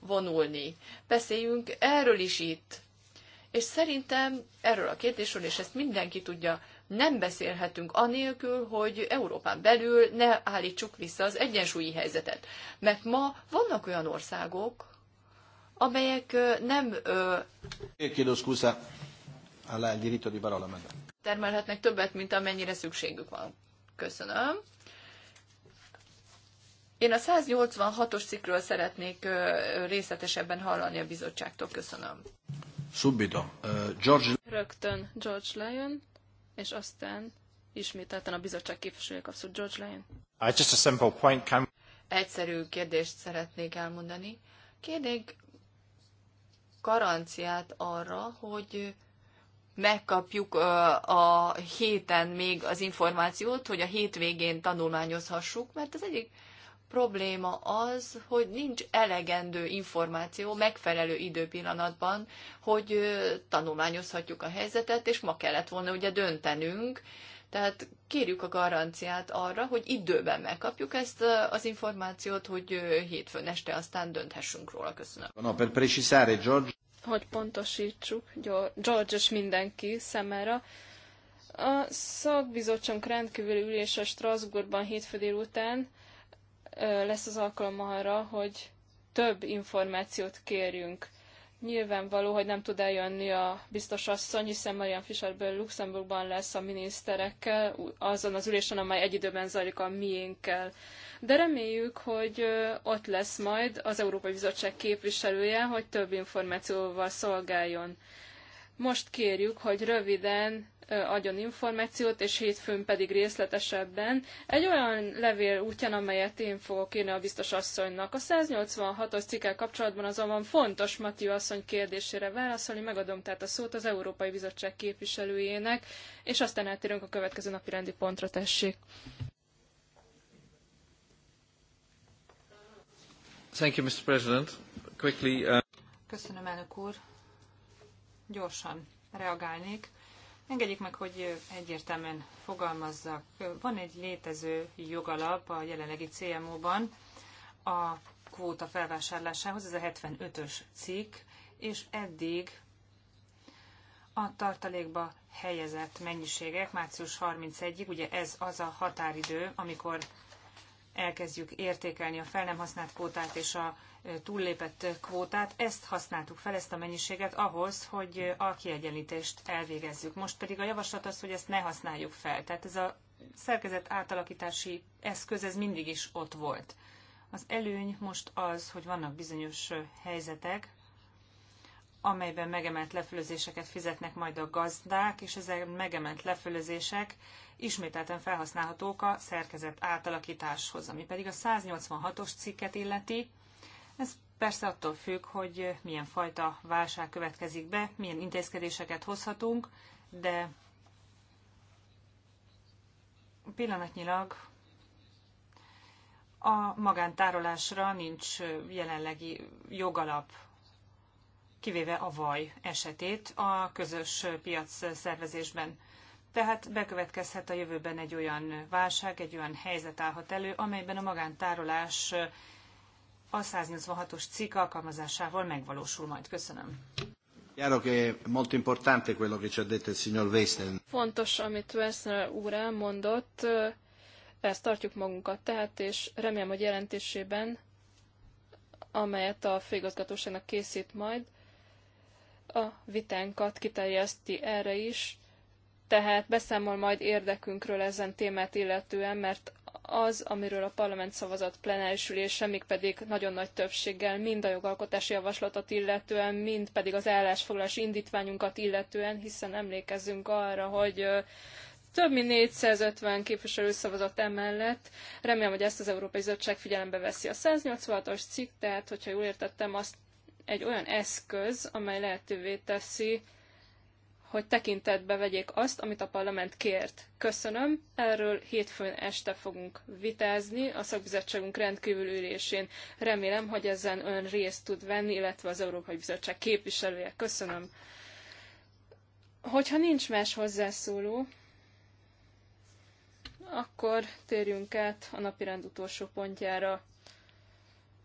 vonulni? Beszéljünk erről is itt. És szerintem erről a kérdésről, és ezt mindenki tudja, nem beszélhetünk anélkül, hogy Európán belül ne állítsuk vissza az egyensúlyi helyzetet. Mert ma vannak olyan országok, amelyek nem... termelhetnek többet, mint amennyire szükségük van. Köszönöm. Én a 186-os cikkről szeretnék részletesebben hallani a bizottságtól. Köszönöm. Subida. Uh, George... Rögtön George Lyon, és aztán ismételten a bizottság képviselője kapszul George Lyon. I uh, just a simple point. Can... Egyszerű kérdést szeretnék elmondani. Kérnék garanciát arra, hogy megkapjuk a héten még az információt, hogy a hétvégén tanulmányozhassuk, mert az egyik probléma az, hogy nincs elegendő információ megfelelő időpillanatban, hogy tanulmányozhatjuk a helyzetet, és ma kellett volna ugye döntenünk. Tehát kérjük a garanciát arra, hogy időben megkapjuk ezt az információt, hogy hétfőn este aztán dönthessünk róla. Köszönöm. No, per precisare, George. Hogy pontosítsuk, George és mindenki szemére. A szakbizottság rendkívül ülése Strasbourgban hétfő délután, lesz az alkalom arra, hogy több információt kérjünk. Nyilvánvaló, hogy nem tud eljönni a biztos asszony, hiszen Marian Fischerből Luxemburgban lesz a miniszterekkel, azon az ülésen, amely egy időben zajlik a miénkkel. De reméljük, hogy ott lesz majd az Európai Bizottság képviselője, hogy több információval szolgáljon. Most kérjük, hogy röviden adjon információt, és hétfőn pedig részletesebben egy olyan levél útján, amelyet én fogok írni a biztos asszonynak. A 186-os cikkel kapcsolatban azonban fontos Matiu asszony kérdésére válaszolni, megadom tehát a szót az Európai Bizottság képviselőjének, és aztán eltérünk a következő napi rendi pontra, tessék. Thank you, Mr. President. Quickly, uh... Köszönöm, elnök úr. Gyorsan reagálnék Engedjék meg, hogy egyértelműen fogalmazzak. Van egy létező jogalap a jelenlegi CMO-ban a kvóta felvásárlásához, ez a 75-ös cikk, és eddig a tartalékba helyezett mennyiségek március 31-ig, ugye ez az a határidő, amikor elkezdjük értékelni a fel nem használt kvótát és a túllépett kvótát. Ezt használtuk fel, ezt a mennyiséget ahhoz, hogy a kiegyenlítést elvégezzük. Most pedig a javaslat az, hogy ezt ne használjuk fel. Tehát ez a szerkezet átalakítási eszköz, ez mindig is ott volt. Az előny most az, hogy vannak bizonyos helyzetek, amelyben megemelt lefölözéseket fizetnek majd a gazdák, és ezek megemelt lefölözések ismételten felhasználhatók a szerkezet átalakításhoz, ami pedig a 186-os cikket illeti. Ez persze attól függ, hogy milyen fajta válság következik be, milyen intézkedéseket hozhatunk, de pillanatnyilag a magántárolásra nincs jelenlegi jogalap, kivéve a vaj esetét a közös piac szervezésben. Tehát bekövetkezhet a jövőben egy olyan válság, egy olyan helyzet állhat elő, amelyben a magántárolás a 186-os cikk alkalmazásával megvalósul majd. Köszönöm. Fontos, amit Wessner úr elmondott, ezt tartjuk magunkat tehát, és remélem, hogy jelentésében, amelyet a főigazgatóságnak készít majd, a vitánkat kiterjeszti erre is, tehát beszámol majd érdekünkről ezen témát illetően, mert az, amiről a parlament szavazott plenáris ülése, még pedig nagyon nagy többséggel, mind a jogalkotási javaslatot illetően, mind pedig az állásfoglalás indítványunkat illetően, hiszen emlékezzünk arra, hogy több mint 450 képviselő szavazott emellett. Remélem, hogy ezt az Európai Bizottság figyelembe veszi. A 186-os cikk, tehát, hogyha jól értettem, azt egy olyan eszköz, amely lehetővé teszi, hogy tekintetbe vegyék azt, amit a parlament kért. Köszönöm, erről hétfőn este fogunk vitázni a szakbizottságunk rendkívül ülésén. Remélem, hogy ezen ön részt tud venni, illetve az Európai Bizottság képviselője. Köszönöm. Hogyha nincs más hozzászóló, akkor térjünk át a napirend utolsó pontjára.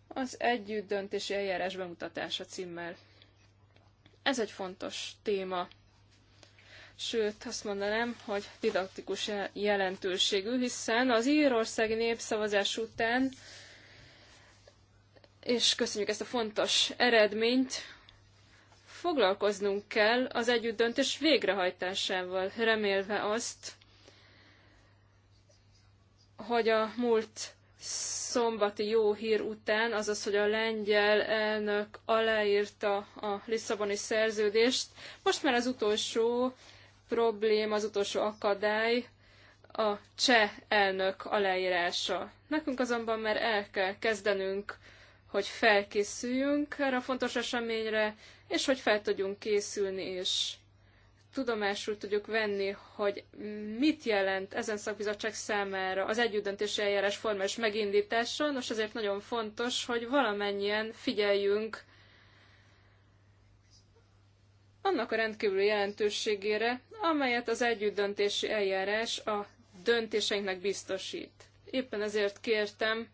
Az együtt döntési eljárás bemutatása címmel. Ez egy fontos téma sőt azt mondanám, hogy didaktikus jelentőségű, hiszen az írországi népszavazás után, és köszönjük ezt a fontos eredményt, foglalkoznunk kell az együttdöntés végrehajtásával, remélve azt, hogy a múlt szombati jó hír után, azaz, hogy a lengyel elnök aláírta a Lisszaboni szerződést, most már az utolsó probléma, az utolsó akadály a cseh elnök aláírása. Nekünk azonban már el kell kezdenünk, hogy felkészüljünk erre a fontos eseményre, és hogy fel tudjunk készülni, és tudomásul tudjuk venni, hogy mit jelent ezen szakbizottság számára az együttdöntési eljárás formális megindítása. Nos, ezért nagyon fontos, hogy valamennyien figyeljünk annak a rendkívül jelentőségére, amelyet az együttdöntési eljárás a döntéseinknek biztosít. Éppen ezért kértem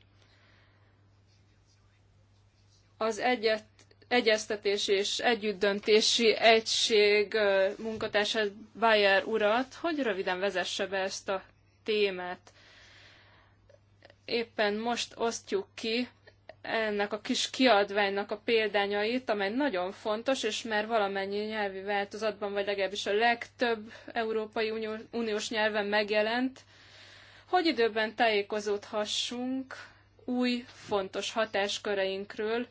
az egyet, egyeztetés és együttdöntési egység munkatársát Bayer urat, hogy röviden vezesse be ezt a témát. Éppen most osztjuk ki ennek a kis kiadványnak a példányait, amely nagyon fontos, és már valamennyi nyelvi változatban, vagy legalábbis a legtöbb Európai Unió, Uniós nyelven megjelent, hogy időben tájékozódhassunk új fontos hatásköreinkről,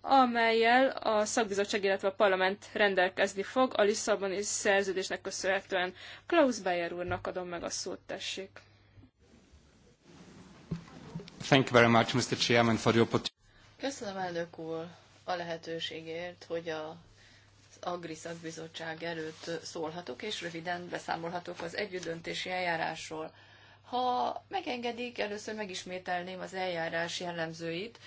amelyel a szakbizottság, illetve a parlament rendelkezni fog a Lisszaboni szerződésnek köszönhetően. Klaus Bayer úrnak adom meg a szót, tessék. Thank you very much, Mr. Chairman, for the opportunity. Köszönöm, elnök úr, a lehetőségért, hogy a az Agri Szakbizottság előtt szólhatok, és röviden beszámolhatok az együttdöntési eljárásról. Ha megengedik, először megismételném az eljárás jellemzőit,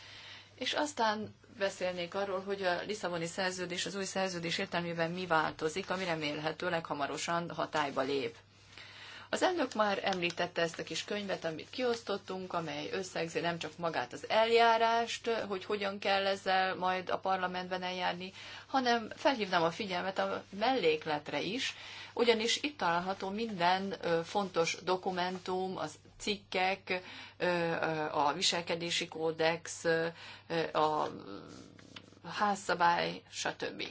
és aztán beszélnék arról, hogy a Lisszaboni szerződés az új szerződés értelmében mi változik, ami remélhetőleg hamarosan hatályba lép. Az elnök már említette ezt a kis könyvet, amit kiosztottunk, amely összegzi nem csak magát az eljárást, hogy hogyan kell ezzel majd a parlamentben eljárni, hanem felhívnám a figyelmet a mellékletre is, ugyanis itt található minden fontos dokumentum, az cikkek, a viselkedési kódex, a házszabály, stb.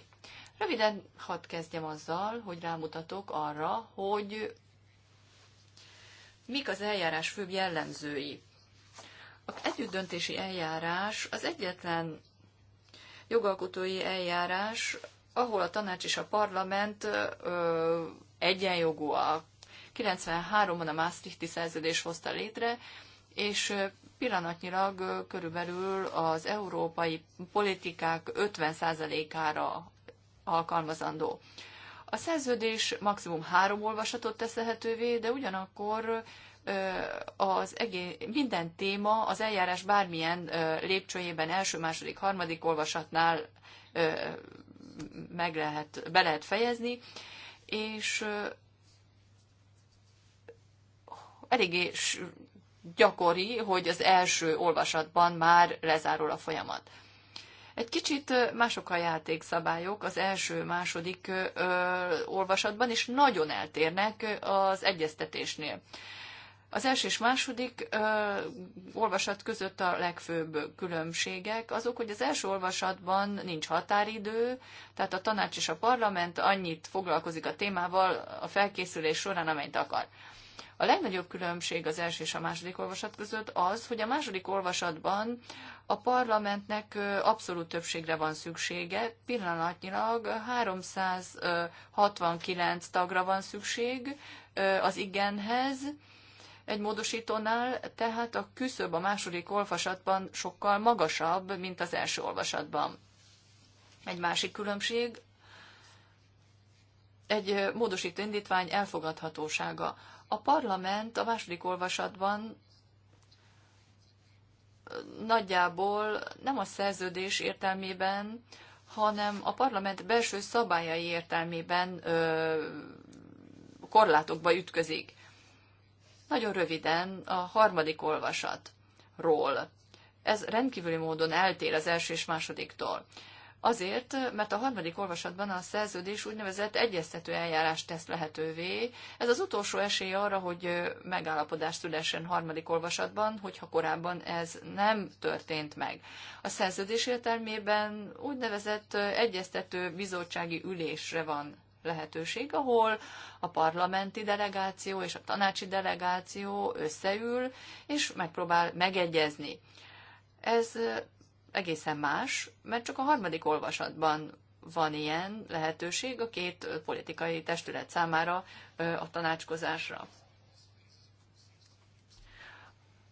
Röviden hadd kezdjem azzal, hogy rámutatok arra, hogy mik az eljárás főbb jellemzői. Az együttdöntési eljárás az egyetlen jogalkotói eljárás, ahol a tanács és a parlament ö, egyenjogú a 93-ban a Maastrichti szerződés hozta létre, és pillanatnyilag körülbelül az európai politikák 50%-ára alkalmazandó. A szerződés maximum három olvasatot tesz lehetővé, de ugyanakkor az egész, minden téma az eljárás bármilyen lépcsőjében első, második, harmadik olvasatnál meg lehet, be lehet fejezni, és eléggé gyakori, hogy az első olvasatban már lezárul a folyamat. Egy kicsit mások a játékszabályok az első-második olvasatban, és nagyon eltérnek az egyeztetésnél. Az első és második ö, olvasat között a legfőbb különbségek azok, hogy az első olvasatban nincs határidő, tehát a tanács és a parlament annyit foglalkozik a témával a felkészülés során, amennyit akar. A legnagyobb különbség az első és a második olvasat között az, hogy a második olvasatban a parlamentnek abszolút többségre van szüksége, pillanatnyilag 369 tagra van szükség az igenhez, egy módosítónál, tehát a küszöb a második olvasatban sokkal magasabb, mint az első olvasatban. Egy másik különbség, egy módosító indítvány elfogadhatósága a parlament a második olvasatban nagyjából nem a szerződés értelmében, hanem a parlament belső szabályai értelmében ö, korlátokba ütközik. Nagyon röviden a harmadik olvasatról. Ez rendkívüli módon eltér az első és másodiktól. Azért, mert a harmadik olvasatban a szerződés úgynevezett egyeztető eljárást tesz lehetővé. Ez az utolsó esély arra, hogy megállapodás szülessen harmadik olvasatban, hogyha korábban ez nem történt meg. A szerződés értelmében úgynevezett egyeztető bizottsági ülésre van lehetőség, ahol a parlamenti delegáció és a tanácsi delegáció összeül, és megpróbál megegyezni. Ez egészen más, mert csak a harmadik olvasatban van ilyen lehetőség a két politikai testület számára a tanácskozásra.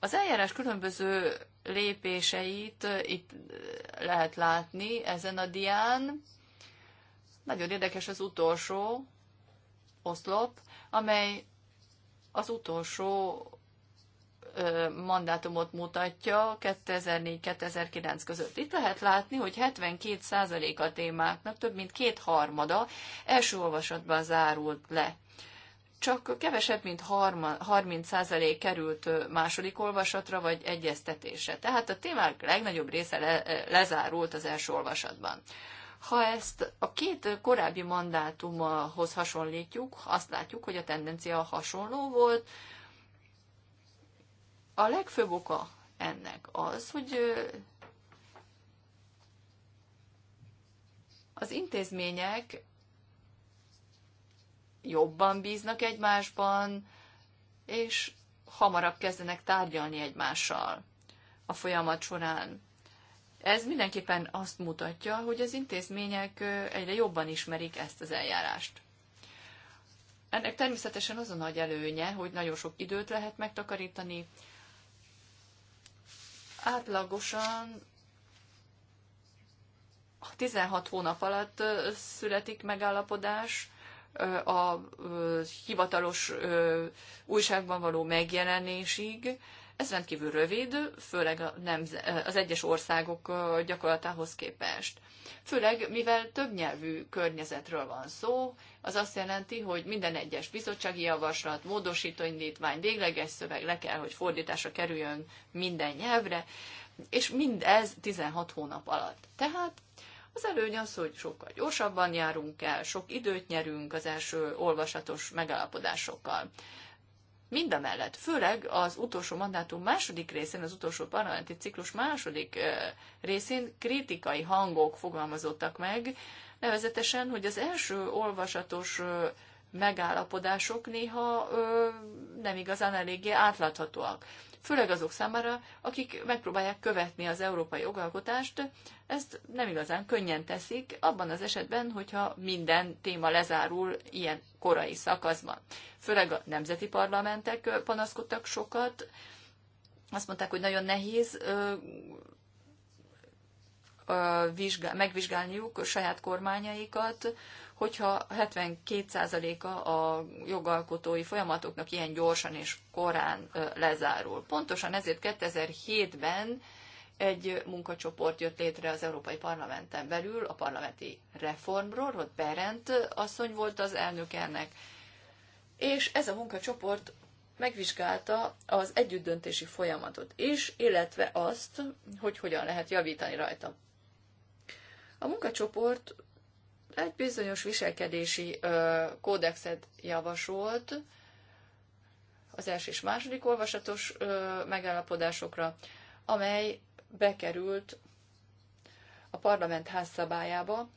Az eljárás különböző lépéseit itt lehet látni ezen a dián. Nagyon érdekes az utolsó oszlop, amely az utolsó mandátumot mutatja 2004-2009 között. Itt lehet látni, hogy 72% a témáknak, több mint kétharmada első olvasatban zárult le. Csak kevesebb, mint 30% került második olvasatra vagy egyeztetésre. Tehát a témák legnagyobb része le, lezárult az első olvasatban. Ha ezt a két korábbi mandátumhoz hasonlítjuk, azt látjuk, hogy a tendencia hasonló volt, a legfőbb oka ennek az, hogy az intézmények jobban bíznak egymásban, és hamarabb kezdenek tárgyalni egymással a folyamat során. Ez mindenképpen azt mutatja, hogy az intézmények egyre jobban ismerik ezt az eljárást. Ennek természetesen az a nagy előnye, hogy nagyon sok időt lehet megtakarítani, átlagosan 16 hónap alatt születik megállapodás, a hivatalos újságban való megjelenésig, ez rendkívül rövid, főleg a nemze- az egyes országok gyakorlatához képest. Főleg, mivel több nyelvű környezetről van szó, az azt jelenti, hogy minden egyes bizottsági javaslat, módosító indítvány, végleges szöveg le kell, hogy fordításra kerüljön minden nyelvre, és mindez 16 hónap alatt. Tehát az előny az, hogy sokkal gyorsabban járunk el, sok időt nyerünk az első olvasatos megállapodásokkal mindamellett, főleg az utolsó mandátum második részén, az utolsó parlamenti ciklus második részén kritikai hangok fogalmazottak meg, nevezetesen, hogy az első olvasatos megállapodások néha ö, nem igazán eléggé átláthatóak. Főleg azok számára, akik megpróbálják követni az európai jogalkotást, ezt nem igazán könnyen teszik, abban az esetben, hogyha minden téma lezárul ilyen korai szakaszban. Főleg a nemzeti parlamentek panaszkodtak sokat, azt mondták, hogy nagyon nehéz ö, megvizsgálniuk a saját kormányaikat, hogyha 72%-a a jogalkotói folyamatoknak ilyen gyorsan és korán lezárul. Pontosan ezért 2007-ben egy munkacsoport jött létre az Európai Parlamenten belül a parlamenti reformról, hogy Berent asszony volt az elnök ennek. És ez a munkacsoport megvizsgálta az együttdöntési folyamatot is, illetve azt, hogy hogyan lehet javítani rajta. A munkacsoport egy bizonyos viselkedési ö, kódexet javasolt az első és második olvasatos ö, megállapodásokra, amely bekerült a parlament házszabályába,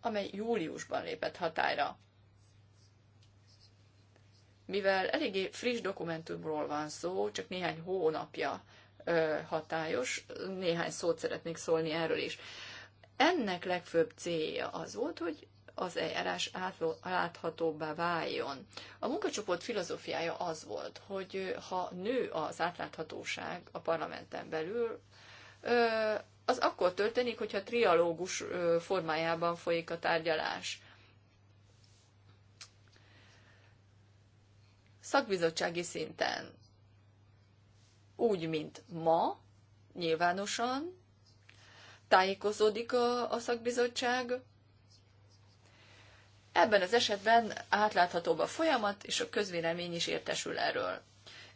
amely júliusban lépett hatályra. Mivel eléggé friss dokumentumról van szó, csak néhány hónapja ö, hatályos, néhány szót szeretnék szólni erről is. Ennek legfőbb célja az volt, hogy az eljárás láthatóbbá váljon. A munkacsoport filozófiája az volt, hogy ha nő az átláthatóság a parlamenten belül, az akkor történik, hogyha trialógus formájában folyik a tárgyalás. Szakbizottsági szinten úgy, mint ma, nyilvánosan, tájékozódik a, a szakbizottság. Ebben az esetben átláthatóbb a folyamat, és a közvélemény is értesül erről.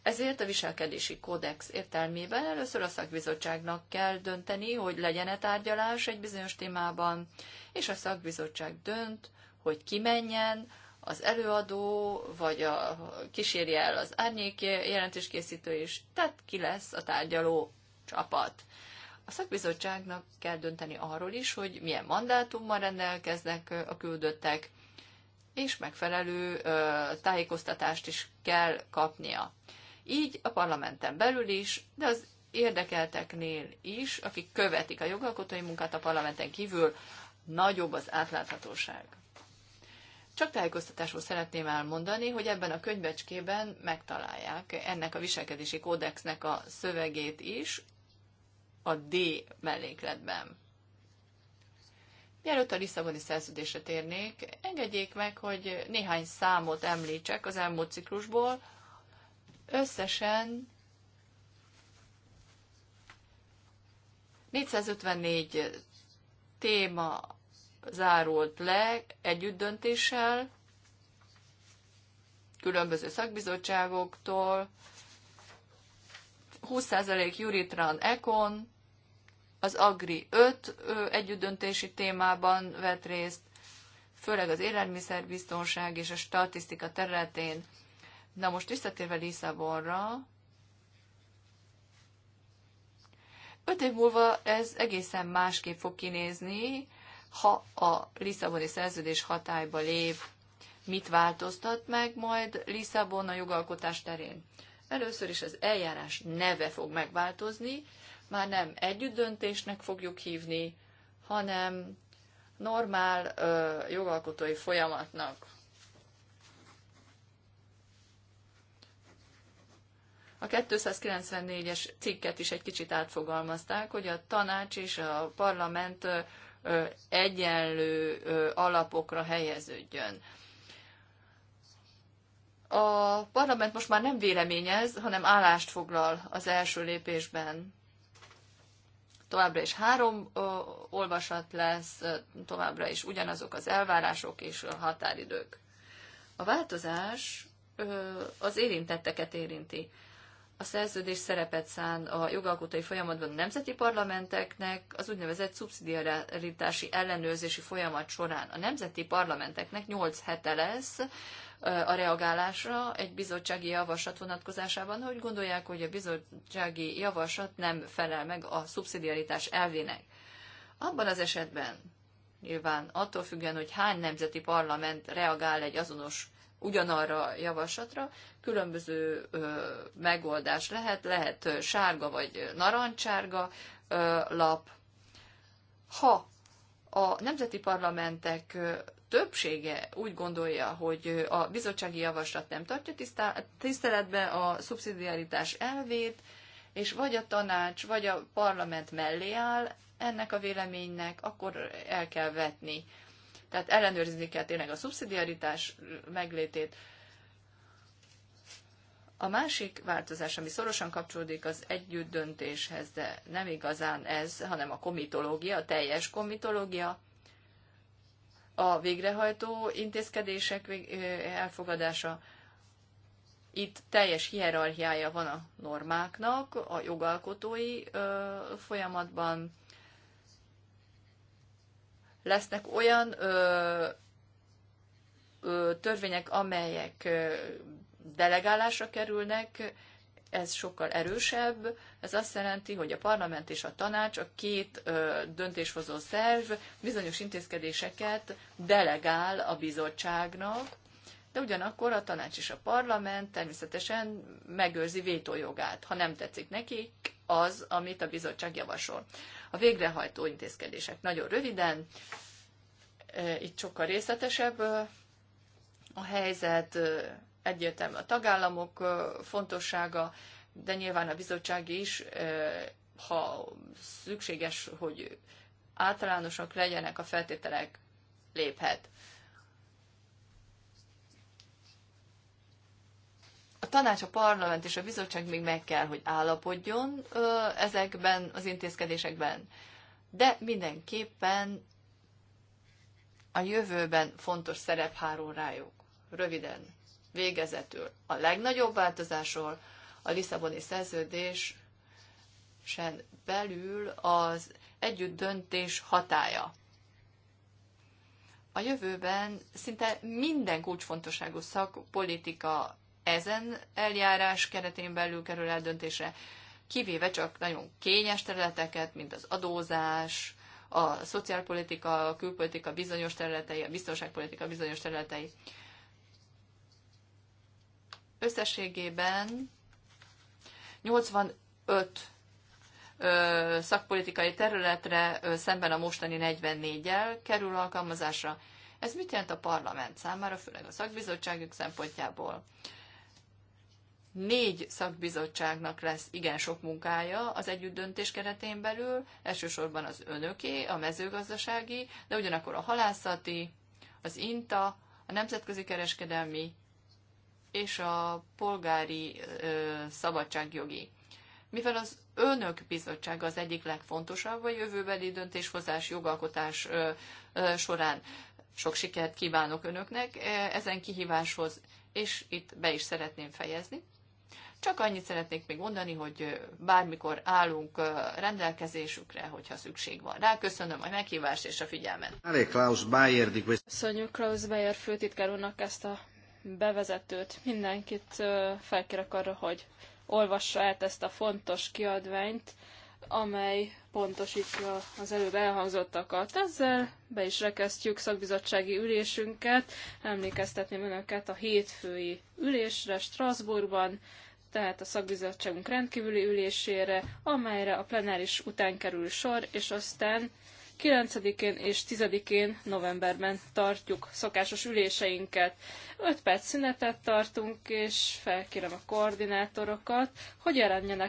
Ezért a viselkedési kódex értelmében először a szakbizottságnak kell dönteni, hogy legyen-e tárgyalás egy bizonyos témában, és a szakbizottság dönt, hogy kimenjen, az előadó, vagy a, kíséri el az árnyék jelentéskészítő is, tehát ki lesz a tárgyaló csapat. A szakbizottságnak kell dönteni arról is, hogy milyen mandátummal rendelkeznek a küldöttek, és megfelelő tájékoztatást is kell kapnia. Így a parlamenten belül is, de az érdekelteknél is, akik követik a jogalkotói munkát a parlamenten kívül, nagyobb az átláthatóság. Csak tájékoztatásról szeretném elmondani, hogy ebben a könyvecskében megtalálják ennek a viselkedési kódexnek a szövegét is, a D mellékletben. Mielőtt a Lisszaboni szerződésre térnék, engedjék meg, hogy néhány számot említsek az elmúlt ciklusból. Összesen 454 téma zárult le együtt döntéssel, különböző szakbizottságoktól, 20% Juritran Econ, az Agri 5 együttdöntési témában vett részt, főleg az élelmiszerbiztonság és a statisztika területén. Na most visszatérve Lisszabonra, öt év múlva ez egészen másképp fog kinézni, ha a Lisszaboni szerződés hatályba lép. Mit változtat meg majd Lisszabon a jogalkotás terén? Először is az eljárás neve fog megváltozni, már nem együtt döntésnek fogjuk hívni, hanem normál ö, jogalkotói folyamatnak. A 294-es cikket is egy kicsit átfogalmazták, hogy a tanács és a parlament egyenlő alapokra helyeződjön. A parlament most már nem véleményez, hanem állást foglal az első lépésben továbbra is három olvasat lesz, továbbra is ugyanazok az elvárások és a határidők. A változás az érintetteket érinti a szerződés szerepet szán a jogalkotói folyamatban a nemzeti parlamenteknek az úgynevezett szubszidiaritási ellenőrzési folyamat során. A nemzeti parlamenteknek 8 hete lesz a reagálásra egy bizottsági javaslat vonatkozásában, hogy gondolják, hogy a bizottsági javaslat nem felel meg a szubszidiaritás elvének. Abban az esetben nyilván attól függően, hogy hány nemzeti parlament reagál egy azonos ugyanarra a javaslatra, különböző megoldás lehet, lehet sárga vagy narancsárga lap. Ha a nemzeti parlamentek többsége úgy gondolja, hogy a bizottsági javaslat nem tartja tiszteletbe a szubszidiaritás elvét, és vagy a tanács, vagy a parlament mellé áll ennek a véleménynek, akkor el kell vetni tehát ellenőrizni kell tényleg a szubszidiaritás meglétét. A másik változás, ami szorosan kapcsolódik az együttdöntéshez, de nem igazán ez, hanem a komitológia, a teljes komitológia, a végrehajtó intézkedések elfogadása. Itt teljes hierarchiája van a normáknak, a jogalkotói folyamatban, lesznek olyan ö, ö, törvények, amelyek ö, delegálásra kerülnek, ez sokkal erősebb. Ez azt jelenti, hogy a parlament és a tanács, a két ö, döntéshozó szerv bizonyos intézkedéseket delegál a bizottságnak, de ugyanakkor a tanács és a parlament természetesen megőrzi vétójogát, ha nem tetszik nekik az, amit a bizottság javasol. A végrehajtó intézkedések nagyon röviden, e, itt sokkal részletesebb e, a helyzet, e, egyértelmű a tagállamok fontossága, de nyilván a bizottság is, ha szükséges, hogy általánosak legyenek a feltételek, léphet. a tanács, a parlament és a bizottság még meg kell, hogy állapodjon ezekben az intézkedésekben. De mindenképpen a jövőben fontos szerep hárul rájuk. Röviden, végezetül a legnagyobb változásról a Lisszaboni szerződés sen belül az együtt döntés hatája. A jövőben szinte minden kulcsfontosságú szakpolitika ezen eljárás keretén belül kerül eldöntésre, kivéve csak nagyon kényes területeket, mint az adózás, a szociálpolitika, a külpolitika bizonyos területei, a biztonságpolitika bizonyos területei. Összességében 85 ö, szakpolitikai területre ö, szemben a mostani 44 el kerül alkalmazásra. Ez mit jelent a parlament számára, főleg a szakbizottságok szempontjából? Ö, négy szakbizottságnak lesz igen sok munkája az együtt döntés keretén belül, elsősorban az önöké, a mezőgazdasági, de ugyanakkor a halászati, az INTA, a nemzetközi kereskedelmi és a polgári ö, szabadságjogi. Mivel az önök bizottsága az egyik legfontosabb a jövőbeli döntéshozás, jogalkotás ö, ö, során, sok sikert kívánok önöknek ezen kihíváshoz, és itt be is szeretném fejezni. Csak annyit szeretnék még mondani, hogy bármikor állunk rendelkezésükre, hogyha szükség van rá. Köszönöm a meghívást és a figyelmet. Klaus Bayer, Köszönjük Klaus Bayer főtitkár úrnak ezt a bevezetőt. Mindenkit felkérek arra, hogy olvassa át ezt a fontos kiadványt, amely pontosítja az előbb elhangzottakat. Ezzel be is rekesztjük szakbizottsági ülésünket. Emlékeztetném önöket a hétfői ülésre Strasbourgban tehát a szakbizottságunk rendkívüli ülésére, amelyre a plenáris után kerül sor, és aztán 9-én és 10-én novemberben tartjuk szokásos üléseinket. 5 perc szünetet tartunk, és felkérem a koordinátorokat, hogy jelenjenek